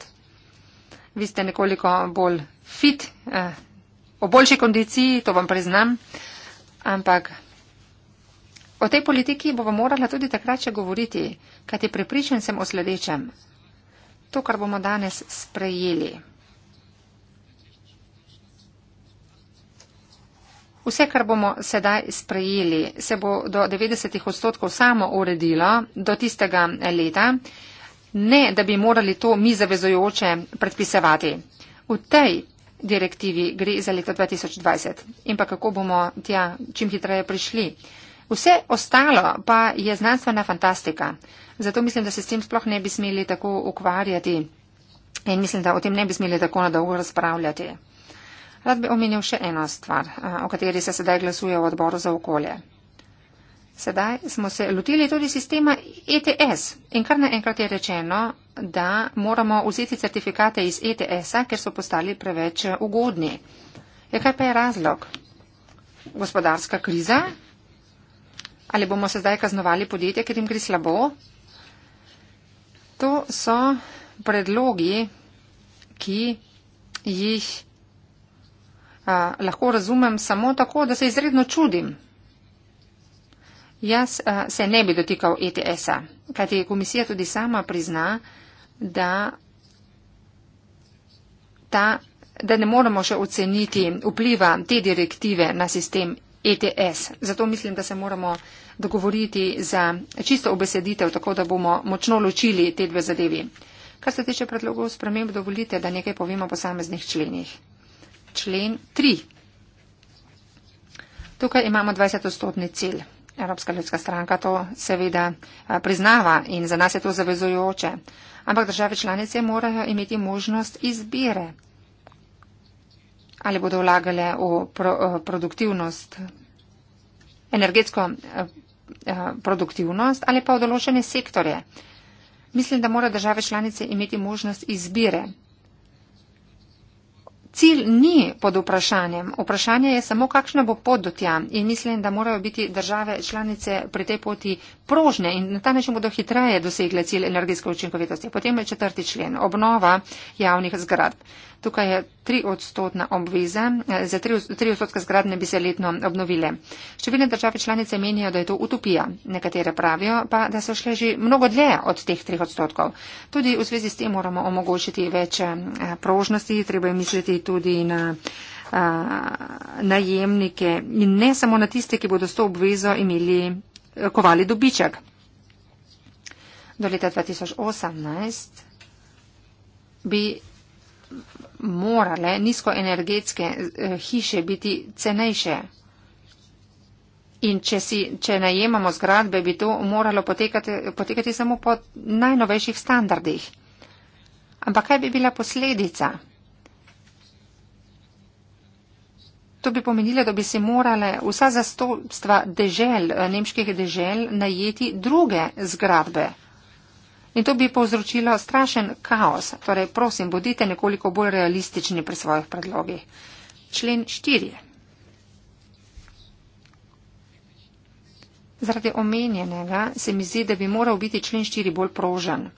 Vi ste nekoliko bolj fit, eh, v eh, boljši kondiciji, to vam priznam. Ampak o tej politiki bomo morali tudi takrat še govoriti, kajti pripričan sem o sledečem. To, kar bomo danes sprejeli. Vse, kar bomo sedaj sprejeli, se bo do 90 odstotkov samo uredilo do tistega leta, ne da bi morali to mi zavezojoče predpisevati. V tej direktivi gre za leto 2020 in pa kako bomo tja čim hitreje prišli. Vse ostalo pa je znanstvena fantastika. Zato mislim, da se s tem sploh ne bi smeli tako ukvarjati in mislim, da o tem ne bi smeli tako na dolgo razpravljati. Rad bi omenil še eno stvar, o kateri se sedaj glasuje v odboru za okolje. Sedaj smo se lotili tudi sistema ETS in kar naenkrat je rečeno, da moramo vzeti certifikate iz ETS-a, ker so postali preveč e, ugodni. Ja, kaj pa je razlog? Gospodarska kriza? Ali bomo se zdaj kaznovali podjetje, ker jim gre slabo? To so predlogi, ki jih lahko razumem samo tako, da se izredno čudim. Jaz a, se ne bi dotikal ETS-a, kajti komisija tudi sama prizna, da, ta, da ne moremo še oceniti vpliva te direktive na sistem ETS. Zato mislim, da se moramo dogovoriti za čisto obeseditev, tako da bomo močno ločili te dve zadevi. Kar se tiče predlogov sprememb, dovolite, da nekaj povemo o posameznih členih člen 3. Tukaj imamo 20-stotni cilj. Evropska ljudska stranka to seveda priznava in za nas je to zavezujoče. Ampak države članice morajo imeti možnost izbire. Ali bodo vlagale v produktivnost, energetsko produktivnost ali pa v določene sektorje. Mislim, da morajo države članice imeti možnost izbire. Cilj ni pod vprašanjem. Vprašanje je samo, kakšna bo pot do tja. In mislim, da morajo biti države članice pri tej poti prožne in na ta način bodo hitreje dosegle cilj energetske učinkovitosti. Potem je četrti člen. Obnova javnih zgradb. Tukaj je tri odstotna obveza, eh, za tri odstotka zgradne bi se letno obnovile. Številne države članice menijo, da je to utopija. Nekatere pravijo pa, da so šle že mnogo dlje od teh treh odstotkov. Tudi v zvezi s tem moramo omogočiti več eh, prožnosti, treba je misliti tudi na eh, najemnike in ne samo na tiste, ki bodo s to obvezo imeli kovali dobiček. Do leta 2018 bi morale nizkoenergetske eh, hiše biti cenejše. In če, si, če najemamo zgradbe, bi to moralo potekati, potekati samo po najnovejših standardih. Ampak kaj bi bila posledica? To bi pomenilo, da bi se morale vsa zastopstva dežel, eh, nemških dežel, najeti druge zgradbe. In to bi povzročilo strašen kaos. Torej, prosim, bodite nekoliko bolj realistični pri svojih predlogih. Člen 4. Zaradi omenjenega se mi zdi, da bi moral biti člen 4 bolj prožen.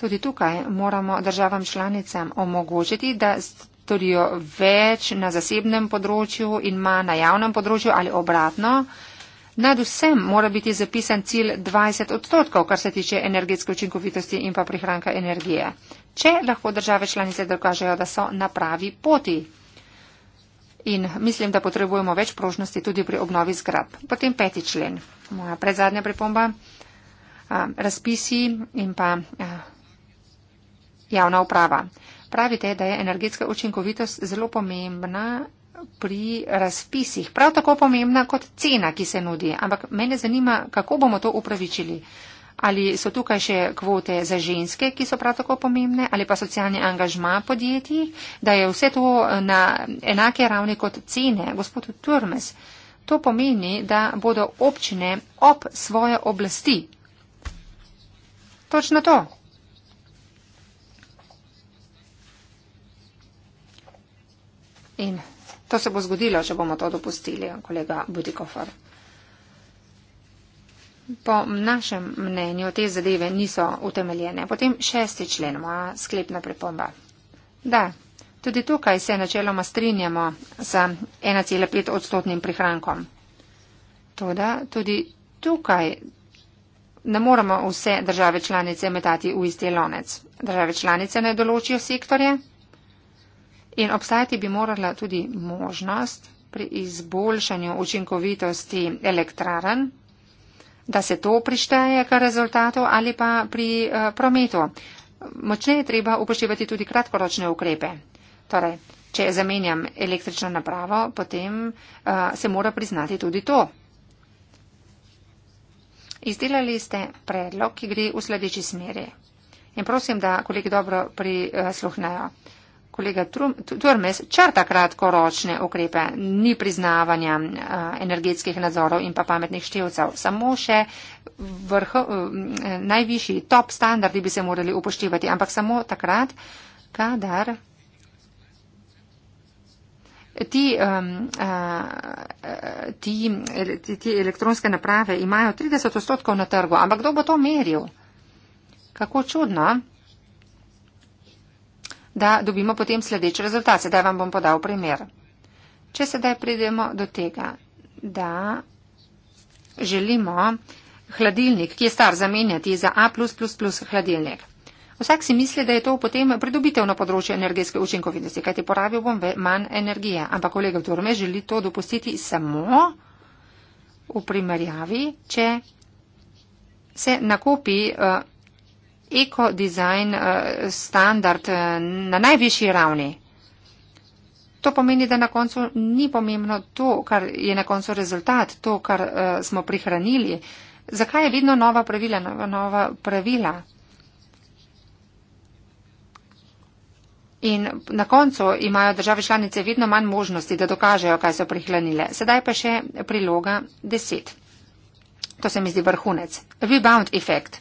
Tudi tukaj moramo državam članicam omogočiti, da storijo več na zasebnem področju in manj na javnem področju ali obratno. Nad vsem mora biti zapisan cilj 20 odstotkov, kar se tiče energetske učinkovitosti in pa prihranka energije, če lahko države članice dokažejo, da so na pravi poti. In mislim, da potrebujemo več prožnosti tudi pri obnovi zgrad. Potem peti člen. Moja predzadnja pripomba. Razpisi in pa javna uprava. Pravite, da je energetska učinkovitost zelo pomembna pri razpisih, prav tako pomembna kot cena, ki se nudi. Ampak mene zanima, kako bomo to upravičili. Ali so tukaj še kvote za ženske, ki so prav tako pomembne, ali pa socialni angažma podjetij, da je vse to na enake ravni kot cene. Gospod Turmes, to pomeni, da bodo občine ob svoje oblasti. Točno to. In To se bo zgodilo, če bomo to dopustili, kolega Budikofer. Po našem mnenju te zadeve niso utemeljene. Potem šesti člen, moja sklepna pripomba. Da, tudi tukaj se načeloma strinjamo z 1,5 odstotnim prihrankom. Toda tudi tukaj ne moremo vse države članice metati v isti lonec. Države članice ne določijo sektorje, In obstajati bi morala tudi možnost pri izboljšanju učinkovitosti elektraran, da se to prišteje k rezultatu ali pa pri eh, prometu. Močneje je treba upoštevati tudi kratkoročne ukrepe. Torej, če zamenjam električno napravo, potem uh, se mora priznati tudi to. Izdelali ste predlog, ki gre v sledeči smeri. In prosim, da kolegi dobro prisluhnejo. Uh, Kolega Turmes črta kratkoročne ukrepe, ni priznavanja eh, energetskih nadzorov in pa pametnih števcev. Samo še vrho, eh, najvišji top standardi bi se morali upoštevati, ampak samo takrat, kadar ti, um, ti, ti, ti elektronske naprave imajo 30 odstotkov na trgu. Ampak kdo bo to meril? Kako čudno da dobimo potem sledeč rezultat. Sedaj vam bom podal primer. Če sedaj pridemo do tega, da želimo hladilnik, ki je star, zamenjati za A hladilnik. Vsak si misli, da je to potem pridobitev na področju energetske učinkovitosti, kajti porabil bom manj energije. Ampak kolega Turme želi to dopustiti samo v primerjavi, če se nakupi uh, ekodizajn eh, standard eh, na najvišji ravni. To pomeni, da na koncu ni pomembno to, kar je na koncu rezultat, to, kar eh, smo prihranili. Zakaj je vedno nova pravila, nova, nova pravila? In na koncu imajo države članice vedno manj možnosti, da dokažejo, kaj so prihranile. Sedaj pa še priloga 10. To se mi zdi vrhunec. Rebound efekt.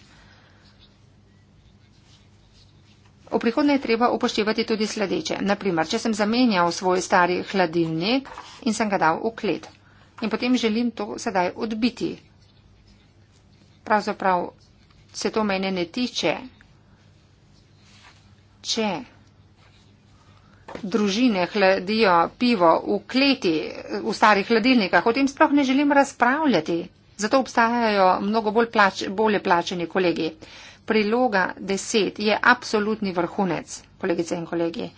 V prihodnje je treba upoštevati tudi sledeče. Naprimer, če sem zamenjal svoj stari hladilnik in sem ga dal v klet in potem želim to sedaj odbiti. Pravzaprav se to mene ne tiče. Če družine hladijo pivo v kleti, v starih hladilnikah, o tem sploh ne želim razpravljati. Zato obstajajo mnogo bolj plač, bolje plačeni kolegi priloga 10 je absolutni vrhunec, kolegice in kolegi.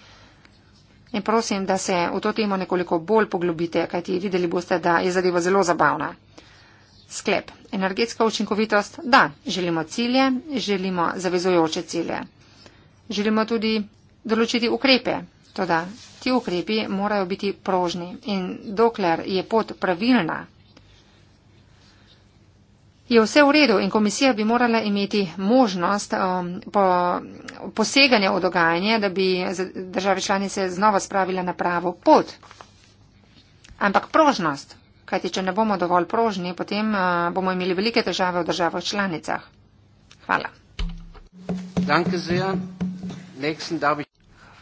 In prosim, da se v to temo nekoliko bolj poglobite, kajti videli boste, da je zadeva zelo zabavna. Sklep. Energetska učinkovitost. Da, želimo cilje, želimo zavezojoče cilje. Želimo tudi določiti ukrepe. Toda ti ukrepi morajo biti prožni. In dokler je pot pravilna, je vse v redu in komisija bi morala imeti možnost um, po, poseganja v dogajanje, da bi države članice znova spravila na pravo pot. Ampak prožnost, kajti če ne bomo dovolj prožni, potem uh, bomo imeli velike težave v državah članicah. Hvala.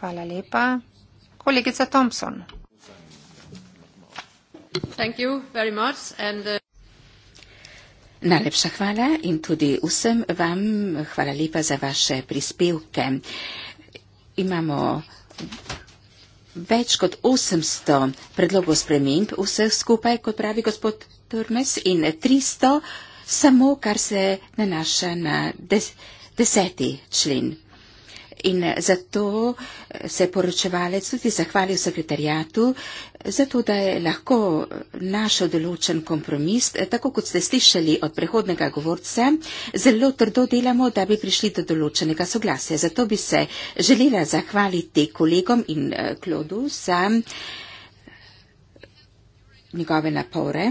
Hvala lepa. Kolegica Thompson. Thank you very much. And, uh... Najlepša hvala in tudi vsem vam hvala lepa za vaše prispevke. Imamo več kot 800 predlogov sprememb vseh skupaj, kot pravi gospod Turmes, in 300 samo, kar se nanaša na deseti člen. In zato eh, se je poročevalec tudi zahvalil sekretarjatu, zato da je lahko eh, našel določen kompromis. Eh, tako kot ste slišali od prehodnega govorce, zelo trdo delamo, da bi prišli do določenega soglasja. Zato bi se želela zahvaliti kolegom in Klodu za njegove napore.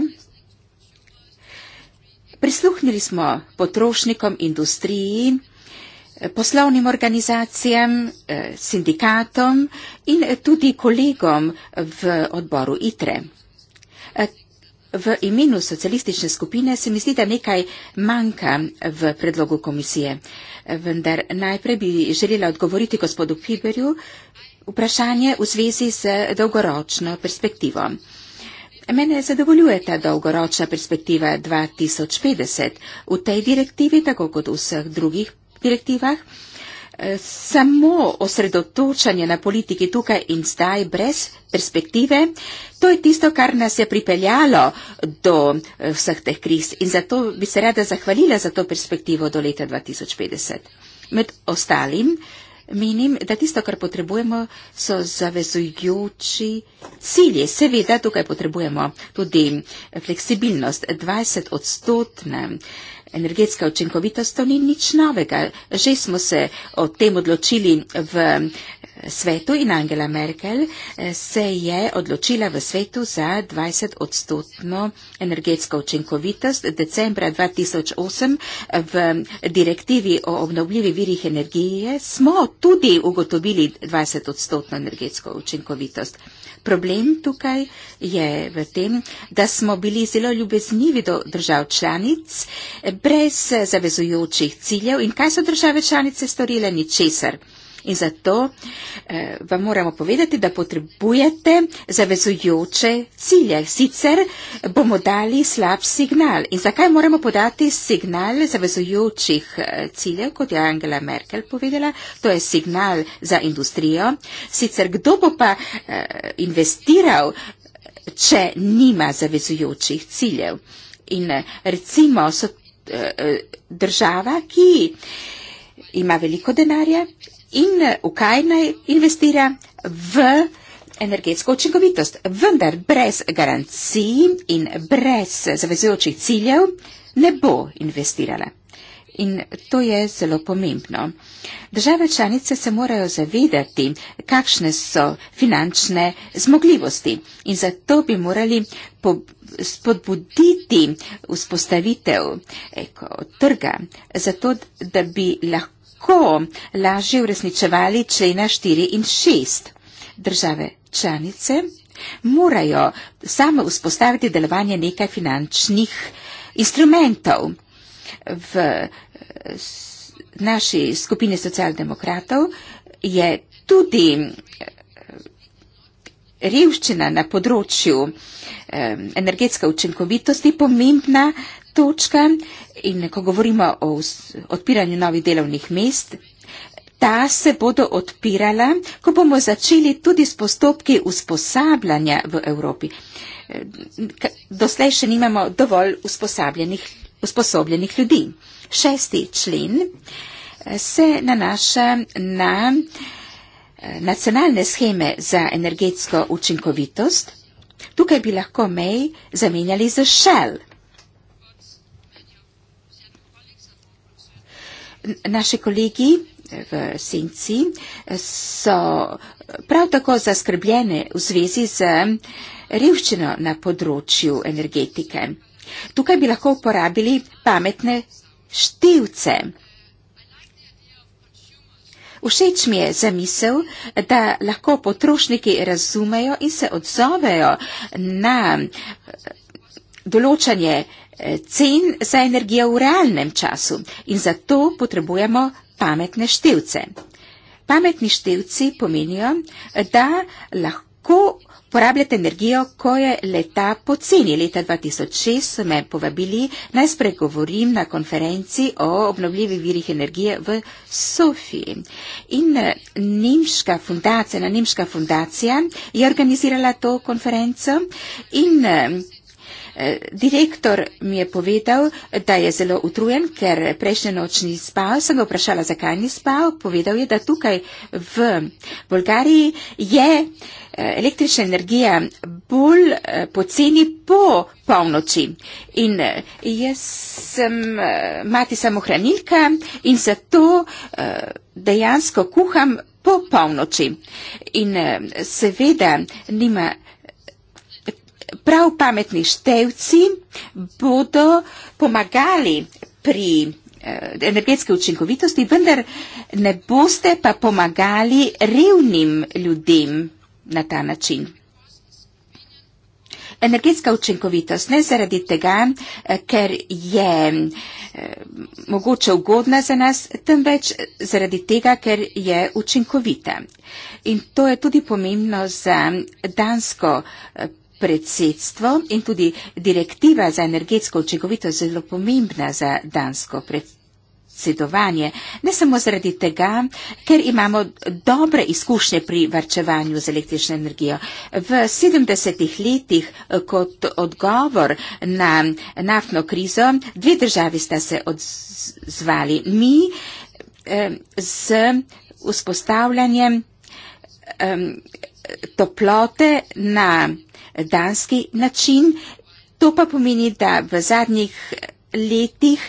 Prisluhnili smo potrošnikom industriji, poslovnim organizacijam, eh, sindikatom in tudi kolegom v odboru ITRE. Eh, v imenu socialistične skupine se mi zdi, da nekaj manjka v predlogu komisije. Eh, vendar najprej bi želela odgovoriti gospodu Fiberju vprašanje v zvezi z dolgoročno perspektivo. Mene zadovoljuje ta dolgoročna perspektiva 2050. V tej direktivi, tako kot v vseh drugih direktivah. E, samo osredotočanje na politiki tukaj in zdaj brez perspektive, to je tisto, kar nas je pripeljalo do e, vseh teh kriz in zato bi se rada zahvalila za to perspektivo do leta 2050. Med ostalim menim, da tisto, kar potrebujemo, so zavezujoči cilje. Seveda tukaj potrebujemo tudi fleksibilnost 20 odstotne. Energetska učinkovitost to ni nič novega. Že smo se o tem odločili v svetu in Angela Merkel eh, se je odločila v svetu za 20 odstotno energetsko učinkovitost decembra 2008 v direktivi o obnovljivi virih energije smo tudi ugotovili 20 odstotno energetsko učinkovitost. Problem tukaj je v tem, da smo bili zelo ljubeznivi do držav članic eh, brez zavezujočih ciljev in kaj so države članice storile ničesar. In zato eh, vam moramo povedati, da potrebujete zavezujoče cilje, sicer bomo dali slab signal. In zakaj moramo podati signal zavezujočih eh, ciljev, kot je Angela Merkel povedala, to je signal za industrijo. Sicer kdo bo pa eh, investiral, če nima zavezujočih ciljev. In eh, recimo so eh, država, ki ima veliko denarja in eh, v kaj naj investira v energetsko učinkovitost. Vendar brez garancij in brez zavezujočih ciljev ne bo investirala. In to je zelo pomembno. Države članice se morajo zavedati, kakšne so finančne zmogljivosti in zato bi morali spodbuditi vzpostavitev eh, trga, zato da bi lahko lahko lažje uresničevali člena 4 in 6. Države članice morajo same vzpostaviti delovanje nekaj finančnih instrumentov. V naši skupini socialdemokratov je tudi eh, revščina na področju eh, energetske učinkovitosti pomembna točka, In ko govorimo o odpiranju novih delovnih mest, ta se bodo odpirala, ko bomo začeli tudi s postopki usposabljanja v Evropi. Doslej še nimamo dovolj usposabljenih, usposobljenih ljudi. Šesti člen eh, se nanaša na eh, nacionalne scheme za energetsko učinkovitost. Tukaj bi lahko mej zamenjali za shell. Naši kolegi eh, v senci eh, so prav tako zaskrbljene v zvezi z revščino na področju energetike. Tukaj bi lahko uporabili pametne števce. Všeč mi je zamisel, da lahko potrošniki razumejo in se odzovejo na eh, določanje Eh, cen za energijo v realnem času in zato potrebujemo pametne števce. Pametni števci pomenijo, da lahko porabljate energijo, ko je leta poceni. Leta 2006 so me povabili, naj spregovorim na konferenci o obnovljivih virih energije v Sofiji. In eh, nemška fundacija, na nemška fundacija je organizirala to konferenco in eh, Eh, direktor mi je povedal, da je zelo utrujen, ker prejšnjo noč ni spal. Sem ga vprašala, zakaj ni spal. Povedal je, da tukaj v Bolgariji je eh, električna energija bolj eh, poceni po polnoči. In jaz sem mati samohranilka in zato dejansko kuham po polnoči. In seveda nima prav pametni števci bodo pomagali pri eh, energetske učinkovitosti, vendar ne boste pa pomagali revnim ljudem na ta način. Energetska učinkovitost ne zaradi tega, eh, ker je eh, mogoče ugodna za nas, temveč zaradi tega, ker je učinkovita. In to je tudi pomembno za dansko eh, predsedstvo in tudi direktiva za energetsko učinkovito zelo pomembna za dansko predsedovanje. Ne samo zaradi tega, ker imamo dobre izkušnje pri varčevanju z električno energijo. V 70-ih letih kot odgovor na naftno krizo dve državi sta se odzvali. Mi z vzpostavljanjem toplote na danski način. To pa pomeni, da v zadnjih letih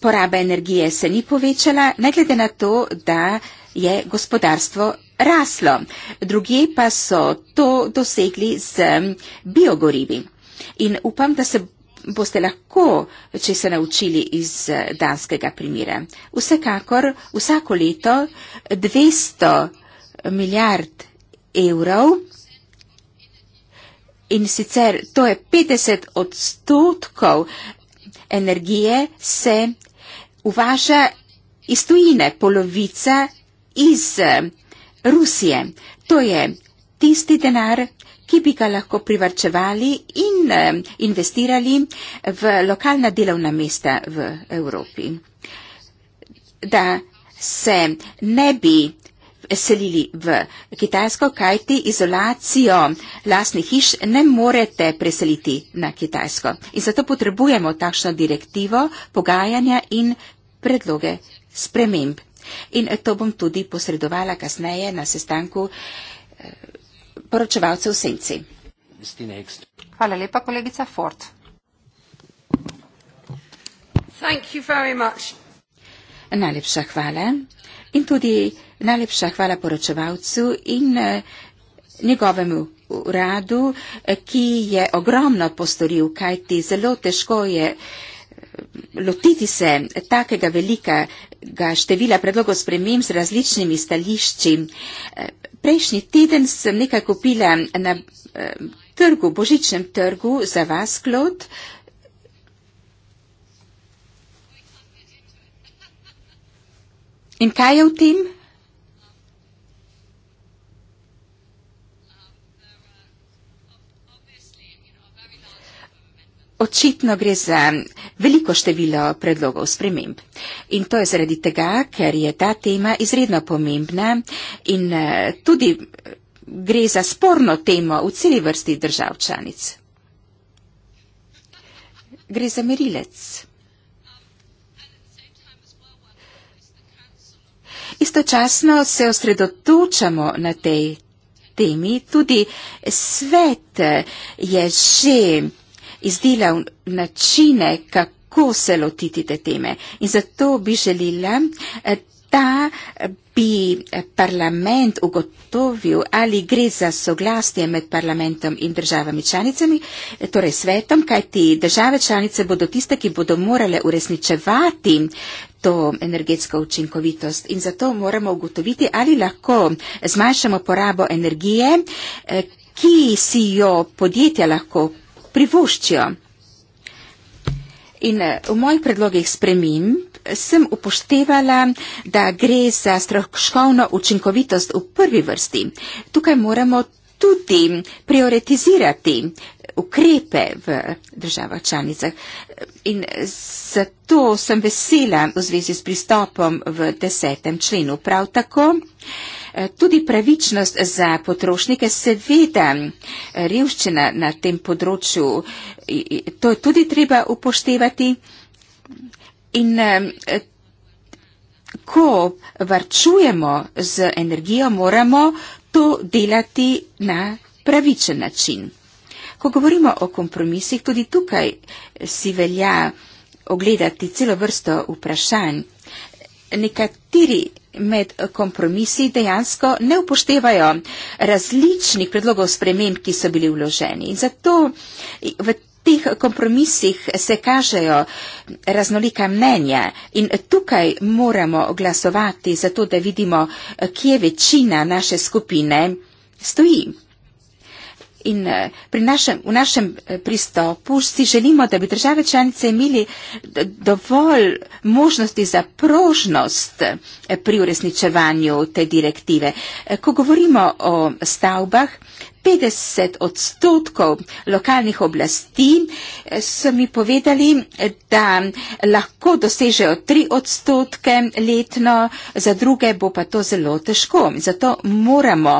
poraba energije se ni povečala, ne glede na to, da je gospodarstvo raslo. Drugi pa so to dosegli z biogorivi. In upam, da se boste lahko, če se naučili iz danskega primira. Vsekakor vsako leto 200 milijard evrov In sicer to je 50 odstotkov energije se uvaža iz tujine, polovica iz eh, Rusije. To je tisti denar, ki bi ga lahko privrčevali in eh, investirali v lokalna delovna mesta v Evropi. Da se ne bi selili v Kitajsko, kajti izolacijo lasnih hiš ne morete preseliti na Kitajsko. In zato potrebujemo takšno direktivo, pogajanja in predloge sprememb. In to bom tudi posredovala kasneje na sestanku eh, poročevalcev Senci. Hvala lepa, kolegica Ford. Najlepša hvala. In tudi najlepša hvala poročevalcu in eh, njegovemu uradu, eh, ki je ogromno postoril, kajti zelo težko je eh, lotiti se takega velikega števila predlogov sprememb z različnimi stališči. Prejšnji teden sem nekaj kupila na trgu, božičnem trgu za vas, Klod, In kaj je v tem? Očitno gre za veliko število predlogov sprememb. In to je zaradi tega, ker je ta tema izredno pomembna in eh, tudi eh, gre za sporno temo v celi vrsti držav članic. Gre za merilec. istočasno se osredotočamo na tej temi. Tudi svet je že izdelal načine, kako se lotiti te teme. In zato bi želila eh, da bi parlament ugotovil, ali gre za soglasje med parlamentom in državami članicami, torej svetom, kajti države članice bodo tiste, ki bodo morale uresničevati to energetsko učinkovitost. In zato moramo ugotoviti, ali lahko zmanjšamo porabo energije, eh, ki si jo podjetja lahko privoščijo in eh, v mojih predlogih spremim sem upoštevala, da gre za stroškovno učinkovitost v prvi vrsti. Tukaj moramo tudi prioritizirati ukrepe v državah članicah. In eh, zato sem vesela v zvezi s pristopom v desetem členu. Prav tako. Uh, Eh, tudi pravičnost za potrošnike, seveda eh, revščina na tem področju, to je tudi treba upoštevati. In eh, ko varčujemo z energijo, moramo to delati na pravičen način. Ko govorimo o kompromisih, tudi tukaj si velja ogledati celo vrsto vprašanj. Nekateri med kompromisi dejansko ne upoštevajo različnih predlogov sprememb, ki so bili vloženi. In zato v teh kompromisih se kažejo raznolika mnenja in tukaj moramo glasovati, zato da vidimo, kje večina naše skupine stoji. In eh, pri našem, v našem eh, pristopu si želimo, da bi države članice imeli dovolj možnosti za prožnost eh, pri uresničevanju te direktive. Ko govorimo o stavbah, 50 odstotkov lokalnih oblasti eh, so mi povedali, da lahko dosežejo 3 odstotke letno, za druge bo pa to zelo težko. Zato moramo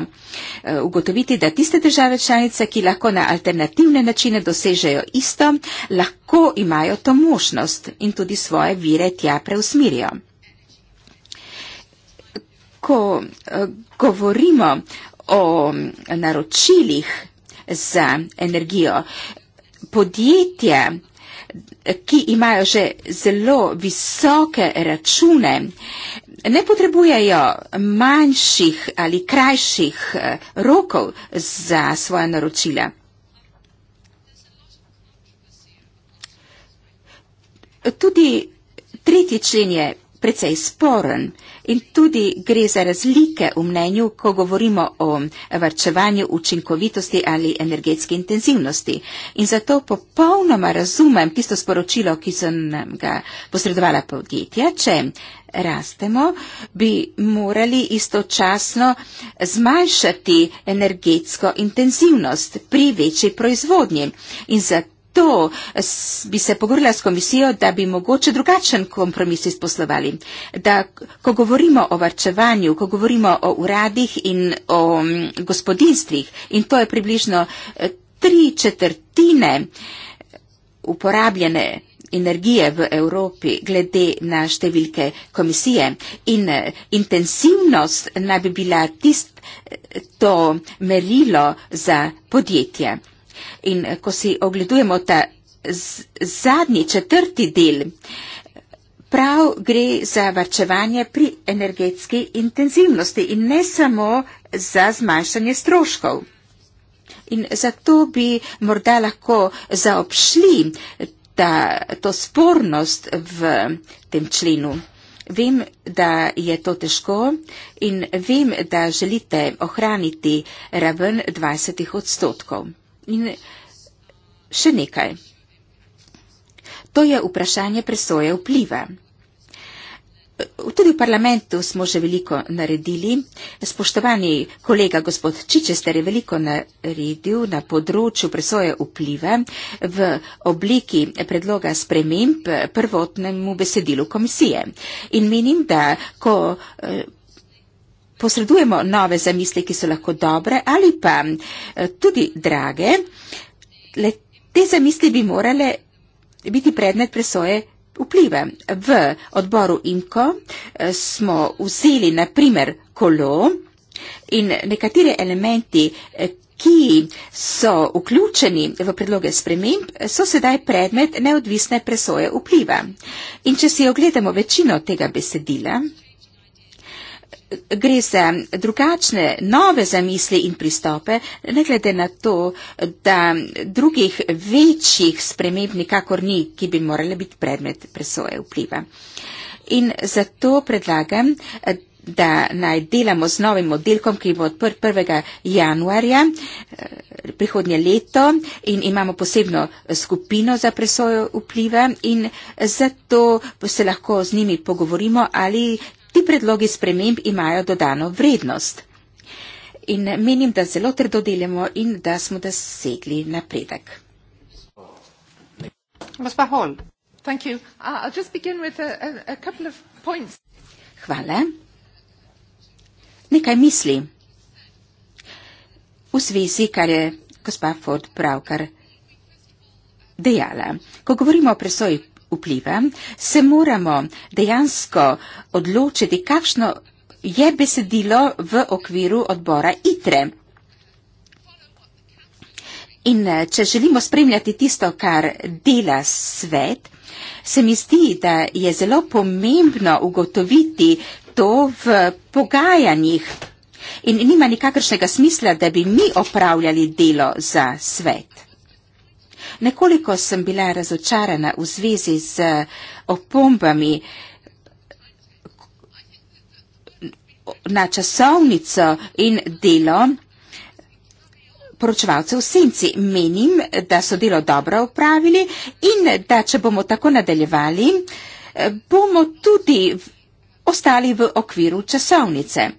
eh, ugotoviti, da tiste države članice, ki lahko na alternativne načine dosežejo isto, lahko imajo to možnost in tudi svoje vire tja preusmirijo. Ko eh, govorimo o naročilih za energijo. Podjetje, ki imajo že zelo visoke račune, ne potrebujejo manjših ali krajših eh, rokov za svoja naročila. Tudi tretji člen je precej sporen in tudi gre za razlike v mnenju, ko govorimo o varčevanju učinkovitosti ali energetske intenzivnosti. In zato popolnoma razumem tisto sporočilo, ki sem ga posredovala podjetja, če rastemo, bi morali istočasno zmanjšati energetsko intenzivnost pri večji proizvodnji. In zato to bi se pogovorila s komisijo, da bi mogoče drugačen kompromis izposlovali. Da, ko govorimo o varčevanju, ko govorimo o uradih in o gospodinstvih, in to je približno eh, tri četrtine eh, uporabljene energije v Evropi glede na številke komisije in eh, intenzivnost naj bi bila tisto merilo za podjetje. In eh, ko si ogledujemo ta zadnji, četrti del, prav gre za varčevanje pri energetski intenzivnosti in ne samo za zmanjšanje stroškov. In zato bi morda lahko zaobšli ta, to spornost v tem členu. Vem, da je to težko in vem, da želite ohraniti raven 20 odstotkov. In še nekaj. To je vprašanje presoje vpliva. Tudi v parlamentu smo že veliko naredili. Spoštovani kolega gospod Čičester je veliko naredil na področju presoje vpliva v obliki predloga sprememb prvotnemu besedilu komisije. In menim, da ko eh, posredujemo nove zamisli, ki so lahko dobre ali pa eh, tudi drage, le te zamisli bi morale biti predmet presoje vpliva. V odboru IMKO eh, smo vzeli na primer kolo in nekatere elementi, eh, ki so vključeni v predloge sprememb, so sedaj predmet neodvisne presoje vpliva. In če si ogledamo večino tega besedila, gre za drugačne, nove zamisli in pristope, ne glede na to, da drugih večjih sprememb nikakor ni, ki bi morali biti predmet presoje vpliva. In zato predlagam, da naj delamo z novim oddelkom, ki bo odprt 1. januarja eh, prihodnje leto in imamo posebno skupino za presojo vpliva in zato se lahko z njimi pogovorimo, ali ti predlogi sprememb imajo dodano vrednost. In menim, da zelo trdo delamo in da smo dosegli napredek. Uh, Hvala. Nekaj misli v zvezi, kar je gospa Ford pravkar dejala. Ko govorimo o presoji vpliva, se moramo dejansko odločiti, kakšno je besedilo v okviru odbora ITRE. In eh, če želimo spremljati tisto, kar dela svet, se mi zdi, da je zelo pomembno ugotoviti to v pogajanjih. In nima nikakršnega smisla, da bi mi opravljali delo za svet. Nekoliko sem bila razočarana v zvezi z eh, opombami na časovnico in delo poročevalcev senci. Menim, da so delo dobro upravili in da če bomo tako nadaljevali, eh, bomo tudi ostali v okviru časovnice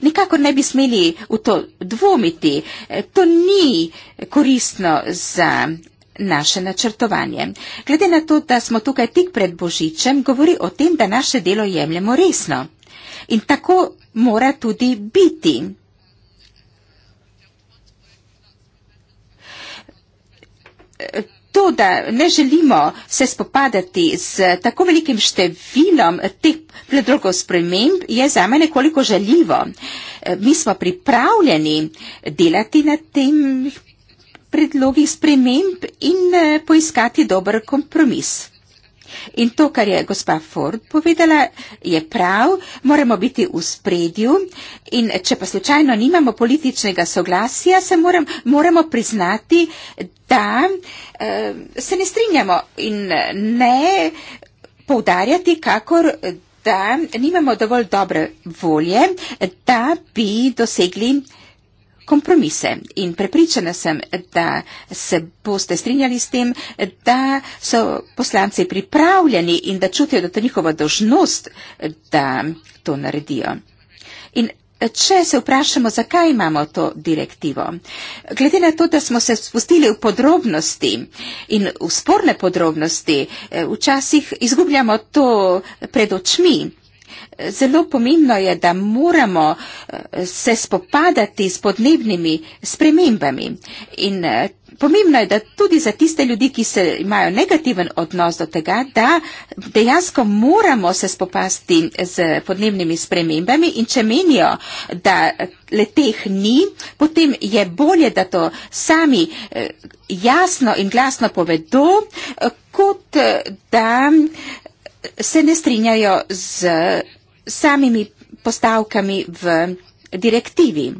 nikako ne bi smeli v to dvomiti. E, to ni koristno za naše načrtovanje. Glede na to, da smo tukaj tik pred Božičem, govori o tem, da naše delo jemljemo resno. In tako mora tudi biti. E, To, da ne želimo se spopadati z tako velikim številom teh predlogov sprememb, je za me nekoliko žaljivo. E, mi smo pripravljeni delati na tem predlogih sprememb in e, poiskati dober kompromis. In to, kar je gospa Ford povedala, je prav, moramo biti v spredju in če pa slučajno nimamo političnega soglasja, se moram, moramo priznati, da eh, se ne strinjamo in ne poudarjati, kakor da nimamo dovolj dobre volje, da bi dosegli kompromise in prepričana sem, da se boste strinjali s tem, da so poslanci pripravljeni in da čutijo, da je to njihova dožnost, da to naredijo. In če se vprašamo, zakaj imamo to direktivo, glede na to, da smo se spustili v podrobnosti in v sporne podrobnosti, eh, včasih izgubljamo to pred očmi. Zelo pomembno je, da moramo eh, se spopadati s podnebnimi spremembami. In eh, pomembno je, da tudi za tiste ljudi, ki se imajo negativen odnos do tega, da dejansko moramo se spopasti z podnebnimi spremembami in če menijo, da le teh ni, potem je bolje, da to sami eh, jasno in glasno povedo, kot da se ne strinjajo z samimi postavkami v direktivi.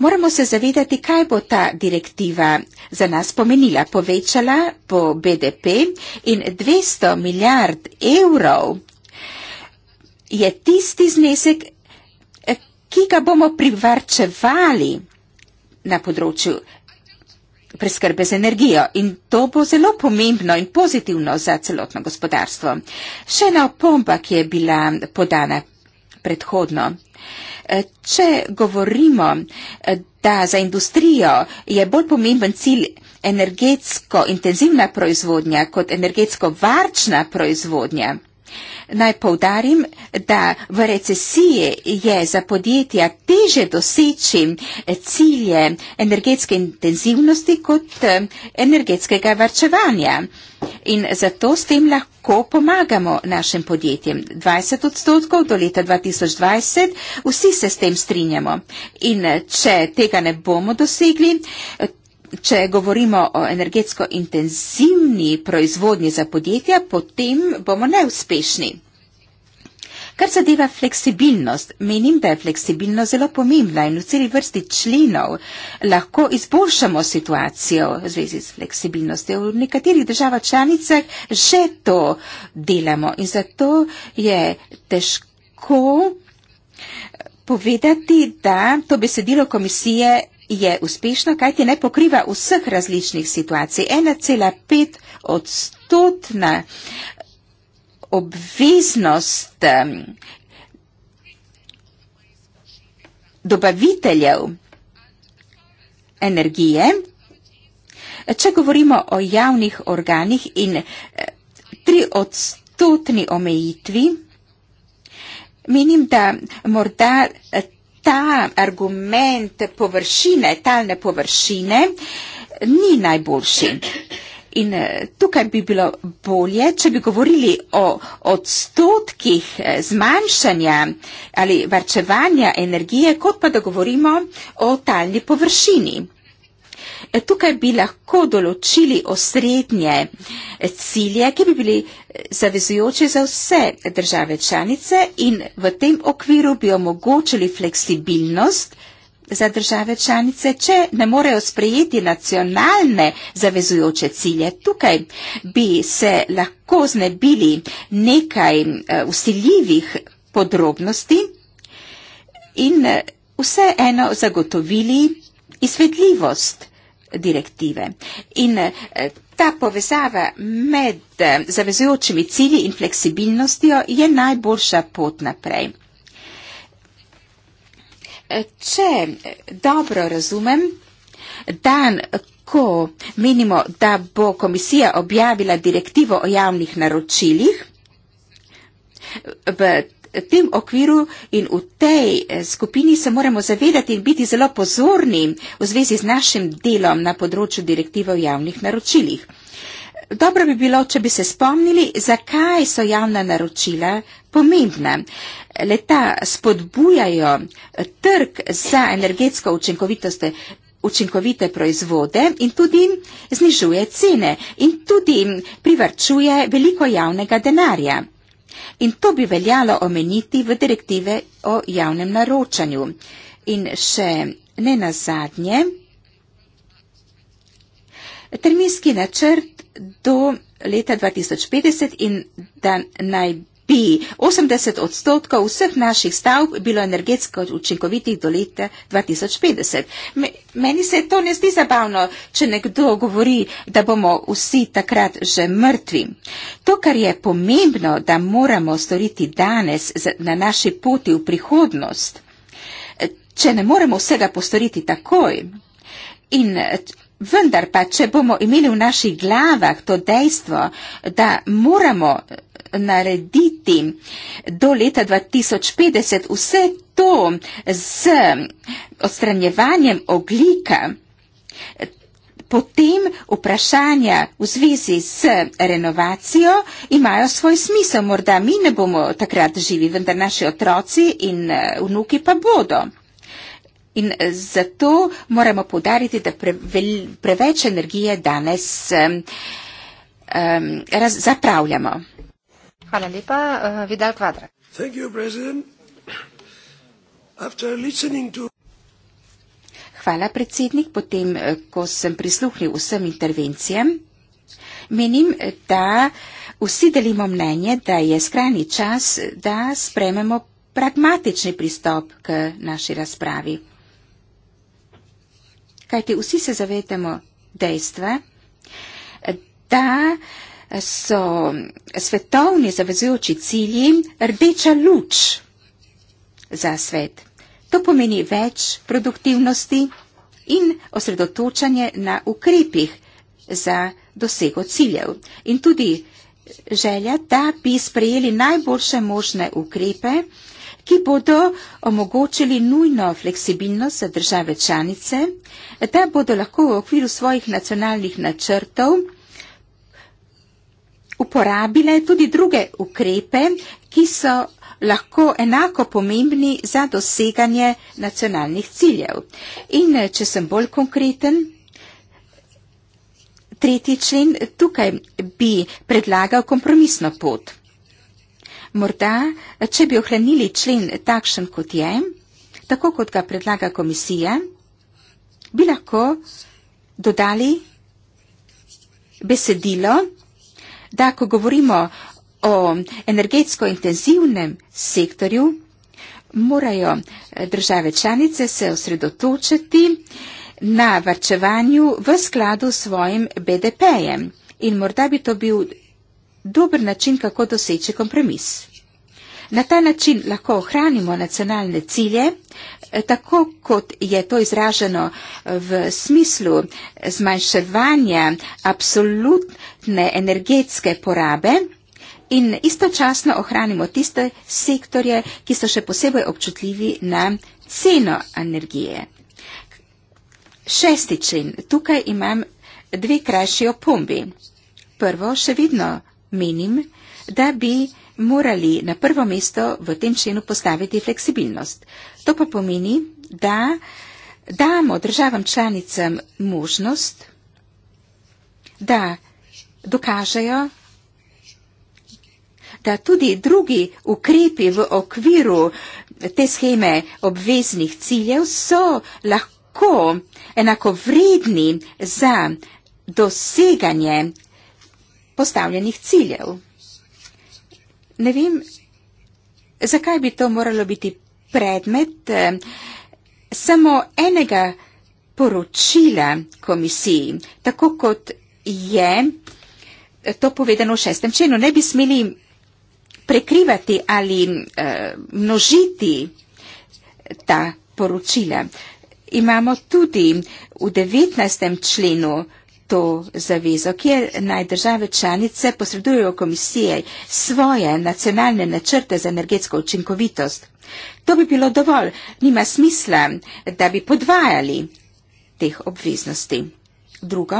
Moramo se zavedati, kaj bo ta direktiva za nas pomenila. Povečala bo BDP in 200 milijard evrov je tisti znesek, ki ga bomo privarčevali na področju preskrbe z energijo in to bo zelo pomembno in pozitivno za celotno gospodarstvo. Še ena opomba, ki je bila podana predhodno. E, če govorimo, e, da za industrijo je bolj pomemben cilj energetsko intenzivna proizvodnja kot energetsko varčna proizvodnja, Naj povdarim, da v recesiji je za podjetja teže doseči cilje energetske intenzivnosti kot eh, energetskega varčevanja. In zato s tem lahko pomagamo našim podjetjem. 20 odstotkov do leta 2020, vsi se s tem strinjamo. In eh, če tega ne bomo dosegli, Če govorimo o energetsko intenzivni proizvodnji za podjetja, potem bomo neuspešni. Kar zadeva fleksibilnost, menim, da je fleksibilnost zelo pomembna in v celi vrsti členov lahko izboljšamo situacijo v zvezi s fleksibilnostjo. V nekaterih državah članicah že to delamo in zato je težko povedati, da to besedilo komisije je uspešno, kajti ne pokriva vseh različnih situacij. 1,5 odstotna obveznost dobaviteljev energije, če govorimo o javnih organih in 3 eh, odstotni omejitvi, menim, da morda eh, ta argument površine, talne površine, ni najboljši. In eh, tukaj bi bilo bolje, če bi govorili o odstotkih eh, zmanjšanja ali varčevanja energije, kot pa da govorimo o talni površini. E, tukaj bi lahko določili osrednje e, cilje, ki bi bili e, zavezujoči za vse države članice in v tem okviru bi omogočili fleksibilnost za države članice, če ne morejo sprejeti nacionalne zavezujoče cilje. Tukaj bi se lahko znebili nekaj usiljivih podrobnosti in vse eno zagotovili izvedljivost direktive. In eh, ta povezava med eh, zavezujočimi cilji in fleksibilnostjo je najboljša pot naprej. Eh, če dobro razumem, dan, ko menimo, da bo komisija objavila direktivo o javnih naročilih, v tem okviru in v tej eh, skupini se moramo zavedati in biti zelo pozorni v zvezi z našim delom na področju direktive o javnih naročilih. Dobro bi bilo, če bi se spomnili, zakaj so javna naročila pomembna. Leta spodbujajo trg za energetsko učinkovitost učinkovite proizvode in tudi znižuje cene in tudi privrčuje veliko javnega denarja. In to bi veljalo omeniti v direktive o javnem naročanju. In še ne na zadnje, terminski načrt do leta 2050 in da naj bi bi 80 odstotkov vseh naših stavb bilo energetsko učinkovitih do leta 2050. Me, meni se to ne zdi zabavno, če nekdo govori, da bomo vsi takrat že mrtvi. To, kar je pomembno, da moramo storiti danes na naši poti v prihodnost, če ne moremo vsega postoriti takoj. In, Vendar pa, če bomo imeli v naših glavah to dejstvo, da moramo narediti do leta 2050 vse to z odstranjevanjem oglika, potem vprašanja v zvezi s renovacijo imajo svoj smisel. Morda mi ne bomo takrat živi, vendar naši otroci in eh, vnuki pa bodo. In eh, zato moramo podariti, da preveč energije danes um, um, zapravljamo. Hvala lepa. Uh, Vidal Kvadrat. Hvala, predsednik. Potem, eh, ko sem prisluhnil vsem intervencijam, menim, eh, da vsi delimo mnenje, da je skrajni čas, da sprememo pragmatični pristop k naši razpravi. Kajti vsi se zavedamo dejstva, da so svetovni zavezujoči cilji rdeča luč za svet. To pomeni več produktivnosti in osredotočanje na ukrepih za dosego ciljev. In tudi želja, da bi sprejeli najboljše možne ukrepe, ki bodo omogočili nujno fleksibilnost za države članice, da bodo lahko v okviru svojih nacionalnih načrtov uporabile tudi druge ukrepe, ki so lahko enako pomembni za doseganje nacionalnih ciljev. In eh, če sem bolj konkreten, tretji člen, tukaj bi predlagal kompromisno pot. Morda, eh, če bi ohranili člen takšen, kot je, tako kot ga predlaga komisija, bi lahko dodali besedilo, da ko govorimo o energetsko intenzivnem sektorju, morajo eh, države članice se osredotočiti na varčevanju v skladu s svojim BDP-jem. In morda bi to bil dober način, kako doseči kompromis. Na ta način lahko ohranimo nacionalne cilje, eh, tako kot je to izraženo eh, v smislu zmanjševanja absolutne energetske porabe in istočasno ohranimo tiste sektorje, ki so še posebej občutljivi na ceno energije. Šesti čin. Tukaj imam dve krajši opombi. Prvo, še vedno menim, da bi morali na prvo mesto v tem členu postaviti fleksibilnost. To pa pomeni, da damo državam članicam možnost, da dokažejo, da tudi drugi ukrepi v okviru te scheme obveznih ciljev so lahko enakovredni za doseganje postavljenih ciljev. Ne vem, zakaj bi to moralo biti predmet eh, samo enega poročila komisiji, tako kot je eh, to povedano v šestem členu. Ne bi smeli prekrivati ali uh, množiti ta poročila. Imamo tudi v devetnajstem členu to zavezo, kjer naj države članice posredujejo komisije svoje nacionalne načrte za energetsko učinkovitost. To bi bilo dovolj, nima smisla, da bi podvajali teh obveznosti. Drugo,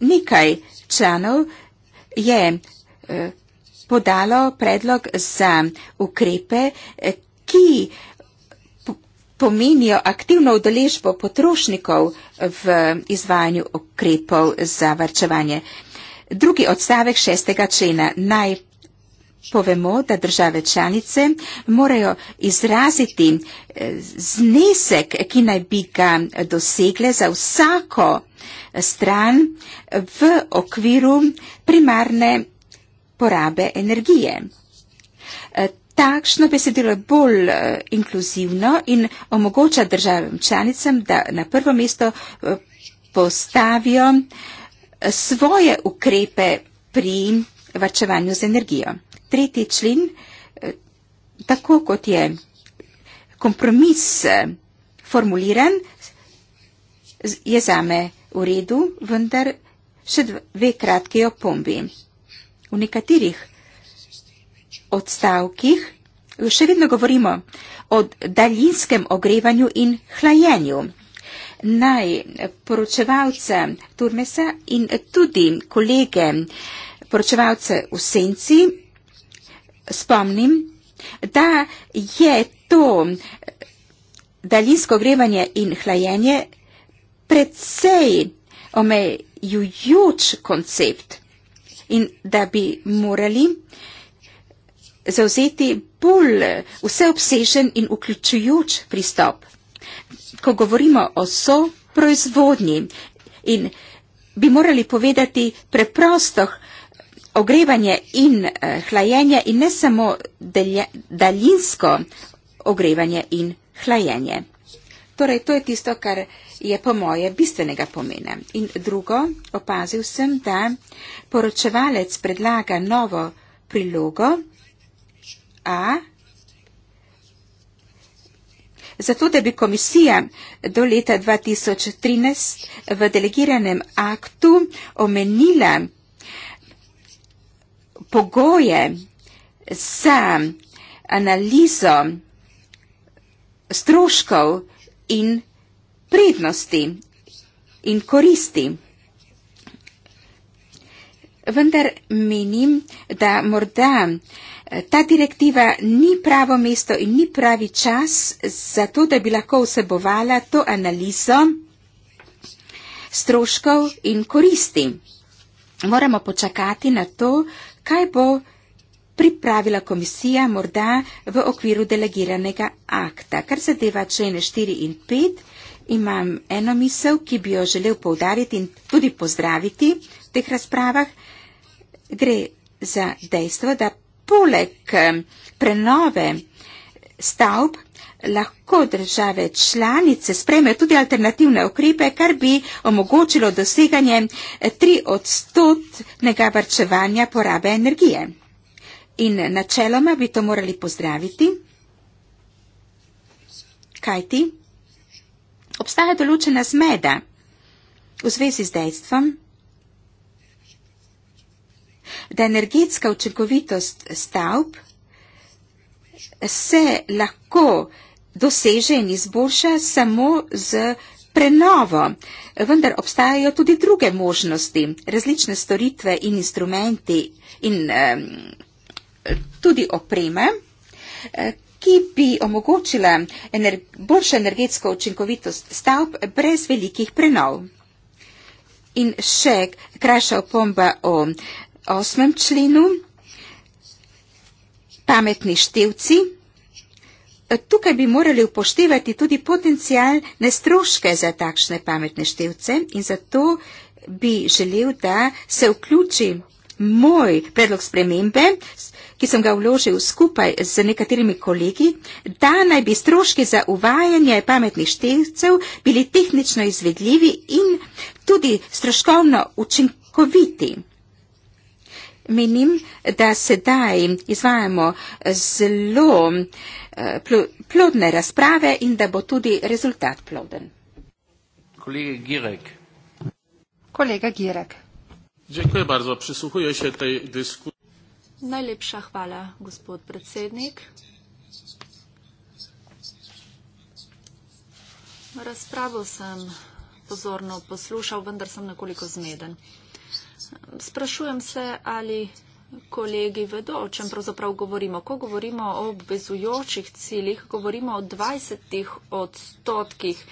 nekaj članov je eh, podalo predlog za ukrepe, ki pomenijo aktivno udeležbo potrošnikov v izvajanju ukrepov za varčevanje. Drugi odstavek šestega člena. Naj povemo, da države članice morajo izraziti eh, znesek, ki naj bi ga dosegle za vsako stran v okviru primarne porabe energije. Eh, Takšno besedilo je bolj eh, inkluzivno in omogoča državam članicam, da na prvo mesto eh, postavijo eh, svoje ukrepe pri varčevanju z energijo. Tretji člen, tako kot je kompromis formuliran, je zame v redu, vendar še dve kratke opombi. V nekaterih odstavkih še vedno govorimo o daljinskem ogrevanju in hlajenju. Naj poročevalce Turmesa in tudi kolege poročevalce v senci spomnim, da je to daljinsko ogrevanje in hlajenje predvsej omejujoč koncept in da bi morali zauzeti bolj vseobsežen in vključujoč pristop. Ko govorimo o soproizvodnji in bi morali povedati preprosto ogrevanje in eh, hlajenje in ne samo daljinsko ogrevanje in hlajenje. Torej, to je tisto, kar je po moje bistvenega pomena. In drugo, opazil sem, da poročevalec predlaga novo prilogo, A. Zato, da bi komisija do leta 2013 v delegiranem aktu omenila pogoje za analizo stroškov in prednosti in koristi. Vendar menim, da morda Eh, ta direktiva ni pravo mesto in ni pravi čas za to, da bi lahko vsebovala to analizo stroškov in koristi. Moramo počakati na to, kaj bo pripravila komisija morda v okviru delegiranega akta. Kar zadeva člene 4 in 5, imam eno misel, ki bi jo želel povdariti in tudi pozdraviti v teh razpravah. Gre za dejstvo, da poleg eh, prenove stavb lahko države članice spreme tudi alternativne ukrepe, kar bi omogočilo doseganje 3 eh, odstotnega varčevanja porabe energije. In načeloma bi to morali pozdraviti, kajti obstaja določena zmeda v zvezi z dejstvom, da energetska učinkovitost stavb se lahko doseže in izboljša samo z prenovo. Vendar obstajajo tudi druge možnosti, različne storitve in instrumenti in tudi opreme, eh, ki bi omogočila ener boljšo energetsko učinkovitost stavb brez velikih prenov. In še krajša opomba o eh, osmem členu, pametni števci, tukaj bi morali upoštevati tudi potencijalne stroške za takšne pametne števce in zato bi želel, da se vključi moj predlog spremembe, ki sem ga vložil skupaj z nekaterimi kolegi, da naj bi stroški za uvajanje pametnih števcev bili tehnično izvedljivi in tudi stroškovno učinkoviti. Menim, da sedaj izvajamo zelo eh, plodne razprave in da bo tudi rezultat ploden. Kolega Girek. Kolega Girek. Bardzo, się tej Najlepša hvala, gospod predsednik. Razpravo sem pozorno poslušal, vendar sem nekoliko zmeden. Sprašujem se, ali kolegi vedo, o čem pravzaprav govorimo. Ko govorimo o obvezujočih ciljih, govorimo o 20 odstotkih,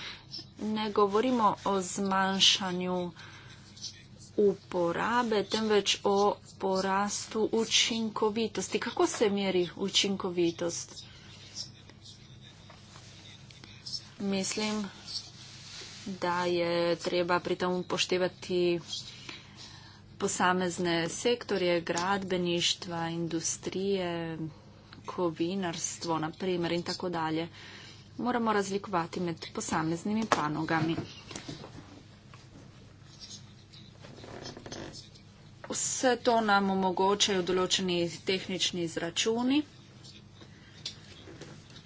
ne govorimo o zmanjšanju uporabe, temveč o porastu učinkovitosti. Kako se meri učinkovitost? Mislim, da je treba pri tem upoštevati posamezne sektorje gradbeništva, industrije, kovinarstvo naprimer in tako dalje. Moramo razlikovati med posameznimi panogami. Vse to nam omogočajo določeni tehnični izračuni.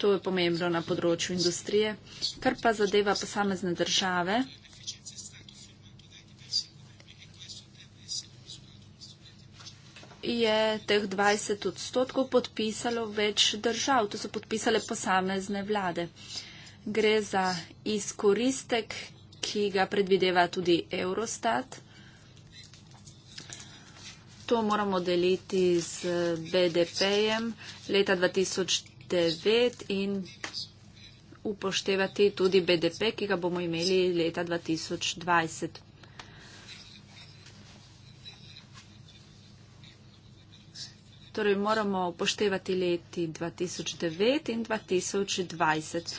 To je pomembno na področju industrije. Kar pa zadeva posamezne države, je teh 20 odstotkov podpisalo več držav, to so podpisale posamezne vlade. Gre za izkoristek, ki ga predvideva tudi Eurostat. To moramo deliti z BDP-jem leta 2009 in upoštevati tudi BDP, ki ga bomo imeli leta 2020. Torej moramo upoštevati leti 2009 in 2020.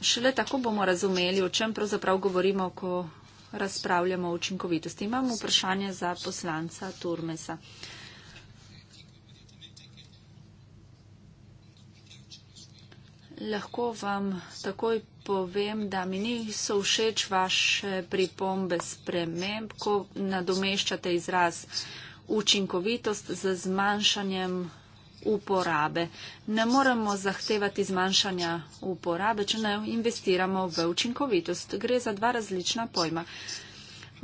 Šele tako bomo razumeli, o čem pravzaprav govorimo, ko razpravljamo o učinkovitosti. Imamo vprašanje za poslanca Turmesa. Lahko vam takoj povem, da mi niso všeč vaše pripombe sprememb, ko nadomeščate izraz učinkovitost z zmanjšanjem uporabe. Ne moremo zahtevati zmanjšanja uporabe, če ne investiramo v učinkovitost. Gre za dva različna pojma.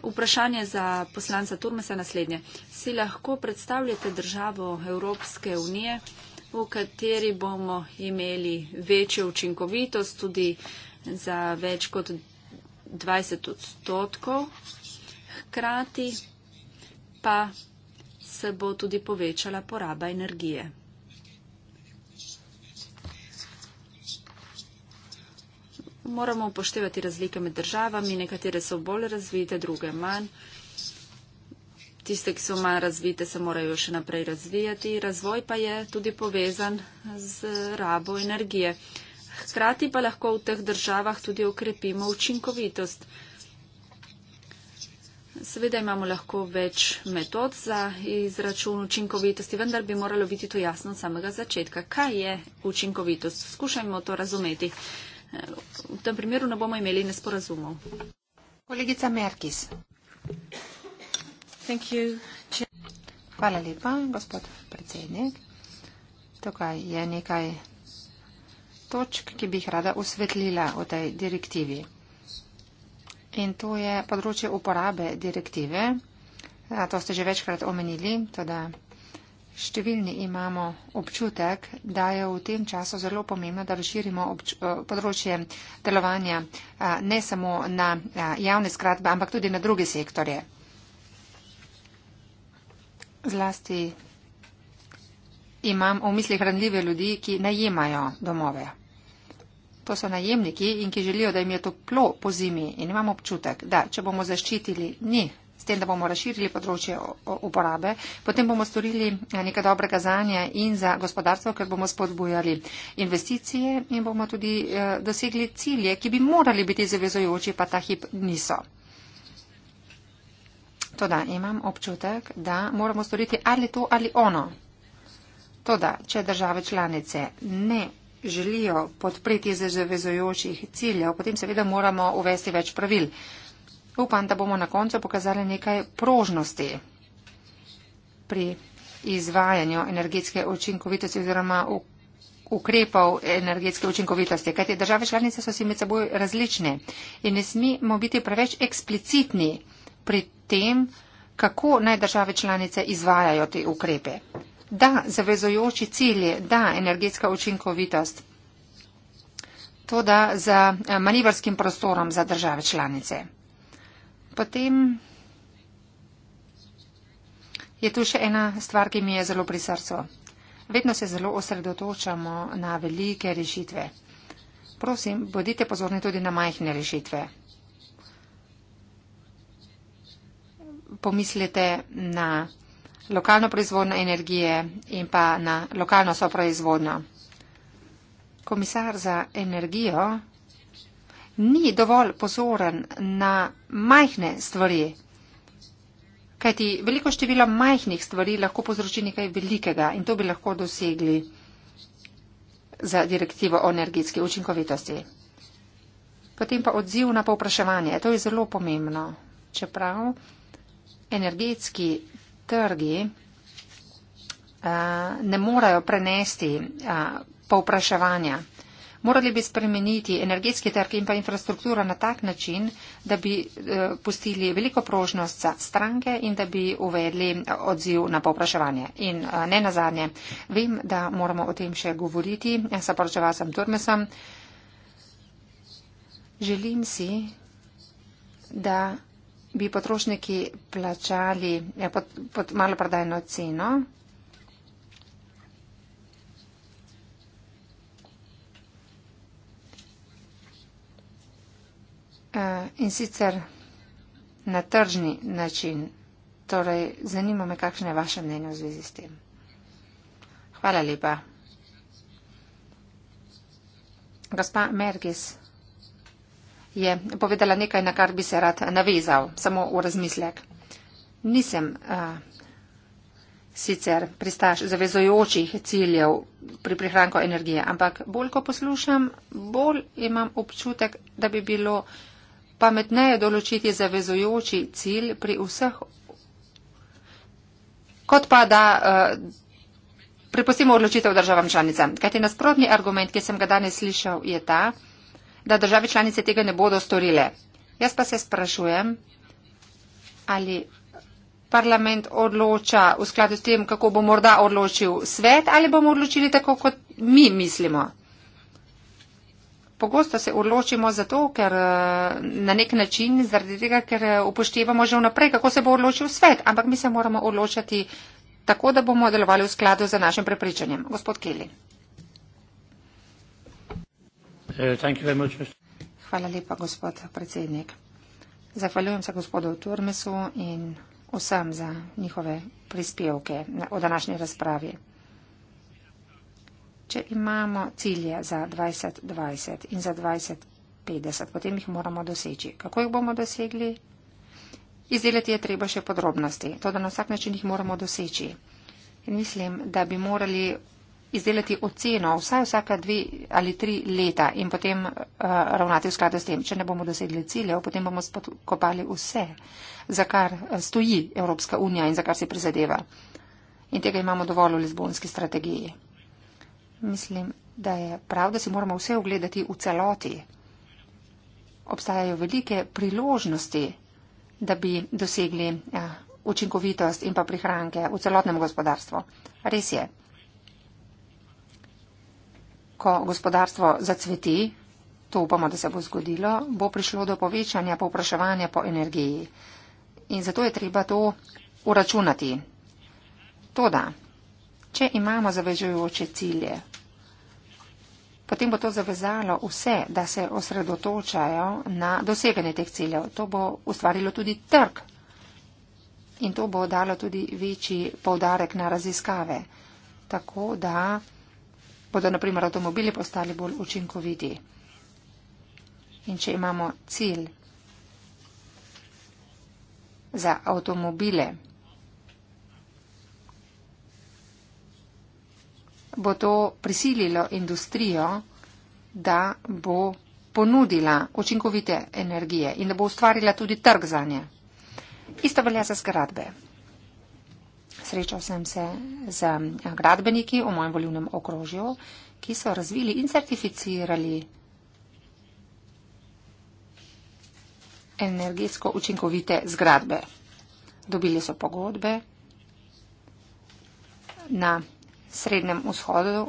Vprašanje za poslanca Turmesa naslednje. Si lahko predstavljate državo Evropske unije, v kateri bomo imeli večjo učinkovitost tudi za več kot 20 odstotkov, hkrati pa se bo tudi povečala poraba energije. Moramo upoštevati razlike med državami, nekatere so bolj razvite, druge manj. Tiste, ki so manj razvite, se morajo še naprej razvijati. Razvoj pa je tudi povezan z rabo energije. Hkrati pa lahko v teh državah tudi okrepimo učinkovitost. Seveda imamo lahko več metod za izračun učinkovitosti, vendar bi moralo biti to jasno od samega začetka. Kaj je učinkovitost? Skušajmo to razumeti. V tem primeru ne bomo imeli nesporazumov. Kolegica Merkis. Hvala lepa, gospod predsednik. Tukaj je nekaj točk, ki bi jih rada osvetlila o tej direktivi in to je področje uporabe direktive. To ste že večkrat omenili, teda številni imamo občutek, da je v tem času zelo pomembno, da razširimo obč, eh, področje delovanja ne samo na javne skratbe, ampak tudi na druge sektorje. Zlasti imam v mislih ranljive ljudi, ki najemajo domove. To so najemniki in ki želijo, da jim je toplo po zimi in imamo občutek, da če bomo zaščitili njih, s tem, da bomo razširili področje uporabe, potem bomo storili eh, nekaj dobrega za nje in za gospodarstvo, ker bomo spodbujali investicije in bomo tudi eh, dosegli cilje, ki bi morali biti zavezojoči, pa ta hip niso. Toda imam občutek, da moramo storiti ali to ali ono. Toda, če države članice ne želijo podpreti iz zavezojočih ciljev, potem seveda moramo uvesti več pravil. Upam, da bomo na koncu pokazali nekaj prožnosti pri izvajanju energetske učinkovitosti oziroma ukrepov energetske učinkovitosti, kajti države članice so si med seboj različne in ne smemo biti preveč eksplicitni pri tem, kako naj države članice izvajajo te ukrepe. Da, zavezojoči cilje, da, energetska učinkovitost. To da za eh, manevrskim prostorom za države članice. Potem je tu še ena stvar, ki mi je zelo pri srcu. Vedno se zelo osredotočamo na velike rešitve. Prosim, bodite pozorni tudi na majhne rešitve. Pomislite na lokalno proizvodno energije in pa na lokalno soproizvodno. Komisar za energijo ni dovolj pozoren na majhne stvari, kajti veliko število majhnih stvari lahko povzroči nekaj velikega in to bi lahko dosegli za direktivo o energetski učinkovitosti. Potem pa odziv na povpraševanje. To je zelo pomembno. Čeprav energetski trgi eh, ne morajo prenesti eh, povpraševanja. Morali bi spremeniti energetski trg in pa infrastrukturo na tak način, da bi eh, pustili veliko prožnost za stranke in da bi uvedli odziv na povpraševanje. In ne nazadnje, vem, da moramo o tem še govoriti. Saporčeval sem Turmesom. Želim si, da bi potrošniki plačali ja, pod, pod maloprodajno ceno. Eh, in sicer na tržni način. Torej, zanima me, kakšno je vaše mnenje v zvezi s tem. Hvala lepa. Gospa Mergis je povedala nekaj, na kar bi se rad navezal, samo v razmislek. Nisem a, eh, sicer pristaš zavezojočih ciljev pri prihranku energije, ampak bolj, ko poslušam, bolj imam občutek, da bi bilo pametneje določiti zavezojoči cilj pri vseh, kot pa da. A, eh, Pripustimo odločitev državam članicam. Kajti nasprotni argument, ki sem ga danes slišal, je ta, da države članice tega ne bodo storile. Jaz pa se sprašujem, ali parlament odloča v skladu s tem, kako bo morda odločil svet, ali bomo odločili tako, kot mi mislimo. Pogosto se odločimo zato, ker eh, na nek način, zaradi tega, ker eh, upoštevamo že vnaprej, kako se bo odločil svet, ampak mi se moramo odločati tako, da bomo delovali v skladu z našim prepričanjem. Gospod Kelly. Uh, Hvala lepa, gospod predsednik. Zahvaljujem se gospodu Turmesu in vsem za njihove prispevke v današnji razpravi. Če imamo cilje za 2020 in za 2050, potem jih moramo doseči. Kako jih bomo dosegli? Izdelati je treba še podrobnosti. To, da na vsak način jih moramo doseči. In mislim, da bi morali izdelati oceno vsaj vsaka dve ali tri leta in potem uh, ravnati v skladu s tem. Če ne bomo dosedli ciljev, potem bomo spodkopali vse, za kar eh, stoji Evropska unija in za kar se prizadeva. In tega imamo dovolj v lizbonski strategiji. Mislim, da je prav, da si moramo vse ogledati v celoti. Obstajajo velike priložnosti, da bi dosegli. Uh, učinkovitost in pa prihranke v celotnem gospodarstvu. Res je ko gospodarstvo zacveti, to upamo, da se bo zgodilo, bo prišlo do povečanja povpraševanja po energiji. In zato je treba to uračunati. Toda, če imamo zavežujoče cilje, potem bo to zavezalo vse, da se osredotočajo na doseganje teh ciljev. To bo ustvarilo tudi trg in to bo dalo tudi večji povdarek na raziskave. Tako da bodo na primer avtomobili postali bolj učinkoviti. In če imamo cilj za avtomobile, bo to prisililo industrijo, da bo ponudila učinkovite energije in da bo ustvarila tudi trg za nje. Isto velja za zgradbe srečal sem se z eh, gradbeniki v mojem volivnem okrožju, ki so razvili in certificirali energetsko učinkovite zgradbe. Dobili so pogodbe na Srednjem vzhodu.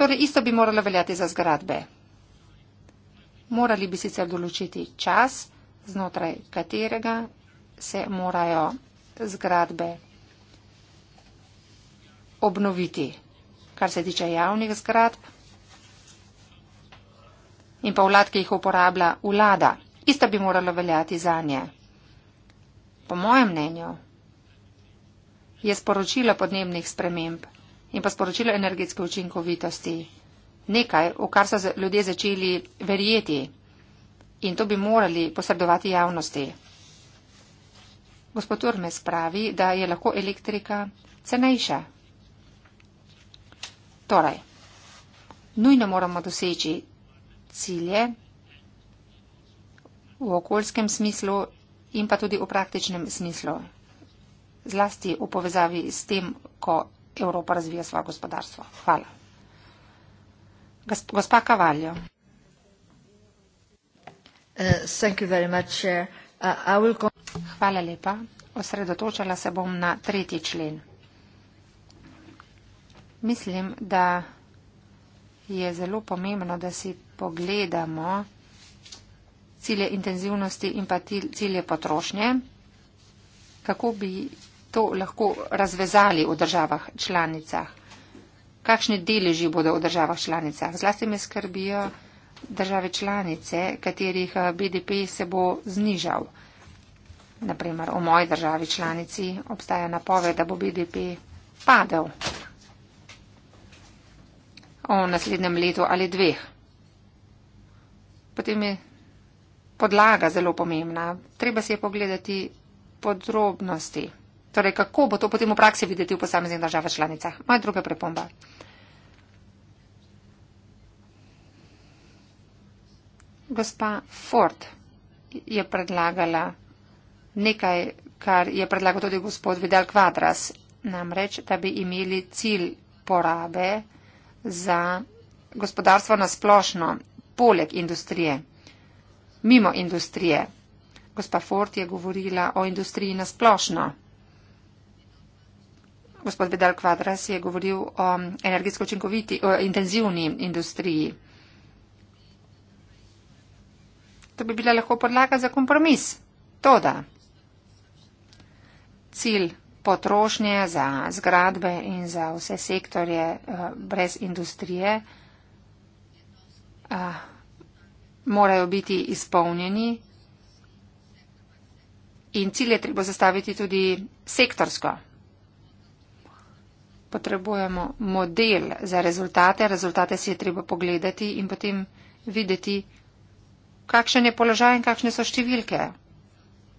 Torej, isto bi moralo veljati za zgradbe. Morali bi sicer določiti čas, znotraj katerega se morajo zgradbe obnoviti, kar se tiče javnih zgradb in pa vlad, ki jih uporablja vlada. Ista bi moralo veljati za nje. Po mojem mnenju je sporočilo podnebnih sprememb in pa sporočilo energetske učinkovitosti nekaj, v kar so ljudje začeli verjeti in to bi morali posredovati javnosti. Gospod Urmes pravi, da je lahko elektrika cenejša. Torej, nujno moramo doseči cilje v okoljskem smislu in pa tudi v praktičnem smislu, zlasti v povezavi s tem, ko Evropa razvija svoje gospodarstvo. Hvala. Gospa Kavaljo. Uh, uh, Hvala lepa. Osredotočala se bom na tretji člen. Mislim, da je zelo pomembno, da si pogledamo cilje intenzivnosti in pa cilje potrošnje, kako bi to lahko razvezali v državah članicah, kakšni deleži bodo v državah članicah. Zlasti me skrbijo države članice, katerih eh, BDP se bo znižal. Naprimer, v moji državi članici obstaja napoved, da bo BDP padel o naslednjem letu ali dveh. Potem je podlaga zelo pomembna. Treba si je pogledati podrobnosti. Torej, kako bo to potem v praksi videti v posameznih državah članicah? Moja druga pripomba. gospa Ford je predlagala nekaj, kar je predlagal tudi gospod Vidal Quadras, namreč, da bi imeli cilj porabe za gospodarstvo nasplošno, poleg industrije, mimo industrije. Gospa Ford je govorila o industriji nasplošno. Gospod Vidal Quadras je govoril o energetsko učinkoviti, o intenzivni industriji. to bi bila lahko podlaga za kompromis. Toda cilj potrošnje za zgradbe in za vse sektorje eh, brez industrije eh, morajo biti izpolnjeni in cilj je treba zastaviti tudi sektorsko. Potrebujemo model za rezultate, rezultate si je treba pogledati in potem videti, kakšen je položaj in kakšne so številke.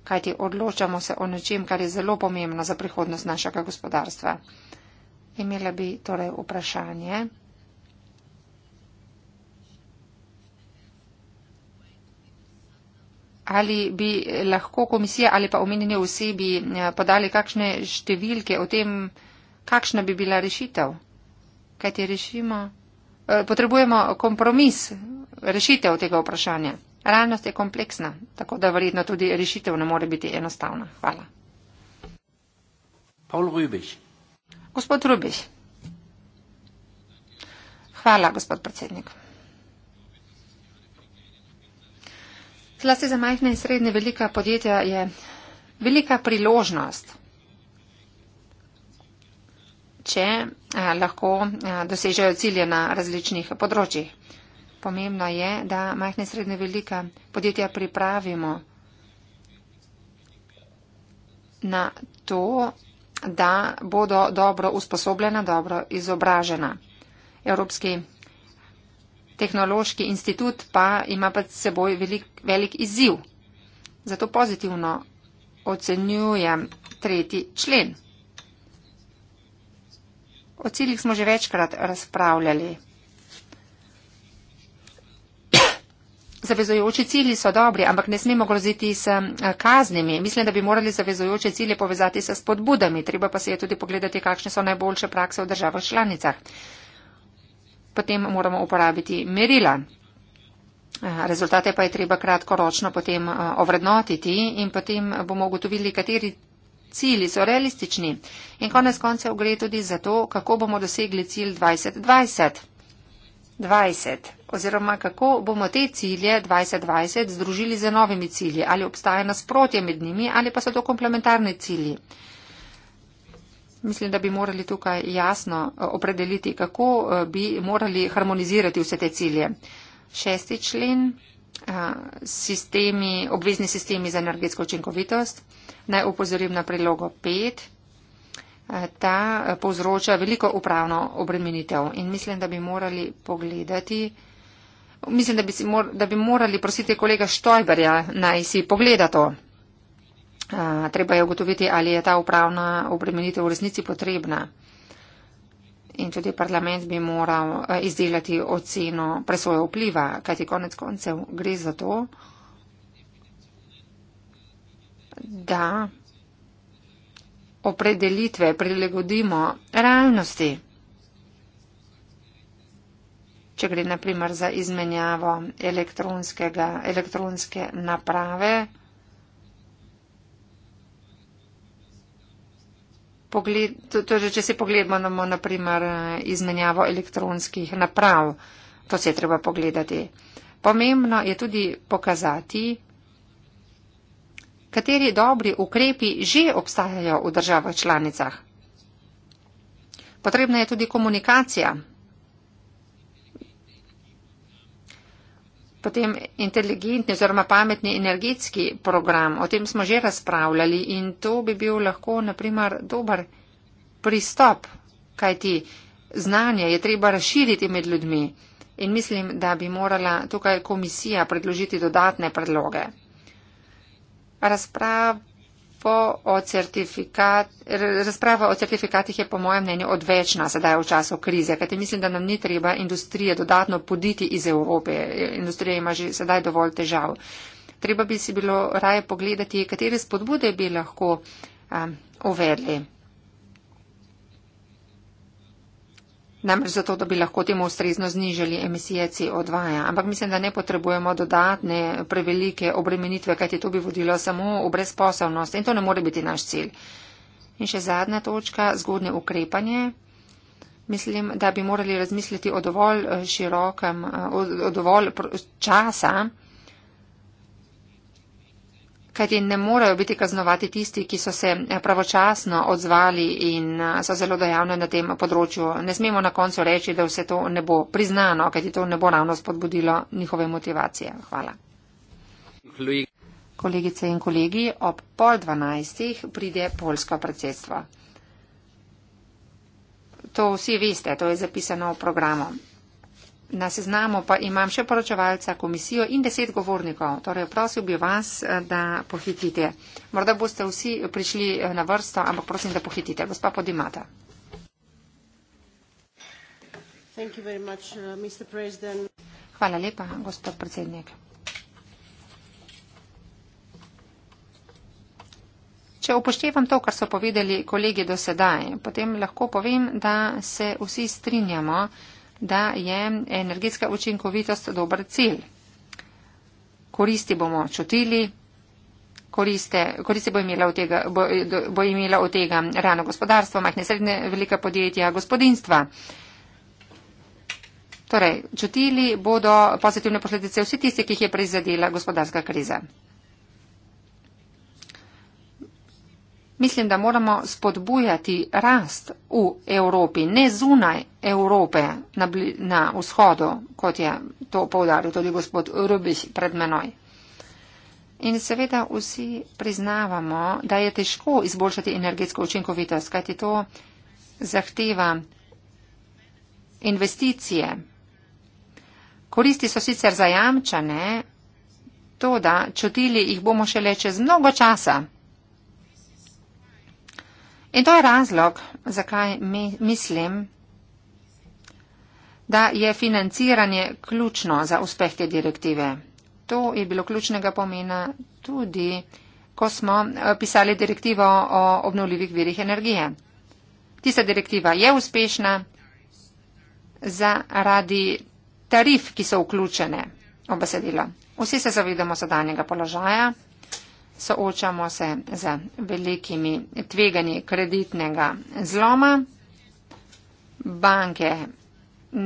Kajti odločamo se o nečem, kar je zelo pomembno za prihodnost našega gospodarstva. Imela bi torej vprašanje. Ali bi lahko komisija ali pa omenjeni osebi eh, podali kakšne številke o tem, kakšna bi bila rešitev? Kajti rešimo, eh, potrebujemo kompromis rešitev tega vprašanja. Realnost je kompleksna, tako da verjetno tudi rešitev ne more biti enostavna. Hvala. Paul Rubiš. Gospod Rubiš. Hvala, gospod predsednik. Zlasti za majhne in srednje velika podjetja je velika priložnost, če a, eh, lahko a, eh, dosežejo cilje na različnih področjih. Pomembno je, da majhne srednje velika podjetja pripravimo na to, da bodo dobro usposobljena, dobro izobražena. Evropski tehnološki institut pa ima pa s seboj velik, velik izziv. Zato pozitivno ocenjujem tretji člen. O ciljih smo že večkrat razpravljali. Zavezojoči cilji so dobri, ampak ne smemo groziti s eh, kaznimi. Mislim, da bi morali zavezojoče cilje povezati s spodbudami. Treba pa se je tudi pogledati, kakšne so najboljše prakse v državah članicah. Potem moramo uporabiti merila. Eh, rezultate pa je treba kratkoročno potem eh, ovrednotiti in potem bomo ugotovili, kateri. Cili so realistični in konec koncev gre tudi za to, kako bomo dosegli cilj 2020. 20. 20 oziroma kako bomo te cilje 2020 združili z novimi cilji, ali obstaja nasprotje med njimi ali pa so to komplementarni cilji. Mislim, da bi morali tukaj jasno eh, opredeliti, kako eh, bi morali harmonizirati vse te cilje. Šesti člen, eh, sistemi, obvezni sistemi za energetsko učinkovitost. Naj upozorim na prilogo 5. Ta povzroča veliko upravno obremenitev in mislim, da bi morali pogledati, Mislim, da bi, si, mor, da bi morali prositi kolega Štojberja naj si pogleda to. A, treba je ugotoviti, ali je ta upravna obremenitev v resnici potrebna. In tudi parlament bi moral izdelati oceno presoje vpliva, kajti konec koncev gre za to, da opredelitve prilagodimo realnosti če gre naprimer za izmenjavo elektronske naprave. Pogled, to, to, če si pogledamo naprimer izmenjavo elektronskih naprav, to se je treba pogledati. Pomembno je tudi pokazati, kateri dobri ukrepi že obstajajo v državah članicah. Potrebna je tudi komunikacija. Potem inteligentni oziroma pametni energetski program, o tem smo že razpravljali in to bi bil lahko, naprimer, dober pristop, kajti znanje je treba razširiti med ljudmi in mislim, da bi morala tukaj komisija predložiti dodatne predloge. Razprav po o certifikat, razprava o certifikatih je po mojem mnenju odvečna sedaj v času krize, kajti mislim, da nam ni treba industrije dodatno poditi iz Evrope. Industrija ima že sedaj dovolj težav. Treba bi si bilo raje pogledati, katere spodbude bi lahko um, uvedli. Namreč zato, da bi lahko temu ustrezno znižali emisije CO2. Ja. Ampak mislim, da ne potrebujemo dodatne prevelike obremenitve, kajti to bi vodilo samo v brezposobnost in to ne more biti naš cilj. In še zadnja točka, zgodne ukrepanje. Mislim, da bi morali razmisliti o dovolj eh, širokem, eh, o, o dovolj časa, kajti ne morejo biti kaznovati tisti, ki so se eh, pravočasno odzvali in eh, so zelo dejavni na tem področju. Ne smemo na koncu reči, da vse to ne bo priznano, kajti to ne bo ravno spodbudilo njihove motivacije. Hvala. Kolegice in kolegi, ob pol dvanajstih pride polsko predsedstvo. To vsi veste, to je zapisano v programu. Na seznamu pa imam še poročevalca, komisijo in deset govornikov. Torej, prosil bi vas, eh, da pohitite. Morda boste vsi prišli eh, na vrsto, ampak prosim, da pohitite. Gospa Podimata. Much, uh, Hvala lepa, gospod predsednik. Če upoštevam to, kar so povedali kolegi do sedaj, potem lahko povem, da se vsi strinjamo, da je energetska učinkovitost dober cilj. Koristi bomo čutili, koriste, koristi bo imela, tega, bo, bo imela od tega rano gospodarstvo, majhne srednje velika podjetja, gospodinstva. Torej, čutili bodo pozitivne posledice vsi tisti, ki jih je prizadela gospodarska kriza. Mislim, da moramo spodbujati rast v Evropi, ne zunaj Evrope na, bli, na vzhodu, kot je to povdaril tudi gospod Rubiš pred menoj. In seveda vsi priznavamo, da je težko izboljšati energetsko učinkovitost, kajti to zahteva investicije. Koristi so sicer zajamčene, to da čutili jih bomo šele čez mnogo časa. In to je razlog, zakaj mi, mislim, da je financiranje ključno za uspeh te direktive. To je bilo ključnega pomena tudi, ko smo eh, pisali direktivo o obnovljivih virih energije. Tista direktiva je uspešna zaradi tarif, ki so vključene v besedilo. Vsi se zavedamo sedanjega položaja soočamo se z velikimi tveganji kreditnega zloma. Banke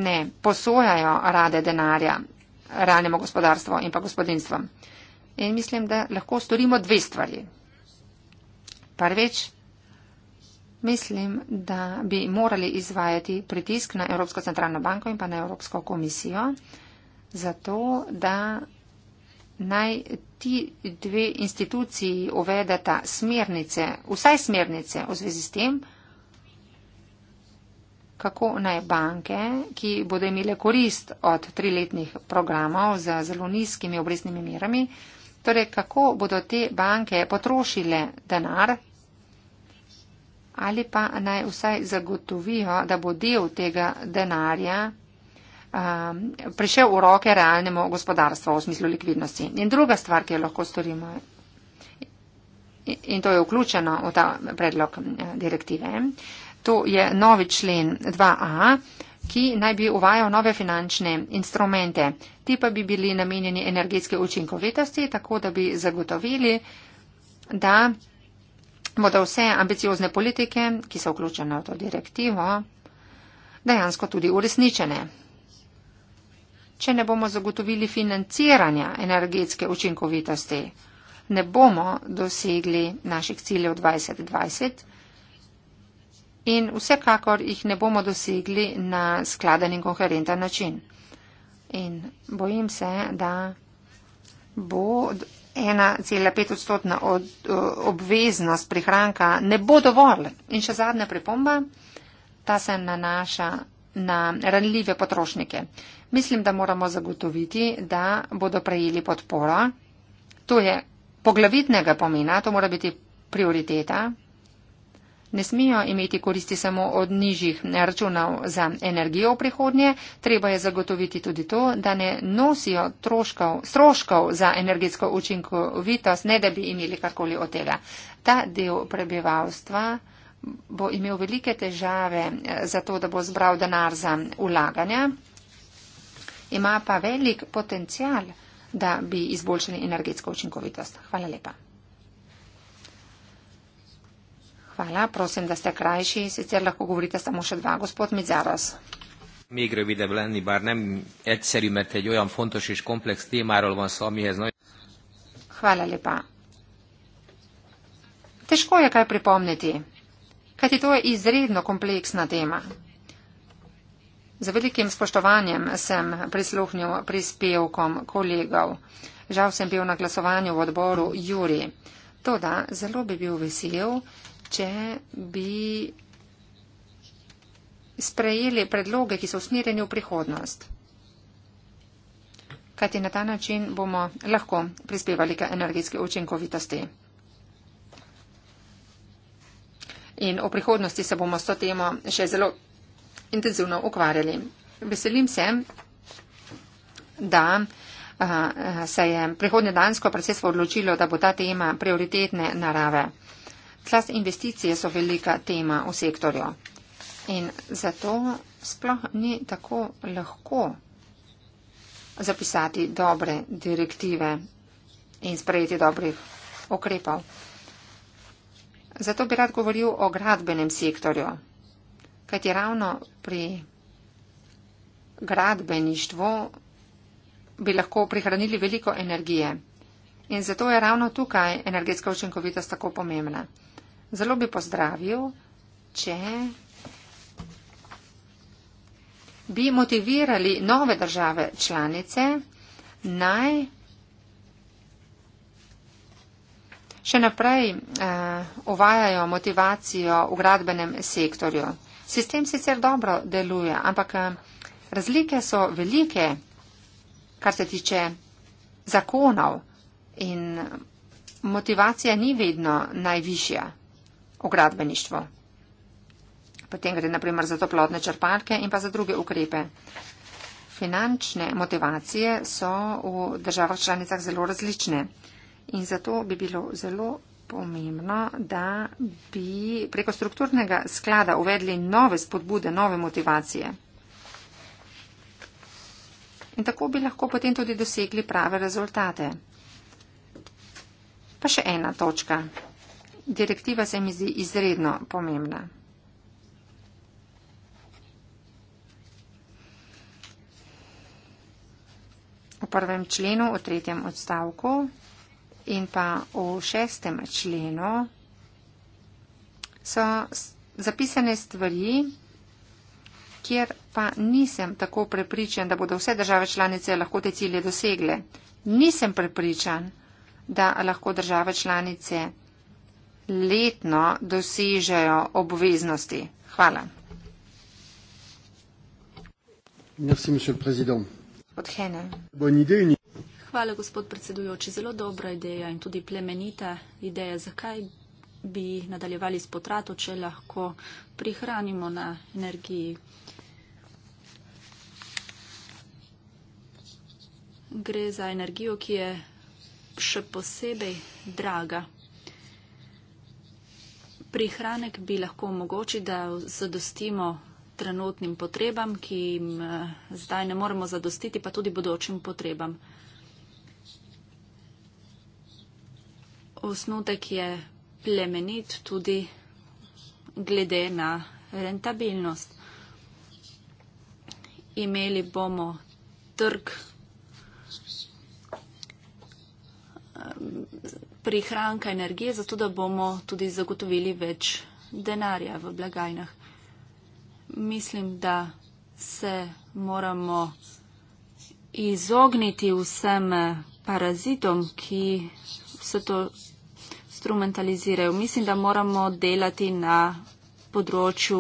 ne posojajo rade denarja ranjemu gospodarstvu in pa gospodinstvom. In mislim, da lahko storimo dve stvari. Prvič, mislim, da bi morali izvajati pritisk na Evropsko centralno banko in pa na Evropsko komisijo, zato da naj ti dve instituciji uvedeta smernice, vsaj smernice v zvezi s tem, kako naj banke, ki bodo imele korist od triletnih programov za zelo nizkimi obresnimi merami, torej kako bodo te banke potrošile denar ali pa naj vsaj zagotovijo, da bo del tega denarja um, prišel v roke realnemu gospodarstvu v smislu likvidnosti. In druga stvar, ki jo lahko storimo, in to je vključeno v ta predlog eh, direktive, to je novi člen 2a, ki naj bi uvajal nove finančne instrumente. Ti pa bi bili namenjeni energetske učinkovitosti, tako da bi zagotovili, da bodo vse ambiciozne politike, ki so vključene v to direktivo, dejansko tudi uresničene če ne bomo zagotovili financiranja energetske učinkovitosti. Ne bomo dosegli naših ciljev 2020 in vsekakor jih ne bomo dosegli na skladen in koherenten način. In bojim se, da bo 1,5 odstotna od, obveznost prihranka ne bo dovolj. In še zadnja pripomba, ta se nanaša na ranljive potrošnike. Mislim, da moramo zagotoviti, da bodo prejeli podporo. To je poglavitnega pomena, to mora biti prioriteta. Ne smijo imeti koristi samo od nižjih računov za energijo v prihodnje, treba je zagotoviti tudi to, da ne nosijo troškov, stroškov za energetsko učinkovitost, ne da bi imeli karkoli od tega. Ta del prebivalstva bo imel velike težave eh, za to, da bo zbral denar za ulaganja. Ima pa velik potencial, da bi izboljšali energetsko učinkovitost. Hvala lepa. Hvala, prosim, da ste krajši, sicer lahko govorite samo še dva. Gospod Mizaros. Még rövidebb lenni, bár nem egyszerű, mert egy olyan fontos és komplex témáról van szó, amihez nagyon... Hvala lepa. Težko je kaj pripomniti. Kajti to je izredno kompleksna tema. Z velikim spoštovanjem sem prisluhnil prispevkom kolegov. Žal sem bil na glasovanju v odboru Juri. Toda zelo bi bil vesel, če bi sprejeli predloge, ki so usmerjeni v prihodnost. Kajti na ta način bomo lahko prispevali k energetski učinkovitosti. in v prihodnosti se bomo s to temo še zelo intenzivno ukvarjali. Veselim se, da se je prihodnje dansko predsedstvo odločilo, da bo ta tema prioritetne narave. Klas investicije so velika tema v sektorju in zato sploh ni tako lahko zapisati dobre direktive in sprejeti dobrih ukrepov. Zato bi rad govoril o gradbenem sektorju. Kajti ravno pri gradbeništvu bi lahko prihranili veliko energije. In zato je ravno tukaj energetska učinkovitost tako pomembna. Zelo bi pozdravil, če bi motivirali nove države članice naj še naprej uh, uvajajo motivacijo v gradbenem sektorju. Sistem sicer dobro deluje, ampak eh, razlike so velike, kar se tiče zakonov in motivacija ni vedno najvišja v gradbeništvu. Potem gre naprimer za toplotne črpalke in pa za druge ukrepe. Finančne motivacije so v državah članicah zelo različne. Uh, In zato bi bilo zelo pomembno, da bi preko strukturnega sklada uvedli nove spodbude, nove motivacije. In tako bi lahko potem tudi dosegli prave rezultate. Pa še ena točka. Direktiva se mi zdi izredno pomembna. V prvem členu, v tretjem odstavku In pa v šestem členu so zapisane stvari, kjer pa nisem tako prepričan, da bodo vse države članice lahko te cilje dosegle. Nisem prepričan, da lahko države članice letno dosežejo obveznosti. Hvala. Merci, Od Hene. Bon idea, Hvala, gospod predsedujoči. Zelo dobra ideja in tudi plemenita ideja, zakaj bi nadaljevali s potrato, če lahko prihranimo na energiji. Gre za energijo, ki je še posebej draga. Prihranek bi lahko omogočil, da zadostimo trenutnim potrebam, ki jim eh, zdaj ne moremo zadostiti, pa tudi bodočim potrebam. osnutek je plemenit tudi glede na rentabilnost. Imeli bomo trg eh, prihranka energije, zato da bomo tudi zagotovili več denarja v blagajnah. Mislim, da se moramo izogniti vsem eh, parazitom, ki vse to instrumentalizirajo. Mislim, da moramo delati na področju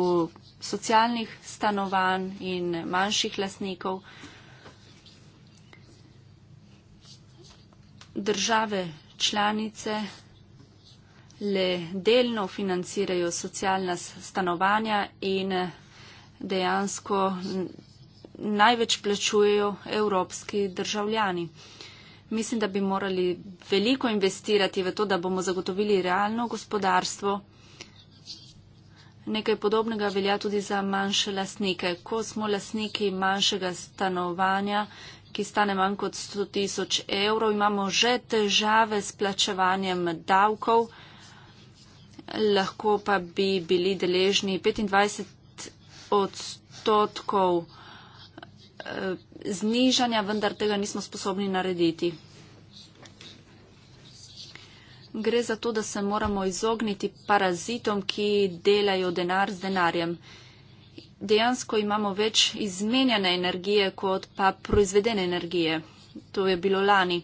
socialnih stanovanj in manjših lasnikov. Države članice le delno financirajo socialna stanovanja in dejansko največ plačujejo evropski državljani mislim, da bi morali veliko investirati v to, da bomo zagotovili realno gospodarstvo. Nekaj podobnega velja tudi za manjše lasnike. Ko smo lasniki manjšega stanovanja, ki stane manj kot 100 tisoč evrov, imamo že težave s plačevanjem davkov, lahko pa bi bili deležni 25 odstotkov Eh, znižanja, vendar tega nismo sposobni narediti. Gre za to, da se moramo izogniti parazitom, ki delajo denar z denarjem. Dejansko imamo več izmenjane energije, kot pa proizvedene energije. To je bilo lani.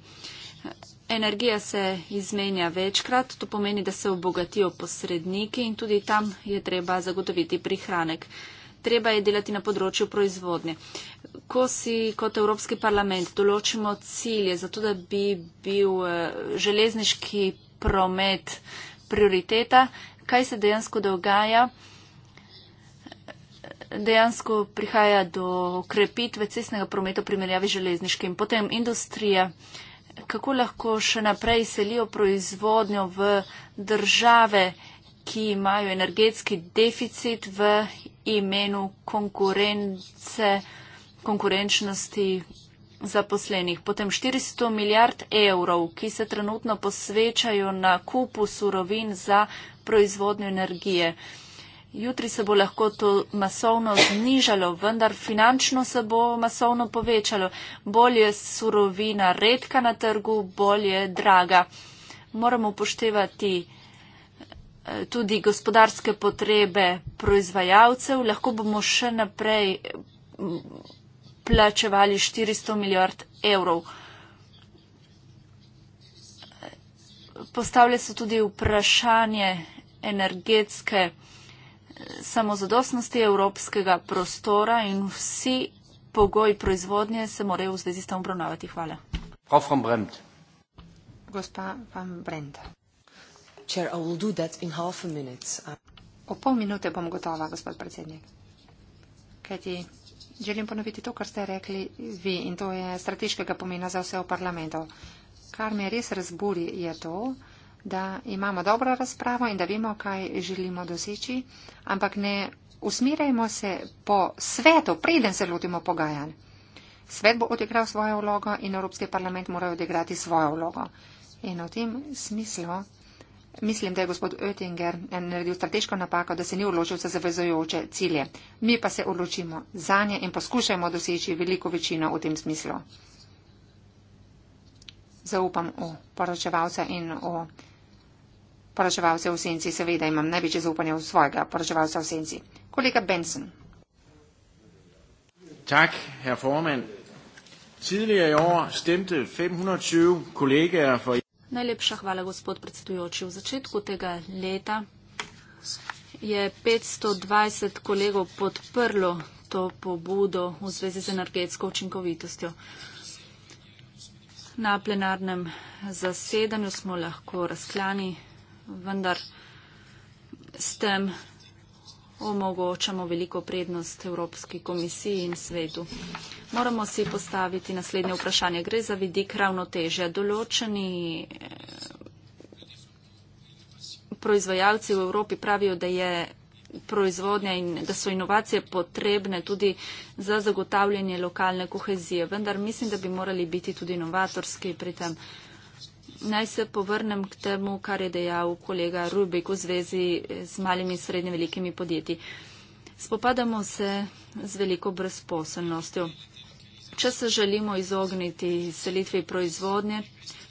Energija se izmenja večkrat, to pomeni, da se obogatijo posredniki in tudi tam je treba zagotoviti prihranek. Treba je delati na področju proizvodnje. Uh, ko si kot Evropski parlament določimo cilje za to, da bi bil eh, železniški promet prioriteta, kaj se dejansko dogaja? Dejansko prihaja do krepitve cestnega prometa v primerjavi z železniškim. Potem industrija, kako lahko še naprej selijo proizvodnjo v države, ki imajo energetski deficit v imenu konkurence konkurenčnosti zaposlenih. Potem 400 milijard evrov, ki se trenutno posvečajo na kupu surovin za proizvodnjo energije. Jutri se bo lahko to masovno znižalo, vendar finančno se bo masovno povečalo. Bolje surovina redka na trgu, bolje draga. Moramo upoštevati eh, tudi gospodarske potrebe proizvajalcev. Lahko bomo še naprej plačevali 400 milijard evrov. Postavlja se tudi vprašanje energetske eh, samozadostnosti evropskega prostora in vsi pogoji proizvodnje se morajo v zvezi s tem obravnavati. Hvala. Gospa van Brenda. Chair, I will do that in half a minute. O pol minute bom gotova, gospod predsednik. Kajti Želim ponoviti to, kar ste rekli vi in to je strateškega pomena za vse v parlamentu. Kar me res razburi je to, da imamo dobro razpravo in da vemo, kaj želimo doseči, ampak ne usmirajmo se po svetu, preden se lotimo pogajanj. Svet bo odigral svojo vlogo in Evropski parlament mora odigrati svojo vlogo. In v tem smislu Mislim, da je gospod Oettinger naredil strateško napako, da se ni odločil za zavezojoče cilje. Mi pa se odločimo za nje in poskušajmo doseči veliko večino v tem smislu. Zaupam v poročevalca in v poročevalce v senci. Seveda imam največje zaupanje v svojega poročevalca v senci. Kolega Benson. Tak, herr Forman. Tidligere i år stemte 520 kollegaer for Najlepša hvala, gospod predsedujoči. V začetku tega leta je 520 kolegov podprlo to pobudo v zvezi z energetsko učinkovitostjo. Na plenarnem zasedanju smo lahko razklani, vendar s tem omogočamo veliko prednost Evropski komisiji in svetu. Moramo si postaviti naslednje vprašanje. Gre za vidik ravnotežja. Določeni eh, proizvajalci v Evropi pravijo, da je proizvodnja in da so inovacije potrebne tudi za zagotavljanje lokalne kohezije. Vendar mislim, da bi morali biti tudi inovatorski pri tem. Naj se povrnem k temu, kar je dejal kolega Rubik v zvezi z malimi in srednje velikimi podjetji. Spopadamo se z veliko brezposelnostjo. Če se želimo izogniti selitvi proizvodnje,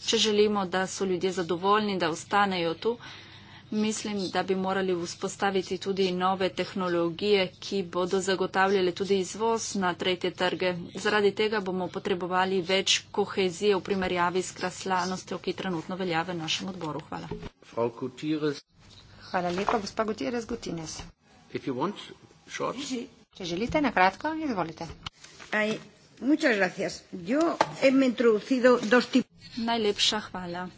če želimo, da so ljudje zadovoljni, da ostanejo tu, mislim, da bi morali vzpostaviti tudi nove tehnologije, ki bodo zagotavljale tudi izvoz na tretje trge. Zaradi tega bomo potrebovali več kohezije v primerjavi s kraslanostjo, ki trenutno velja v našem odboru. Hvala. Hvala lepa, gospa Gutierrez Gutines. Če želite, na kratko, izvolite. Aj. Muchas gracias. Yo he introducido dos tipos. Najlepša hvala.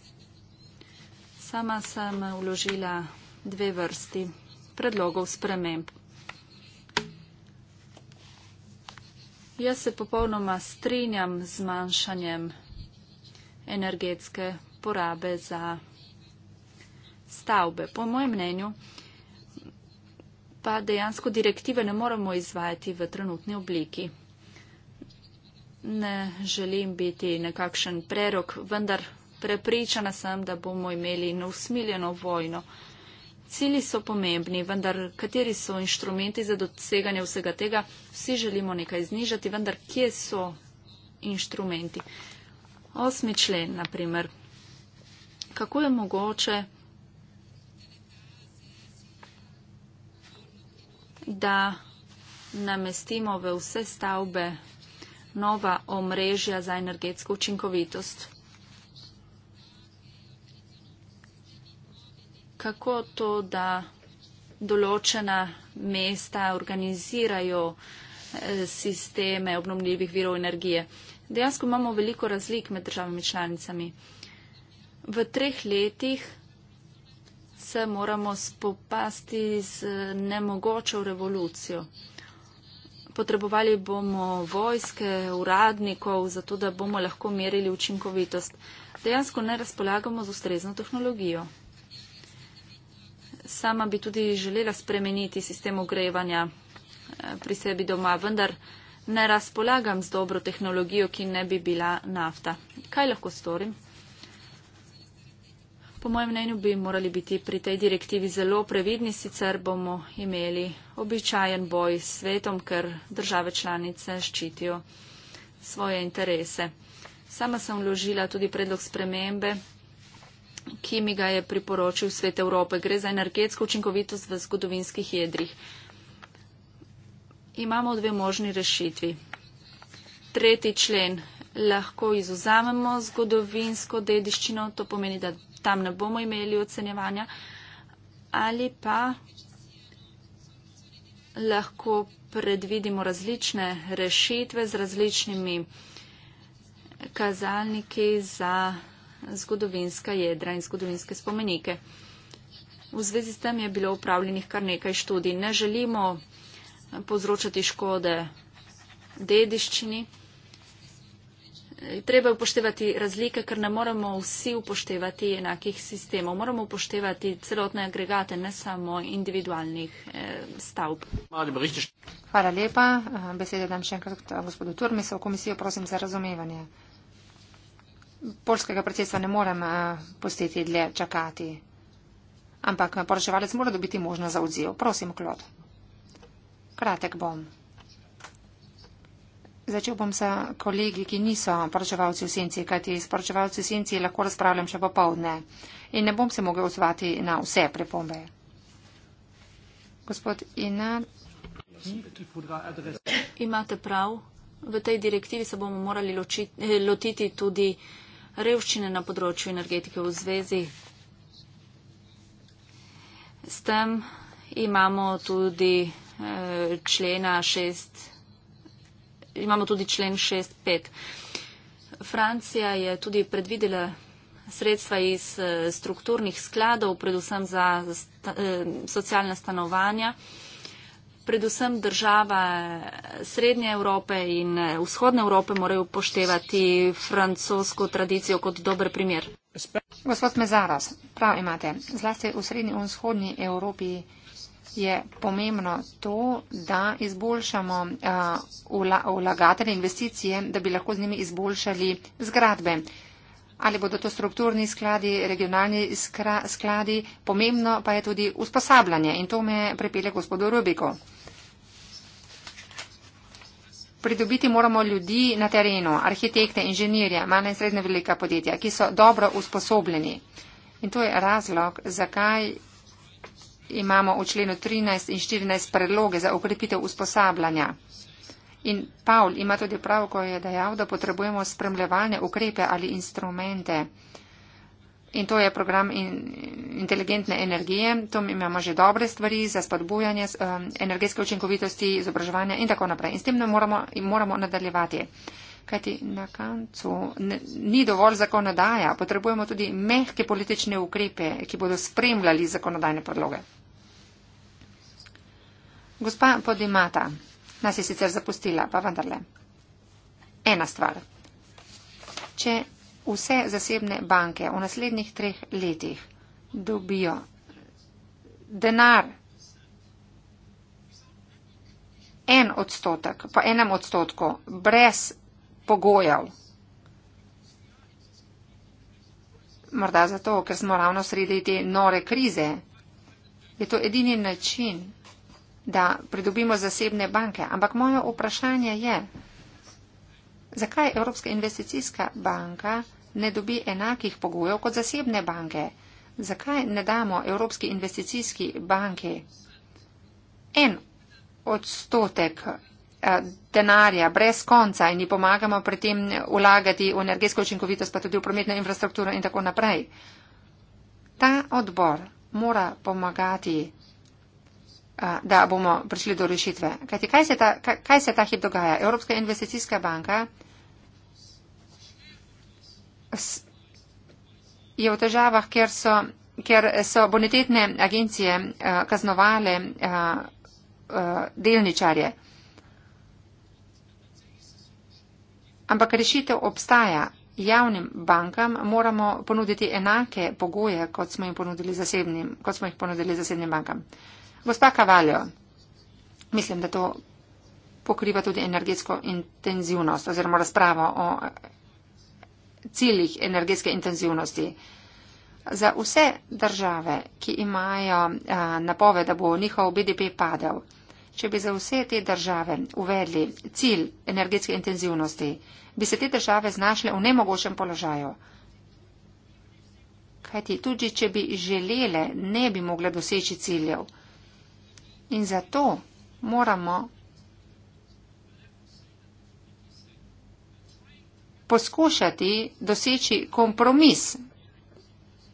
Sama sem vložila dve vrsti predlogov sprememb. Jaz se popolnoma strinjam z manjšanjem energetske porabe za stavbe. Po mojem mnenju pa dejansko direktive ne moramo izvajati v trenutni obliki. Ne želim biti nekakšen prerok, vendar Prepričana sem, da bomo imeli neusmiljeno vojno. Cili so pomembni, vendar kateri so inštrumenti za doseganje vsega tega? Vsi želimo nekaj znižati, vendar kje so inštrumenti? Osmi člen, naprimer. Kako je mogoče, da namestimo v vse stavbe nova omrežja za energetsko učinkovitost? kako to, da določena mesta organizirajo eh, sisteme obnovljivih virov energije. Dejansko imamo veliko razlik med državami članicami. V treh letih se moramo spopasti z nemogočo revolucijo. Potrebovali bomo vojske, uradnikov, zato da bomo lahko merili učinkovitost. Dejansko ne razpolagamo z ustrezno tehnologijo sama bi tudi želela spremeniti sistem ogrevanja eh, pri sebi doma, vendar ne razpolagam z dobro tehnologijo, ki ne bi bila nafta. Kaj lahko storim? Po mojem mnenju bi morali biti pri tej direktivi zelo previdni, sicer bomo imeli običajen boj s svetom, ker države članice ščitijo svoje interese. Sama sem vložila tudi predlog spremembe ki mi ga je priporočil Svet Evrope. Gre za energetsko učinkovitost v zgodovinskih jedrih. Imamo dve možni rešitvi. Tretji člen. Lahko izuzamemo zgodovinsko dediščino, to pomeni, da tam ne bomo imeli ocenjevanja. Ali pa lahko predvidimo različne rešitve z različnimi kazalniki za zgodovinska jedra in zgodovinske spomenike. V zvezi s tem je bilo upravljenih kar nekaj študij. Ne želimo povzročati škode dediščini. Treba je upoštevati razlike, ker ne moremo vsi upoštevati enakih sistemov. Moramo upoštevati celotne agregate, ne samo individualnih eh, stavb. Hvala lepa. Besede dam še enkrat gospodu Turmisu. Komisijo prosim za razumevanje polskega predsedstva ne morem eh, pustiti dlje čakati. Ampak eh, poročevalec mora dobiti možnost za odziv. Prosim, Klod. Kratek bom. Začel bom sa kolegi, ki niso poročevalci v senci, kajti s poročevalci v senci lahko razpravljam še popovdne in ne bom se mogel odzvati na vse pripombe. Gospod Ina. Imate prav, v tej direktivi se bomo morali eh, lotiti tudi revščine na področju energetike v zvezi. S tem imamo tudi, eh, člena šest, imamo tudi člen 6.5. Francija je tudi predvidela sredstva iz eh, strukturnih skladov, predvsem za eh, socialne stanovanja predvsem država Srednje Evrope in eh, Vzhodne Evrope morajo upoštevati francosko tradicijo kot dober primer. Gospod Mezaras, prav imate. Zlasti v Srednji in Vzhodni Evropi je pomembno to, da izboljšamo uh, vlagatelje investicije, da bi lahko z njimi izboljšali zgradbe. Ali bodo to strukturni skladi, regionalni skladi, pomembno pa je tudi usposabljanje. In to me pripelje gospodu Rubiku pridobiti moramo ljudi na terenu, arhitekte, inženirje, manj in srednje velika podjetja, ki so dobro usposobljeni. In to je razlog, zakaj imamo v členu 13 in 14 predloge za ukrepitev usposabljanja. In Pavl ima tudi prav, ko je dejal, da potrebujemo spremljevalne ukrepe ali instrumente. In to je program inteligentne energije. Tam imamo že dobre stvari za spodbujanje um, energetske učinkovitosti, izobraževanja in tako naprej. In s tem moramo, moramo nadaljevati. Kajti na koncu ni dovolj zakonodaja, potrebujemo tudi mehke politične ukrepe, ki bodo spremljali zakonodajne podloge. Gospa Podimata nas je sicer zapustila, pa vendarle. Ena stvar. Če vse zasebne banke v naslednjih treh letih dobijo denar en odstotek, po enem odstotku, brez pogojev. Morda zato, ker smo ravno sredi te nore krize, je to edini način, da pridobimo zasebne banke. Ampak moje vprašanje je, zakaj Evropska investicijska banka ne dobi enakih pogojev kot zasebne banke. Zakaj ne damo Evropski investicijski banki en odstotek eh, denarja brez konca in ji pomagamo pri tem ulagati v energetsko učinkovitost, pa tudi v prometno infrastrukturo in tako naprej? Ta odbor mora pomagati, eh, da bomo prišli do rešitve. Kaj se, ta, kaj se ta hip dogaja? Evropska investicijska banka je v težavah, ker so, ker so bonitetne agencije eh, kaznovale eh, eh, delničarje. Ampak rešitev obstaja. Javnim bankam moramo ponuditi enake pogoje, kot smo jih ponudili zasebnim, kot smo jih ponudili zasebnim bankam. Gospa Kavaljo, mislim, da to pokriva tudi energetsko intenzivnost oziroma razpravo o ciljih energetske intenzivnosti. Za vse države, ki imajo eh, napove, da bo njihov BDP padel, če bi za vse te države uvedli cilj energetske intenzivnosti, bi se te države znašle v nemogočem položaju. Kajti tudi, če bi želele, ne bi mogle doseči ciljev. In zato moramo poskušati doseči kompromis.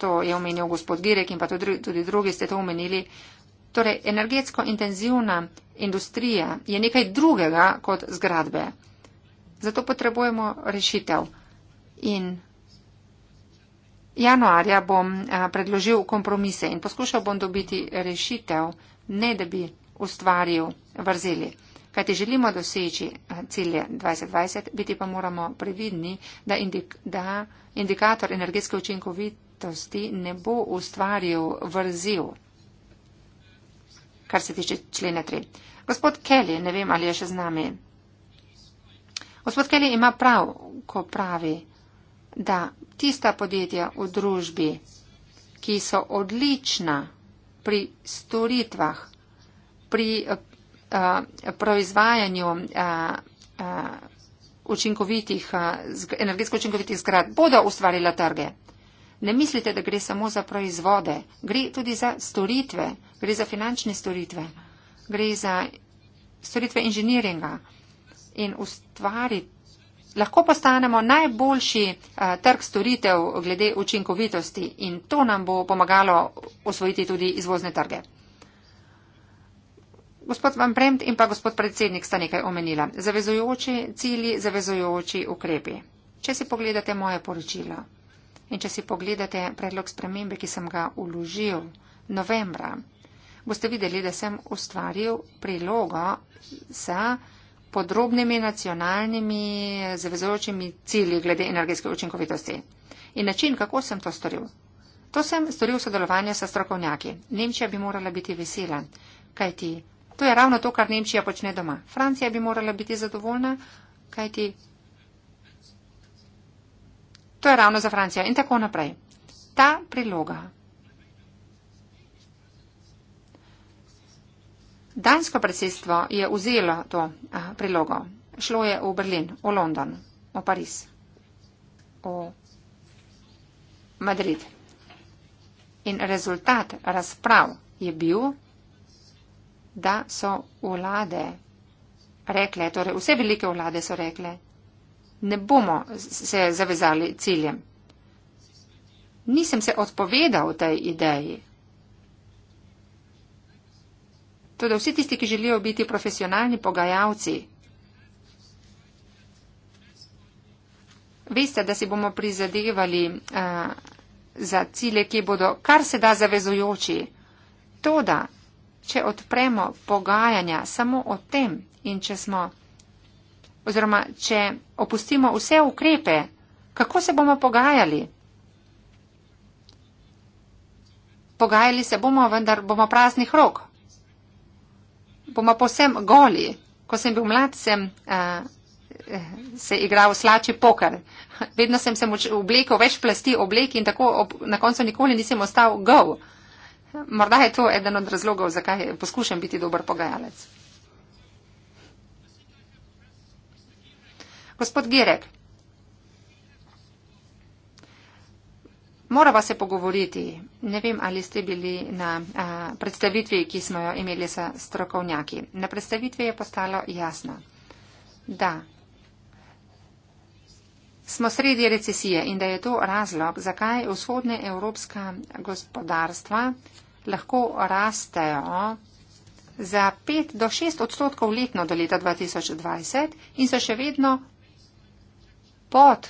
To je omenil gospod Girek in pa tudi drugi ste to omenili. Torej, energetsko intenzivna industrija je nekaj drugega kot zgradbe. Zato potrebujemo rešitev. In januarja bom predložil kompromise in poskušal bom dobiti rešitev, ne da bi ustvaril vrzeli. Kaj ti želimo doseči eh, cilje 2020, biti pa moramo previdni, da, indik, da indikator energetske učinkovitosti ne bo ustvaril vrzil, kar se tiče člene 3. Gospod Kelly, ne vem, ali je še z nami. Gospod Kelly ima prav, ko pravi, da tista podjetja v družbi, ki so odlična pri storitvah, pri eh, Eh, proizvajanju eh, eh, učinkovitih, energetsko učinkovitih zgrad, bodo ustvarila trge. Ne mislite, da gre samo za proizvode, gre tudi za storitve, gre za finančne storitve, gre za storitve inženiringa in ustvariti. Lahko postanemo najboljši a, trg storitev glede učinkovitosti in to nam bo pomagalo osvojiti tudi izvozne trge. Gospod Van Bremt in pa gospod predsednik sta nekaj omenila. Zavezujoči cilji, zavezujoči ukrepi. Če si pogledate moje poročilo in če si pogledate predlog spremembe, ki sem ga uložil novembra, boste videli, da sem ustvaril prilogo s podrobnimi nacionalnimi zavezujočimi cilji glede energetske učinkovitosti. In način, kako sem to storil. To sem storil v sodelovanju s strokovnjaki. Nemčija bi morala biti vesela, kaj ti To je ravno to, kar Nemčija počne doma. Francija bi morala biti zadovoljna, kajti. To je ravno za Francijo in tako naprej. Ta priloga. Dansko predsedstvo je vzelo to prilogo. Šlo je v Berlin, v London, v Pariz, v Madrid. In rezultat razprav je bil da so vlade rekle, torej vse velike vlade so rekle, ne bomo se zavezali ciljem. Nisem se odpovedal tej ideji. Tudi vsi tisti, ki želijo biti profesionalni pogajalci, veste, da si bomo prizadevali uh, za cilje, ki bodo kar se da zavezujoči. To, da če odpremo pogajanja samo o tem in če smo, oziroma če opustimo vse ukrepe, kako se bomo pogajali? Pogajali se bomo, vendar bomo praznih rok. Bomo posem goli. Ko sem bil mlad, sem uh, se igral slači poker. Vedno sem se oblekel več plasti oblek in tako ob, na koncu nikoli nisem ostal gov. Uh, Morda je to eden od razlogov, zakaj poskušam biti dober pogajalec. Gospod Girek, morava se pogovoriti. Ne vem, ali ste bili na a, predstavitvi, ki smo jo imeli sa strokovnjaki. Na predstavitvi je postalo jasno, da smo sredi recesije in da je to razlog, zakaj vzhodne evropska gospodarstva lahko rastejo za 5 do 6 odstotkov letno do leta 2020 in so še vedno pod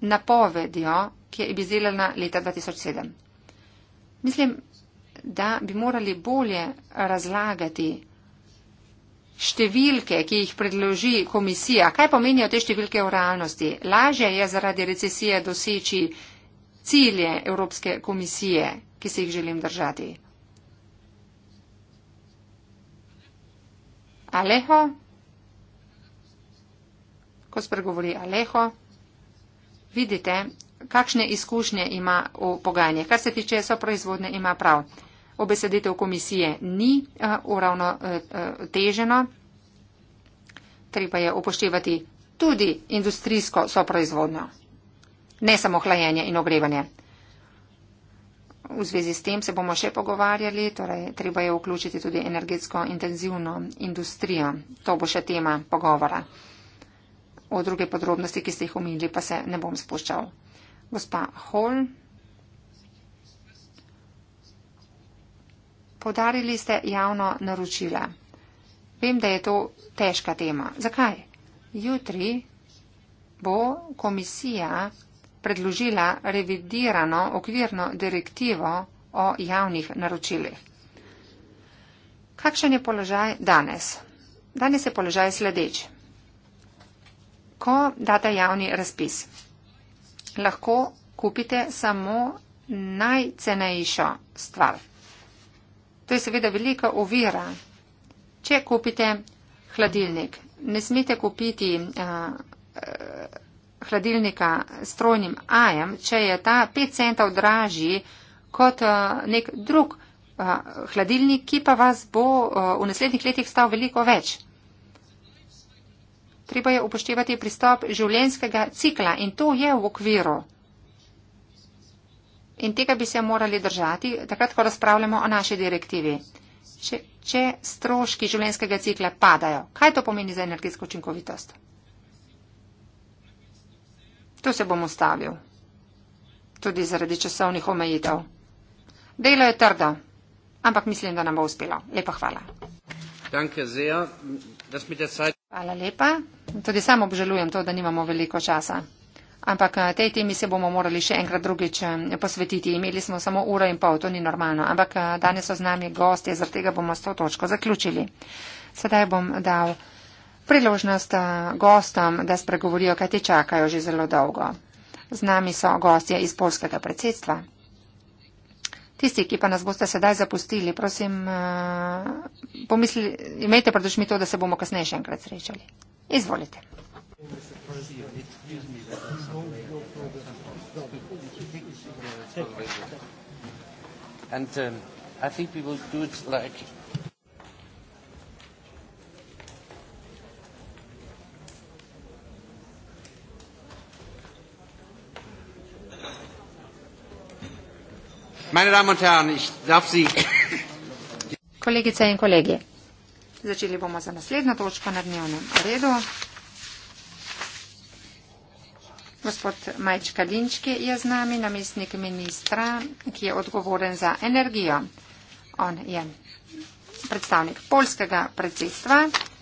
napovedjo, ki je izdelana leta 2007. Mislim, da bi morali bolje razlagati, številke, ki jih predloži komisija, kaj pomenijo te številke v realnosti? Lažje je zaradi recesije doseči cilje Evropske komisije, ki se jih želim držati. Aleho? Ko spregovori Aleho, vidite, kakšne izkušnje ima v pogajanje. Kar se tiče soproizvodne, ima prav obesedetev komisije ni eh, uravnotežena. Eh, eh, treba je upoštevati tudi industrijsko soproizvodnjo, ne samo hlajenje in ogrevanje. V zvezi s tem se bomo še pogovarjali, torej treba je vključiti tudi energetsko intenzivno industrijo. To bo še tema pogovora. O druge podrobnosti, ki ste jih omenili, pa se ne bom spuščal. Gospa Holm. Podarili ste javno naročila. Vem, da je to težka tema. Zakaj? Jutri bo komisija predložila revidirano okvirno direktivo o javnih naročilih. Kakšen je položaj danes? Danes je položaj sledeč. Ko date javni razpis, lahko kupite samo najcenejšo stvar. To je seveda velika ovira. Če kupite hladilnik, ne smete kupiti uh, hladilnika s trojnim ajem, če je ta 5 centov dražji kot uh, nek drug uh, hladilnik, ki pa vas bo uh, v naslednjih letih stal veliko več. Treba je upoštevati pristop življenjskega cikla in to je v okviru in tega bi se morali držati, takrat, ko razpravljamo o naši direktivi. Če, če stroški življenjskega cikla padajo, kaj to pomeni za energetsko učinkovitost? Tu se bom ustavil, tudi zaradi časovnih omejitev. Delo je trdo, ampak mislim, da nam bo uspelo. Lepa hvala. Hvala lepa. Tudi sam obžalujem to, da nimamo veliko časa ampak eh, tej temi se bomo morali še enkrat drugič eh, posvetiti. Imeli smo samo uro in pol, to ni normalno, ampak eh, danes so z nami gosti, zaradi tega bomo s to točko zaključili. Sedaj bom dal priložnost gostom, da spregovorijo, kaj te čakajo že zelo dolgo. Z nami so gostje iz polskega predsedstva. Tisti, ki pa nas boste sedaj zapustili, prosim, pomisli, imejte pred očmi to, da se bomo kasneje še enkrat srečali. Izvolite. Thank you. And um, I think we will do it like. Meine Damen und Herren, ich darf Sie. Kolegice in kolegi, začeli bomo za naslednjo točko na dnevnem redu. Gospod Majčka Linčki je z nami, namestnik ministra, ki je odgovoren za energijo. On je predstavnik polskega predsedstva.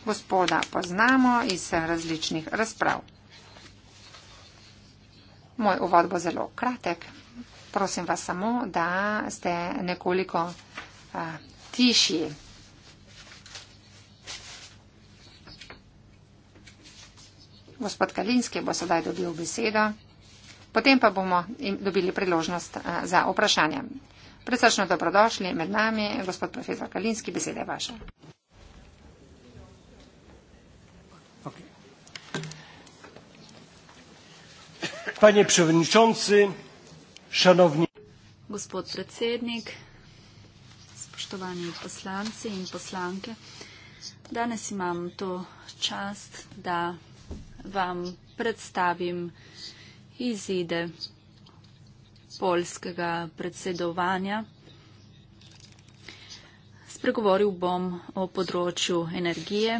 Gospoda poznamo iz različnih razprav. Moj uvod bo zelo kratek. Prosim vas samo, da ste nekoliko uh, tišji. Gospod Kalinski bo sedaj dobil besedo, potem pa bomo dobili priložnost eh, za vprašanje. Presrčno dobrodošli med nami, gospod profesor Kalinski, beseda je vaša. Okay. Šanovni... Gospod predsednik, spoštovani poslanci in poslanke, danes imam to čast, da vam predstavim izide polskega predsedovanja. Spregovoril bom o področju energije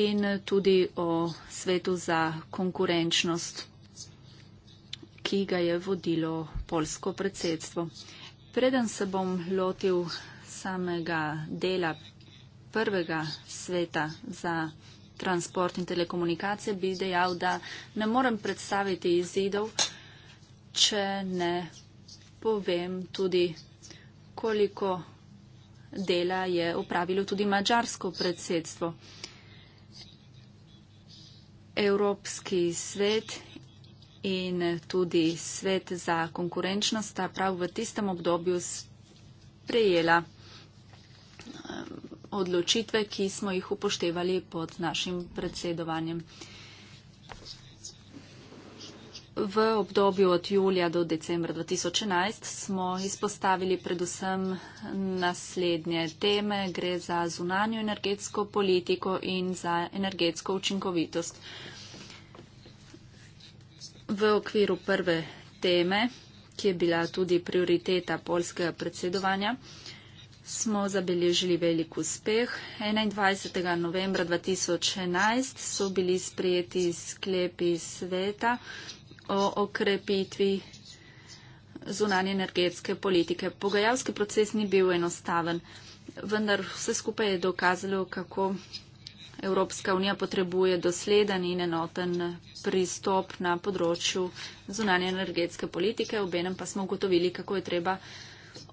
in tudi o svetu za konkurenčnost, ki ga je vodilo polsko predsedstvo. Preden se bom lotil samega dela prvega sveta za konkurenčnost, transport in telekomunikacije, bi dejal, da ne morem predstaviti izidov, če ne povem tudi, koliko dela je upravilo tudi mačarsko predsedstvo. Evropski svet in tudi svet za konkurenčnost sta prav v tistem obdobju sprejela odločitve, ki smo jih upoštevali pod našim predsedovanjem. V obdobju od julija do decembra 2011 smo izpostavili predvsem naslednje teme. Gre za zunanjo energetsko politiko in za energetsko učinkovitost. V okviru prve teme, ki je bila tudi prioriteta polskega predsedovanja, smo zabeležili velik uspeh. 21. novembra 2011 so bili sprejeti sklepi sveta o okrepitvi zunanje energetske politike. Pogajalski proces ni bil enostaven, vendar vse skupaj je dokazalo, kako Evropska unija potrebuje dosleden in enoten pristop na področju zunanje energetske politike. Obenem pa smo ugotovili, kako je treba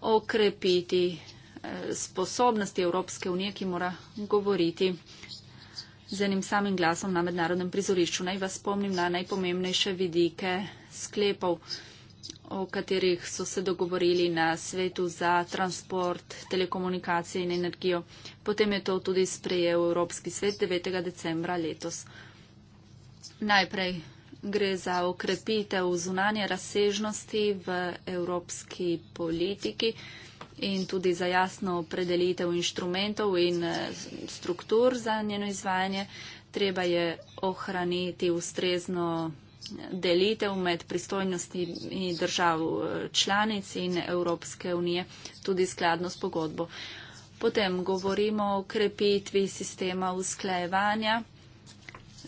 okrepiti sposobnosti Evropske unije, ki mora govoriti z enim samim glasom na mednarodnem prizorišču. Naj vas spomnim na najpomembnejše vidike sklepov, o katerih so se dogovorili na svetu za transport, telekomunikacije in energijo. Potem je to tudi sprejel Evropski svet 9. decembra letos. Najprej gre za okrepitev zunanje razsežnosti v evropski politiki in tudi za jasno opredelitev inštrumentov in eh, struktur za njeno izvajanje. Treba je ohraniti ustrezno eh, delitev med pristojnostmi držav eh, članic in Evropske unije, tudi skladno s pogodbo. Potem govorimo o krepitvi sistema usklajevanja.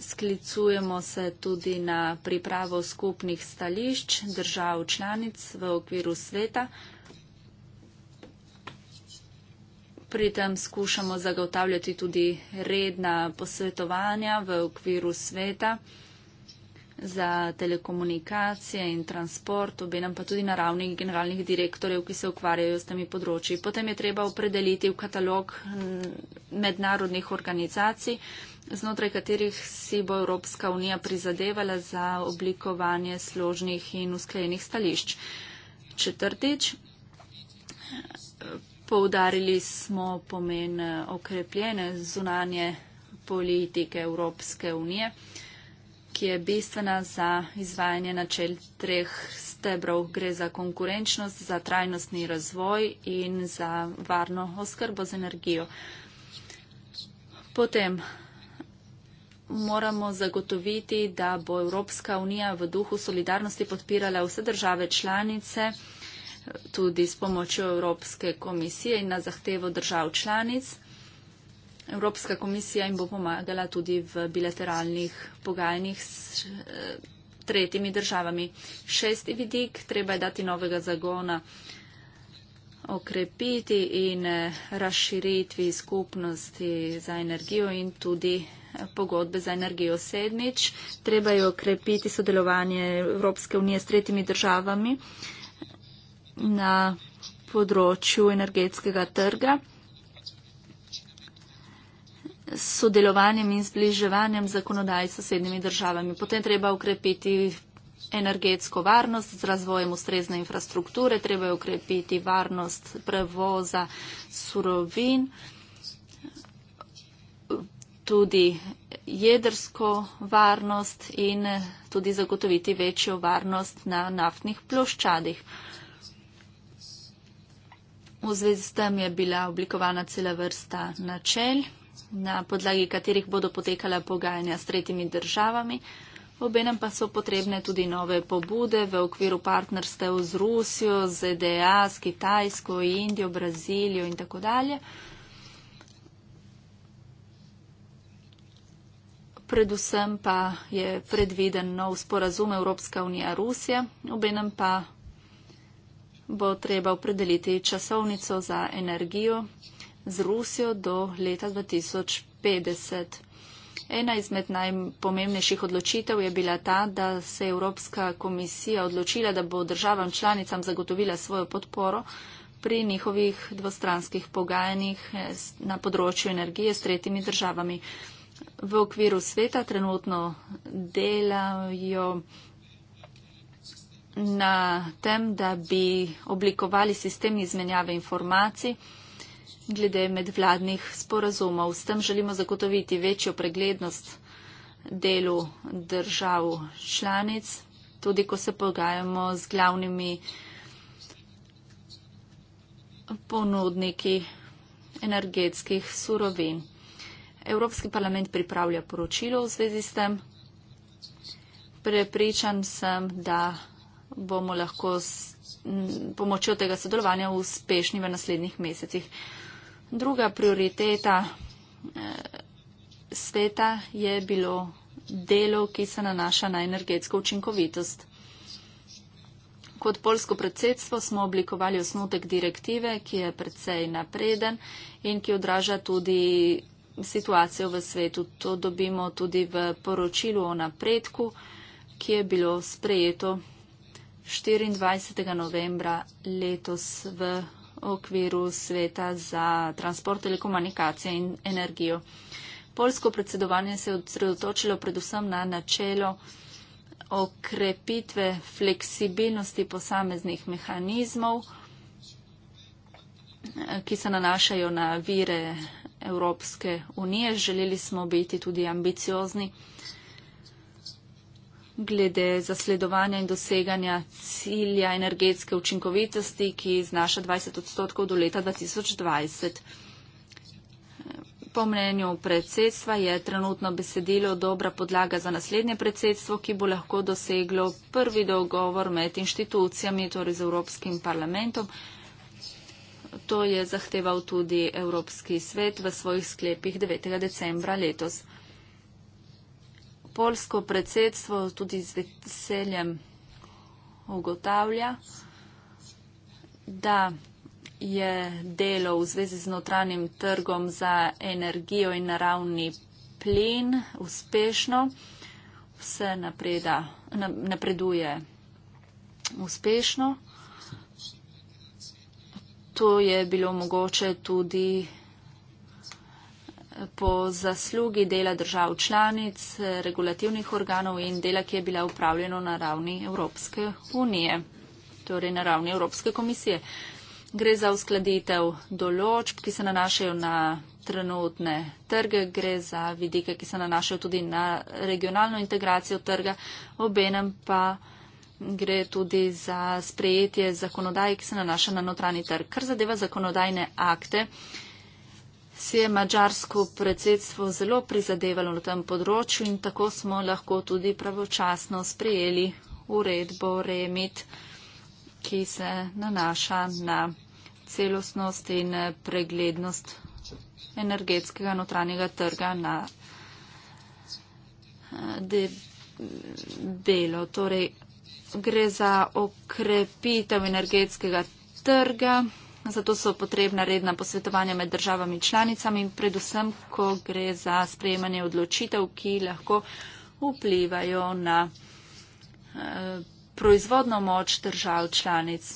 Sklicujemo se tudi na pripravo skupnih stališč držav članic v okviru sveta, Pri tem skušamo zagotavljati tudi redna posvetovanja v okviru sveta za telekomunikacije in transport, obenem pa tudi na ravni generalnih direktorjev, ki se ukvarjajo s temi področji. Potem je treba opredeliti v katalog mednarodnih organizacij, znotraj katerih si bo Evropska unija prizadevala za oblikovanje složnih in usklejenih stališč. Četrtič, Poudarili smo pomen eh, okrepljene zunanje politike Evropske unije, ki je bistvena za izvajanje načel treh stebrov. Gre za konkurenčnost, za trajnostni razvoj in za varno oskrbo z energijo. Potem moramo zagotoviti, da bo Evropska unija v duhu solidarnosti podpirala vse države članice tudi s pomočjo Evropske komisije in na zahtevo držav članic. Evropska komisija jim bo pomagala tudi v bilateralnih pogajanjih s eh, tretjimi državami. Šesti vidik, treba je dati novega zagona okrepiti in eh, razširitvi skupnosti za energijo in tudi eh, pogodbe za energijo sedmič. Treba je okrepiti sodelovanje Evropske unije s tretjimi državami na področju energetskega trga. Sodelovanjem in zbliževanjem zakonodaj s sosednjimi državami. Potem treba ukrepiti energetsko varnost z razvojem ustrezne infrastrukture, treba je ukrepiti varnost prevoza surovin, tudi jedrsko varnost in tudi zagotoviti večjo varnost na naftnih ploščadih. V zvezi s tem je bila oblikovana cela vrsta načelj, na podlagi katerih bodo potekala pogajanja s tretjimi državami. Obenem pa so potrebne tudi nove pobude v okviru partnerstev z Rusijo, ZDA, s Kitajsko, Indijo, Brazilijo in tako dalje. Predvsem pa je predviden nov sporazum Evropska unija-Rusija, obenem pa bo treba opredeliti časovnico za energijo z Rusijo do leta 2050. Ena izmed najpomembnejših odločitev je bila ta, da se je Evropska komisija odločila, da bo državam članicam zagotovila svojo podporo pri njihovih dvostranskih pogajanjih eh, na področju energije s tretjimi državami. V okviru sveta trenutno delajo na tem, da bi oblikovali sistem izmenjave informacij glede medvladnih sporazumov. S tem želimo zagotoviti večjo preglednost delu držav članic, tudi ko se pogajamo z glavnimi ponudniki energetskih surovin. Evropski parlament pripravlja poročilo v zvezi s tem. Prepričan sem, da bomo lahko s pomočjo tega sodelovanja uspešni v naslednjih mesecih. Druga prioriteta eh, sveta je bilo delo, ki se nanaša na energetsko učinkovitost. Kot polsko predsedstvo smo oblikovali osnutek direktive, ki je predvsej napreden in ki odraža tudi situacijo v svetu. To dobimo tudi v poročilu o napredku, ki je bilo sprejeto 24. novembra letos v okviru sveta za transport, telekomunikacije in energijo. Polsko predsedovanje se je odsredotočilo predvsem na načelo okrepitve fleksibilnosti posameznih mehanizmov, ki se nanašajo na vire Evropske unije. Želeli smo biti tudi ambiciozni glede zasledovanja in doseganja cilja energetske učinkovitosti, ki znaša 20 odstotkov do leta 2020. Po mnenju predsedstva je trenutno besedilo dobra podlaga za naslednje predsedstvo, ki bo lahko doseglo prvi dogovor med inštitucijami, torej z Evropskim parlamentom. To je zahteval tudi Evropski svet v svojih sklepih 9. decembra letos polsko predsedstvo tudi z veseljem ugotavlja, da je delo v zvezi z notranjim trgom za energijo in naravni plin uspešno, vse napreda, napreduje uspešno. To je bilo mogoče tudi po zaslugi dela držav članic, regulativnih organov in dela, ki je bila upravljena na ravni Evropske unije, torej na ravni Evropske komisije. Gre za uskladitev določb, ki se nanašajo na trenutne trge, gre za vidike, ki se nanašajo tudi na regionalno integracijo trga, obenem pa gre tudi za sprejetje zakonodaje, ki se nanaša na notranji trg. Kar zadeva zakonodajne akte, si je mađarsko predsedstvo zelo prizadevalo na tem področju in tako smo lahko tudi pravočasno sprejeli uredbo REMIT, ki se nanaša na celostnost in preglednost energetskega notranjega trga na eh, debelo. Torej, gre za okrepitev energetskega trga. Zato so potrebna redna posvetovanja med državami članicami, predvsem, ko gre za sprejemanje odločitev, ki lahko vplivajo na eh, proizvodno moč držav članic.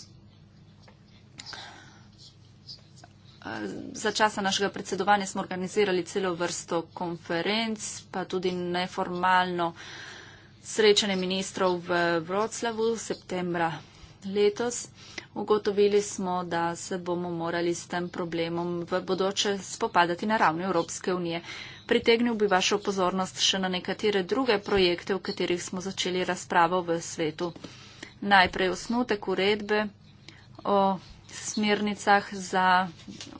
Eh, za časa našega predsedovanja smo organizirali celo vrsto konferenc, pa tudi neformalno srečanje ministrov v Vroclavu septembra letos ugotovili smo, da se bomo morali s tem problemom v bodoče spopadati na ravni Evropske unije. Pritegnil bi vašo pozornost še na nekatere druge projekte, v katerih smo začeli razpravo v svetu. Najprej osnutek uredbe o smernicah za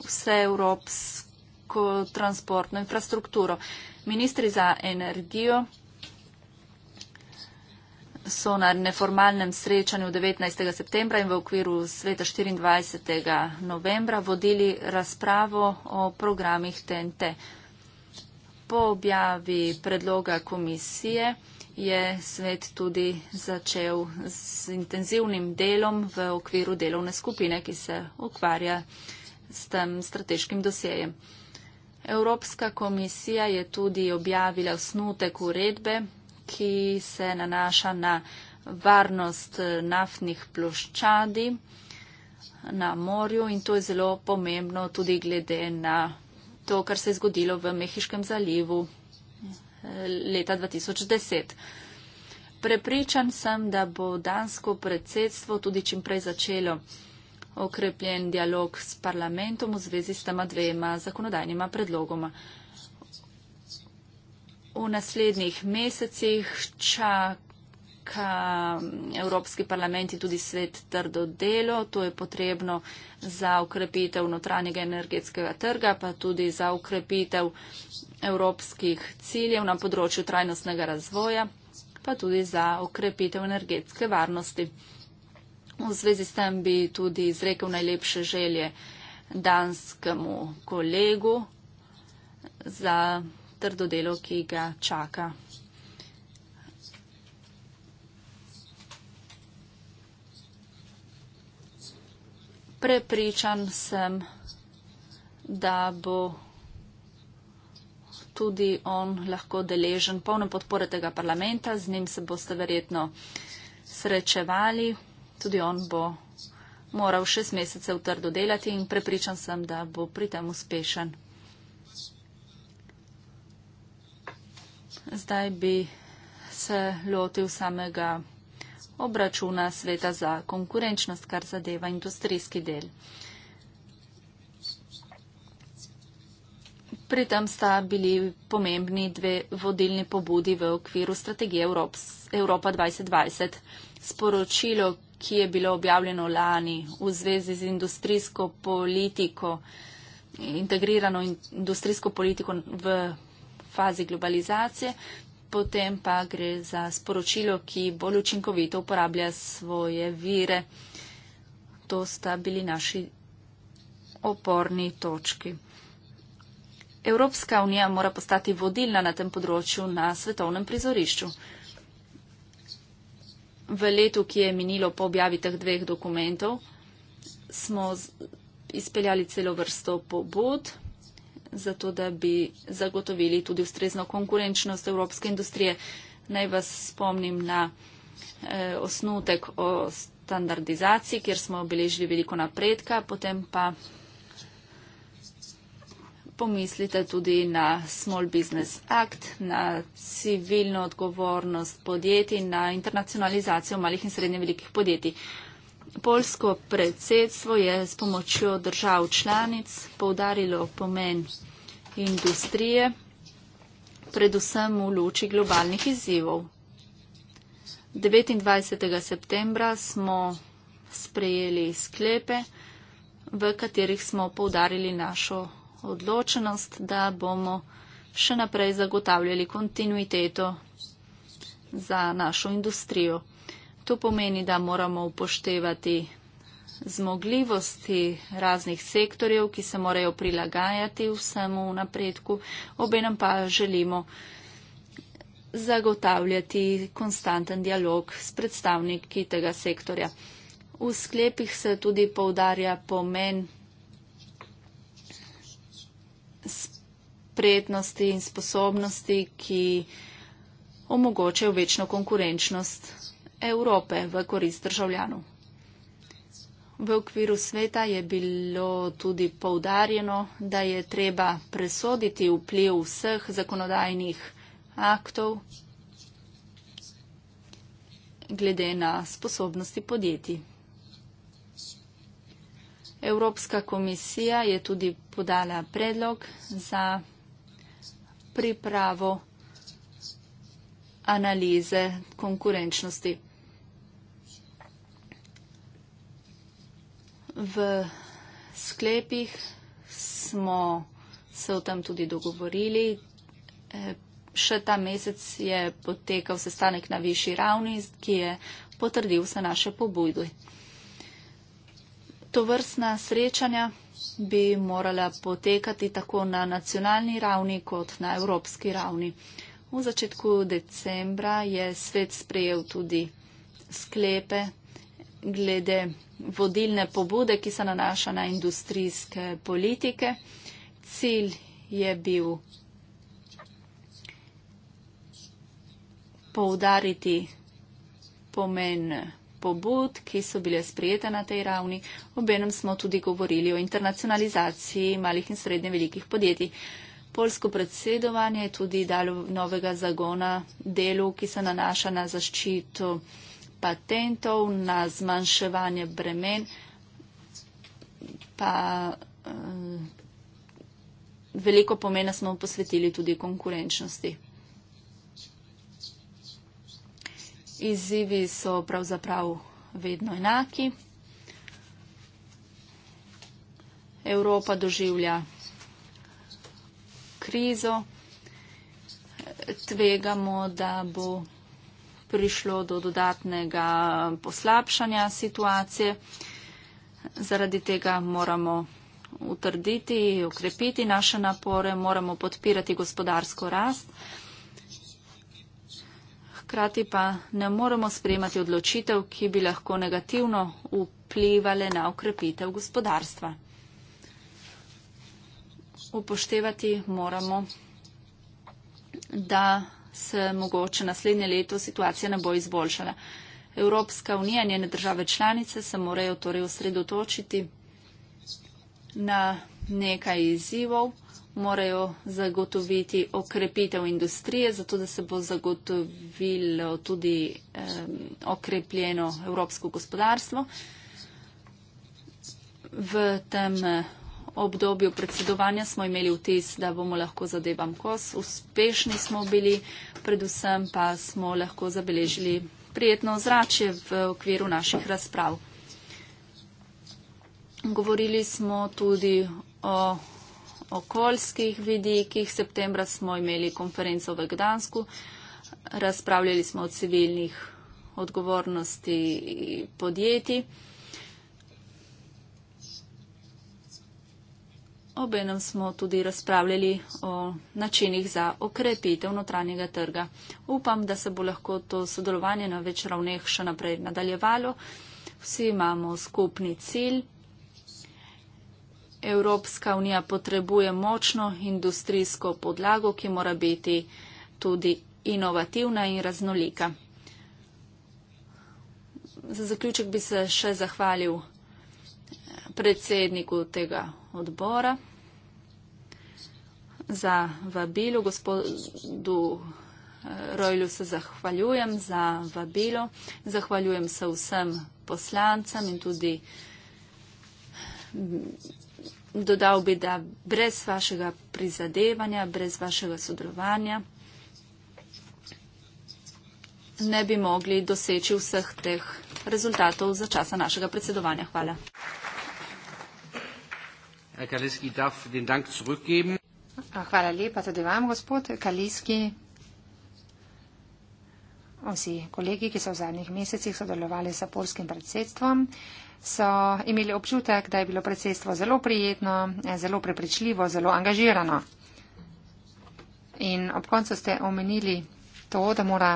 vse evropsko transportno infrastrukturo. Ministri za energijo so na neformalnem srečanju 19. septembra in v okviru sveta 24. novembra vodili razpravo o programih TNT. Po objavi predloga komisije je svet tudi začel s intenzivnim delom v okviru delovne skupine, ki se ukvarja s tem strateškim dosejem. Evropska komisija je tudi objavila osnutek uredbe ki se nanaša na varnost eh, naftnih ploščadi na morju in to je zelo pomembno tudi glede na to, kar se je zgodilo v Mehiškem zalivu eh, leta 2010. Prepričan sem, da bo dansko predsedstvo tudi čimprej začelo okrepljen dialog s parlamentom v zvezi s tema dvema zakonodajnima predlogoma v naslednjih mesecih čaka mm, Evropski parlament in tudi svet trdo delo. To je potrebno za ukrepitev notranjega energetskega trga, pa tudi za ukrepitev evropskih ciljev na področju trajnostnega razvoja, pa tudi za ukrepitev energetske varnosti. V zvezi s tem bi tudi izrekel najlepše želje danskemu kolegu za trdo delo, ki ga čaka. Prepričan sem, da bo tudi on lahko deležen polne podpore tega parlamenta, z njim se boste verjetno srečevali, tudi on bo moral šest mesecev trdo delati in prepričan sem, da bo pri tem uspešen. zdaj bi se lotil samega obračuna sveta za konkurenčnost, kar zadeva industrijski del. Pri tem sta bili pomembni dve vodilni pobudi v okviru strategije Evropa 2020. Sporočilo, ki je bilo objavljeno lani v zvezi z industrijsko politiko, integrirano industrijsko politiko v fazi globalizacije, potem pa gre za sporočilo, ki bolj učinkovito uporablja svoje vire. To sta bili naši oporni točki. Evropska unija mora postati vodilna na tem področju na svetovnem prizorišču. V letu, ki je minilo po objavi teh dveh dokumentov, smo izpeljali celo vrsto pobud zato da bi zagotovili tudi ustrezno konkurenčnost evropske industrije. Naj vas spomnim na eh, osnutek o standardizaciji, kjer smo obeležili veliko napredka, potem pa pomislite tudi na Small Business Act, na civilno odgovornost podjetij, na internacionalizacijo malih in srednje velikih podjetij. Polsko predsedstvo je s pomočjo držav članic poudarilo pomen industrije, predvsem v luči globalnih izzivov. 29. septembra smo sprejeli sklepe, v katerih smo poudarili našo odločenost, da bomo še naprej zagotavljali kontinuiteto za našo industrijo. To pomeni, da moramo upoštevati zmogljivosti raznih sektorjev, ki se morajo prilagajati vsemu napredku, obenem pa želimo zagotavljati konstanten dialog s predstavniki tega sektorja. V sklepih se tudi poudarja pomen spretnosti in sposobnosti, ki omogočajo večno konkurenčnost Evrope v korist državljanov. V okviru sveta je bilo tudi poudarjeno, da je treba presoditi vpliv vseh zakonodajnih aktov glede na sposobnosti podjetij. Evropska komisija je tudi podala predlog za pripravo analize konkurenčnosti. V sklepih smo se o tem tudi dogovorili. E, še ta mesec je potekal sestanek na višji ravni, ki je potrdil vse naše pobudi. To vrstna srečanja bi morala potekati tako na nacionalni ravni kot na evropski ravni. V začetku decembra je svet sprejel tudi sklepe glede vodilne pobude, ki se nanaša na industrijske politike. Cilj je bil poudariti pomen pobud, ki so bile sprijete na tej ravni. Obenem smo tudi govorili o internacionalizaciji malih in srednje velikih podjetij. Polsko predsedovanje je tudi dalo novega zagona delu, ki se nanaša na zaščito patentov, na zmanjševanje bremen, pa eh, veliko pomena smo posvetili tudi konkurenčnosti. Izzivi so pravzaprav vedno enaki. Evropa doživlja krizo, tvegamo, da bo prišlo do dodatnega poslabšanja situacije. Zaradi tega moramo utrditi, ukrepiti naše napore, moramo podpirati gospodarsko rast. Hkrati pa ne moremo sprejemati odločitev, ki bi lahko negativno vplivali na ukrepitev gospodarstva upoštevati moramo, da se mogoče naslednje leto situacija ne bo izboljšala. Evropska unija in njene države članice se morajo torej osredotočiti na nekaj izzivov, morajo zagotoviti okrepitev industrije, zato da se bo zagotovilo tudi eh, okrepljeno evropsko gospodarstvo. V tem obdobju predsedovanja smo imeli vtis, da bomo lahko zadevam kos. Uspešni smo bili, predvsem pa smo lahko zabeležili prijetno zrače v okviru naših razprav. Govorili smo tudi o okoljskih vidikih. Septembra smo imeli konferenco v Gdansku. Razpravljali smo o civilnih odgovornosti podjetij. Obenem smo tudi razpravljali o načinih za okrepitev notranjega trga. Upam, da se bo lahko to sodelovanje na več ravneh še naprej nadaljevalo. Vsi imamo skupni cilj. Evropska unija potrebuje močno industrijsko podlago, ki mora biti tudi inovativna in raznolika. Za zaključek bi se še zahvalil predsedniku tega odbora za vabilo. Gospodu eh, Rojlu se zahvaljujem za vabilo. Zahvaljujem se vsem poslancem in tudi mm, dodal bi, da brez vašega prizadevanja, brez vašega sodelovanja ne bi mogli doseči vseh teh rezultatov za časa našega predsedovanja. Hvala. Kaliski, darf den Dank zurückgeben. Hvala lepa tudi vam, gospod Kaliski. Vsi kolegi, ki so v zadnjih mesecih sodelovali s polskim predsedstvom, so imeli občutek, da je bilo predsedstvo zelo prijetno, zelo prepričljivo, zelo angažirano. In ob koncu ste omenili to, da mora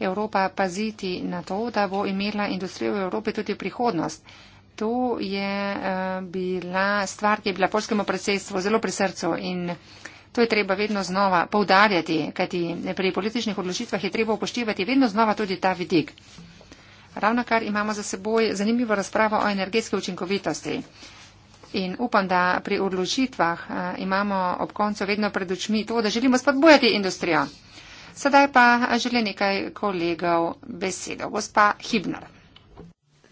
Evropa paziti na to, da bo imela industrijo v Evropi tudi prihodnost to je eh, bila stvar, ki je bila polskemu predsedstvu zelo pri srcu in to je treba vedno znova poudarjati, kajti pri političnih odločitvah je treba upoštevati vedno znova tudi ta vidik. Ravno kar imamo za seboj zanimivo razpravo o energetske učinkovitosti. In upam, da pri odločitvah eh, imamo ob koncu vedno pred očmi to, da želimo spodbujati industrijo. Sedaj pa želi nekaj kolegov besedo. Gospa Hibner.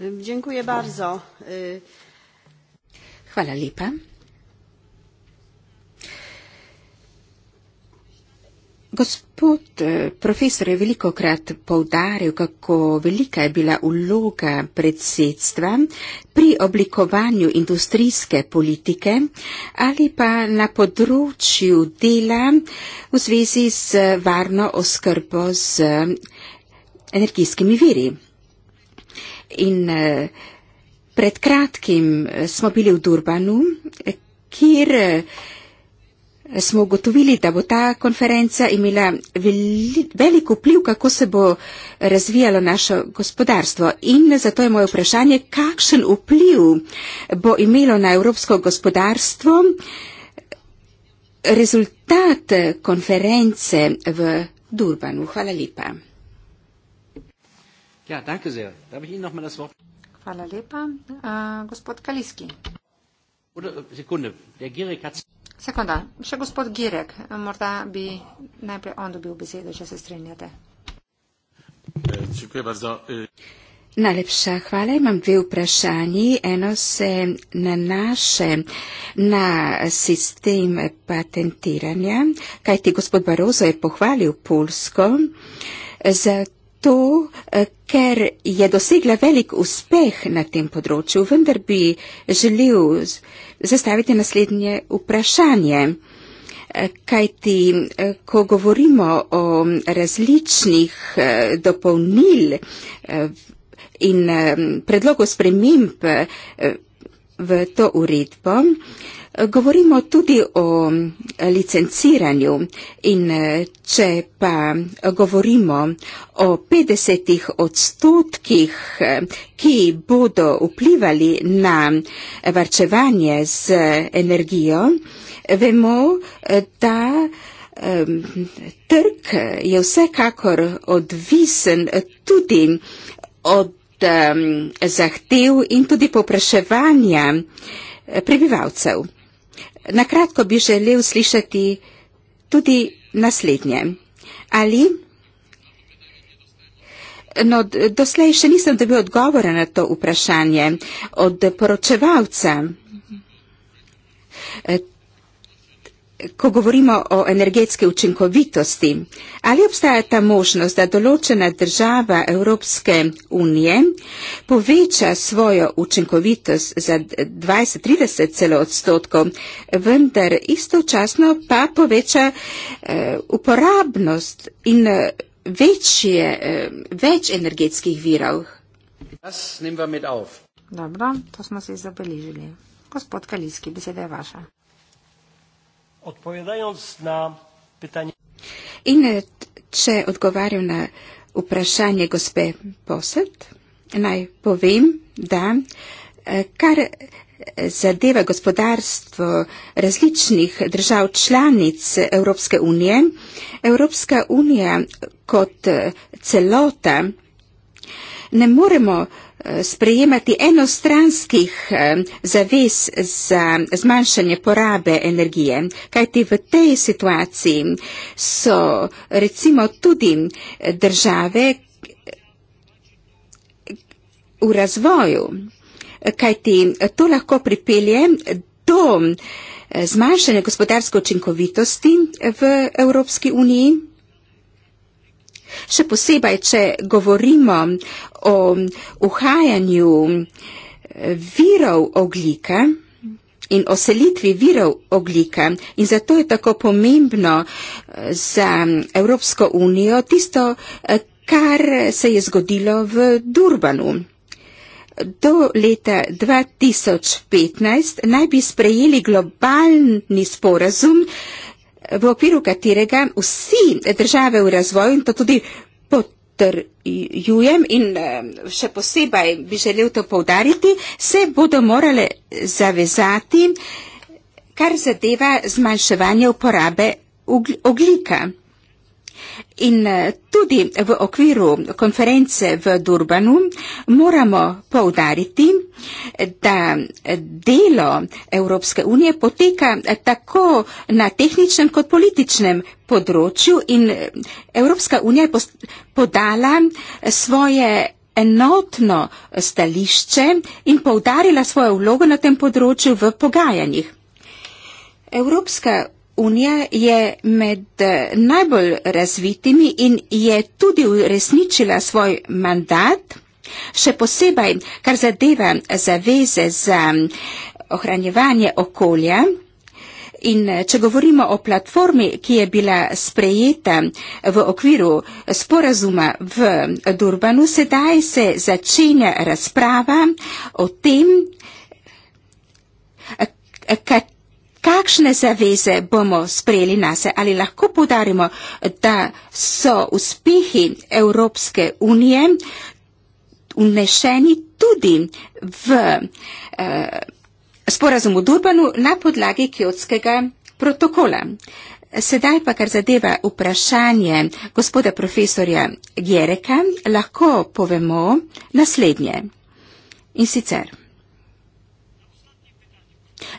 Dziękuję bardzo. Hvala lepa. Gospod eh, profesor je veliko krat povdaril, kako velika je bila vloga predsedstva pri oblikovanju industrijske politike ali pa na področju dela v zvezi z varno oskrbo z energijskimi viri. In eh, pred kratkim eh, smo bili v Durbanu, eh, kjer smo ugotovili, da bo ta konferenca imela veliko vpliv, kako se bo razvijalo naše gospodarstvo. In zato je moje vprašanje, kakšen vpliv bo imelo na evropsko gospodarstvo rezultat konference v Durbanu. Hvala lepa. Ja, danke sehr. Darf ich Ihnen noch mal das Wort? Hvala lepa, uh, gospod Kaliski. Oder, äh, sekunde, der Girek hat... Sekunda, še gospod Girek, morda bi najprej on dobil besedo, če se strinjate. Najlepša hvala. Imam ja dve vprašanji. Eno se nanaše na sistem patentiranja, kajti gospod Barozo je pohvalil Polsko. Zato to, eh, ker je dosegla velik uspeh na tem področju, vendar bi želel zastaviti naslednje vprašanje. Eh, kajti, eh, ko govorimo o različnih dopolnil in predlogu sprememb v to uredbo. Govorimo tudi o licenciranju in eh, če pa govorimo o 50 odstotkih, eh, ki bodo vplivali na varčevanje z eh, energijo, vemo, da trg je vsekakor odvisen tudi od Um, zahtev in tudi popraševanja eh, prebivalcev. Nakratko bi želel slišati tudi naslednje. Ali? No, doslej še nisem dobil odgovora na to vprašanje od poročevalca. Eh, ko govorimo o energetske učinkovitosti, ali obstaja ta možnost, da določena država Evropske unije poveča svojo učinkovitost za 20-30 celo odstotkov, vendar istočasno pa poveča eh, uporabnost in eh, večje, eh, več energetskih virov. Dobro, to smo si zabeležili. Gospod Kaliski, beseda je vaša odpowiadając na pytanie. Inne, czy odpowiadam na upraszanie gospe poset? Najpowiem, da, eh, kar eh, zadeva gospodarstvo različnih držav članic Evropske unije. Evropska unija kot eh, celota ne moremo uh, sprejemati enostranskih zavez za zmanjšanje porabe energije. Kajti v tej situaciji so recimo tudi države v razvoju, kajti to lahko pripelje do eh, zmanjšanja gospodarske učinkovitosti v Evropski uniji še posebej, če govorimo o uhajanju eh, virov oglika in oselitvi virov oglika. In zato je tako pomembno eh, za Evropsko unijo tisto, eh, kar se je zgodilo v Durbanu. Do leta 2015 naj bi sprejeli globalni sporazum, v okviru katerega vsi države v razvoju in to tudi potrjujem in eh, še posebej bi želel to povdariti, se bodo morale zavezati, kar zadeva zmanjševanje uporabe ogljika. Ugl In eh, tudi v okviru konference v Durbanu moramo povdariti, da eh, delo Evropske unije poteka eh, tako na tehničnem kot političnem področju in Evropska unija je podala svoje enotno stališče in povdarila svojo vlogo na tem področju v pogajanjih. Evropska unije je med eh, najbolj razvitimi in je tudi uresničila svoj mandat, še posebej, kar zadeva zaveze za mm, ohranjevanje okolja. In eh, če govorimo o platformi, ki je bila sprejeta eh, v okviru sporazuma v Durbanu, sedaj se začenja razprava o tem, kateri kakšne zaveze bomo sprejeli na se ali lahko podarimo, da so uspehi Evropske unije unešeni tudi v eh, sporazumu Durbanu na podlagi Kjotskega protokola. Sedaj pa, kar zadeva vprašanje gospoda profesorja Gereka, lahko povemo naslednje. In sicer.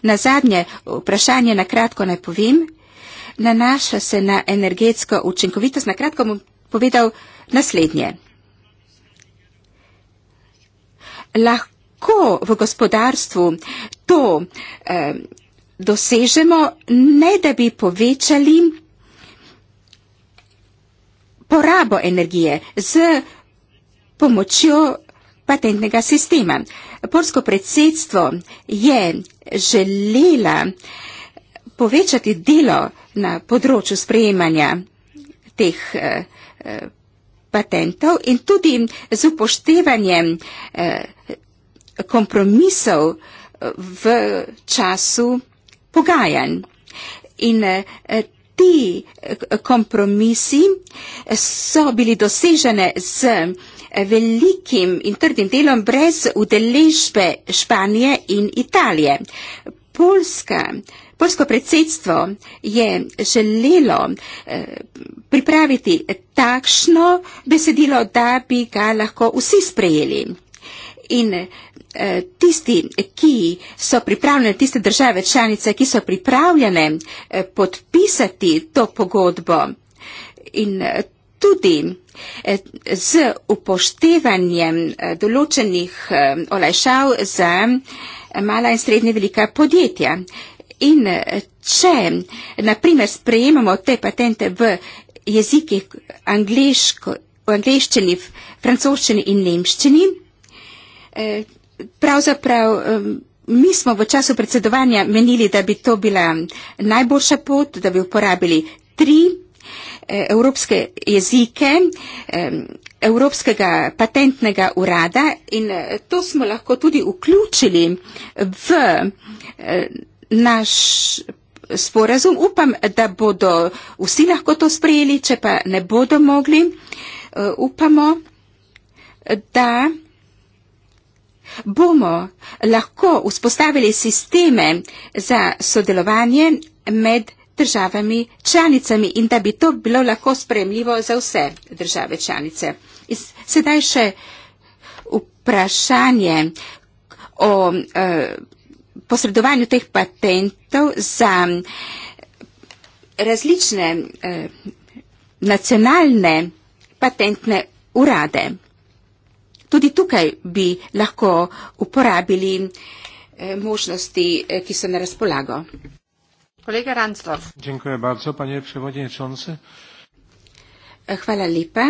Na zadnje vprašanje na kratko naj povem, nanaša se na energetsko učinkovitost. Na kratko bom povedal naslednje. Lahko v gospodarstvu to eh, dosežemo, ne da bi povečali porabo energije z pomočjo patentnega sistema. Eh, Poljsko predsedstvo je želela povečati delo na področju sprejemanja teh eh, patentov in tudi z upoštevanjem eh, kompromisov eh, v času pogajanj. In ti eh, kompromisi so bili dosežene z eh, velikim in trdim delom brez udeležbe Španije in Italije. Polska, polsko predsedstvo je želelo eh, pripraviti takšno besedilo, da bi ga lahko vsi sprejeli. In Eh, tisti, ki so pripravljene, tiste države članice, ki so pripravljene eh, podpisati to pogodbo in eh, tudi z upoštevanjem določenih olajšav za mala in srednje velika podjetja. In če, na primer, sprejemamo te patente v jezikih angliško, v angliščini, francoščini in nemščini, pravzaprav mi smo v času predsedovanja menili, da bi to bila najboljša pot, da bi uporabili tri e, evropske jezike Evropskega patentnega urada in e, to smo lahko tudi vključili v e, naš sporazum. Upam, da bodo vsi lahko to sprejeli, če pa ne bodo mogli, upamo, da bomo lahko vzpostavili sisteme za sodelovanje med državami članicami in da bi to bilo lahko spremljivo za vse države članice. In sedaj še vprašanje o eh, posredovanju teh patentov za eh, različne eh, nacionalne patentne urade. Tudi tukaj bi lahko uporabili eh, možnosti, eh, ki so na razpolago. Kolega Ranclov. Eh, hvala lepa.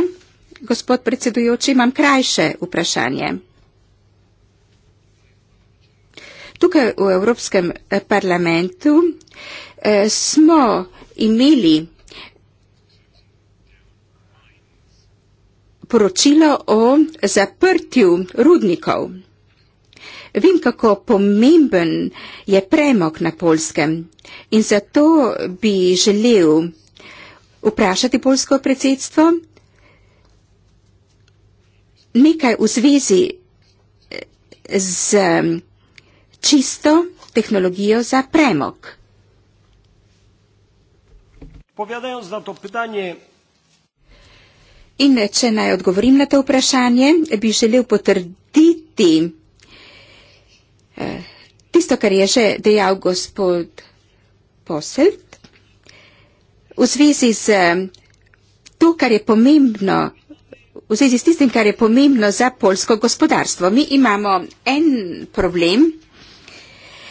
Gospod predsedujoči, imam krajše vprašanje. Tukaj v Evropskem parlamentu smo imeli poročilo o zaprtju rudnikov. Vem, kako pomemben je premog na polskem in zato bi želel vprašati polsko predsedstvo nekaj v zvezi eh, z čisto tehnologijo za premog. Povedajo za to vprašanje. In če naj odgovorim na to vprašanje, bi želel potrditi eh, tisto, kar je že dejal gospod Poselt v zvezi z eh, to, kar je pomembno, v zvezi s tistim, kar je pomembno za polsko gospodarstvo. Mi imamo en problem,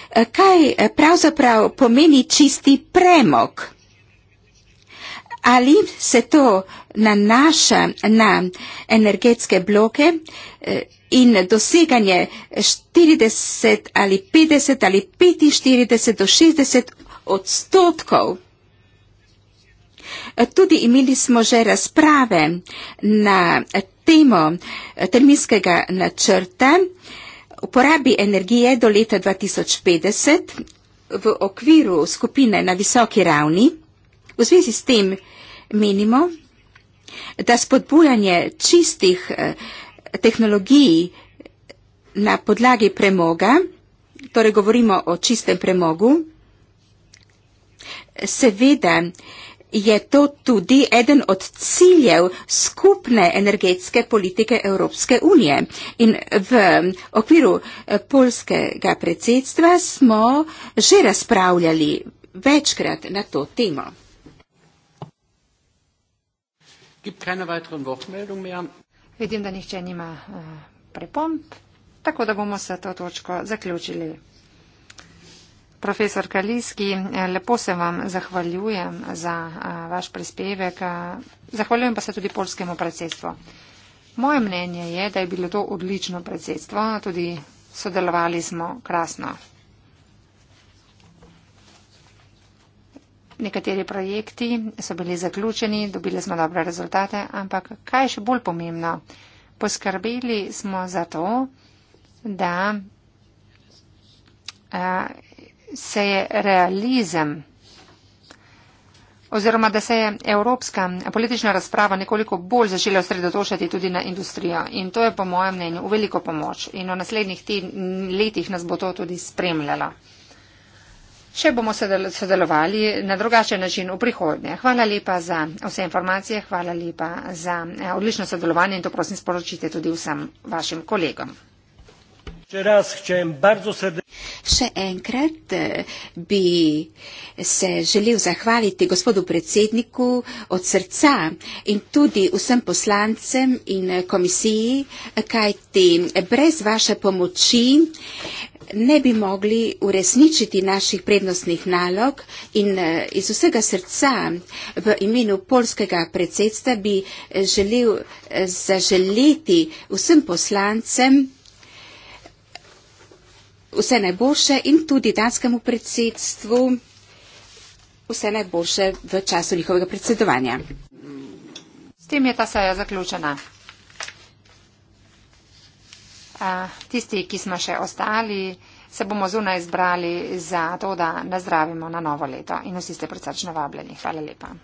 eh, kaj pravzaprav pomeni čisti premog. Ali se to nanaša na energetske bloke eh, in doseganje 40 ali 50 ali 45 do 60 odstotkov? Eh, tudi imeli smo že razprave na temo eh, terminskega načrta uporabi energije do leta 2050 v okviru skupine na visoki ravni. V zvezi s tem menimo, da spodbujanje čistih eh, tehnologij na podlagi premoga, torej govorimo o čistem premogu, seveda je to tudi eden od ciljev skupne energetske politike Evropske unije. In v eh, okviru eh, polskega predsedstva smo že razpravljali večkrat na to temo. Gibt keine weiteren Wortmeldungen mehr. Vidim, da nihče nima eh, pripomb, tako da bomo se to točko zaključili. Profesor Kaliski, eh, lepo se vam zahvaljujem za eh, vaš prispevek, zahvaljujem pa se tudi polskemu predsedstvu. Moje mnenje je, da je bilo to odlično predsedstvo, tudi sodelovali smo krasno. Nekateri projekti so bili zaključeni, dobili smo dobre rezultate, ampak kaj je še bolj pomembno? Poskrbeli smo za to, da se je realizem oziroma da se je evropska politična razprava nekoliko bolj začela osredotočati tudi na industrijo. In to je po mojem mnenju v veliko pomoč. In v naslednjih letih nas bo to tudi spremljalo še bomo sodelovali na drugačen način v prihodnje. Hvala lepa za vse informacije, hvala lepa za eh, odlično sodelovanje in to prosim sporočite tudi vsem vašim kolegom. Še enkrat eh, bi se želel zahvaliti gospodu predsedniku od srca in tudi vsem poslancem in eh, komisiji, kajti brez vaše pomoči ne bi mogli uresničiti naših prednostnih nalog in eh, iz vsega srca v imenu polskega predsedstva bi eh, želel eh, zaželeti vsem poslancem vse najboljše in tudi danskemu predsedstvu vse najboljše v času njihovega predsedovanja. S tem je ta seja zaključena tisti, ki smo še ostali, se bomo zunaj zbrali za to, da nazdravimo na novo leto in vsi ste predsačno vabljeni. Hvala lepa.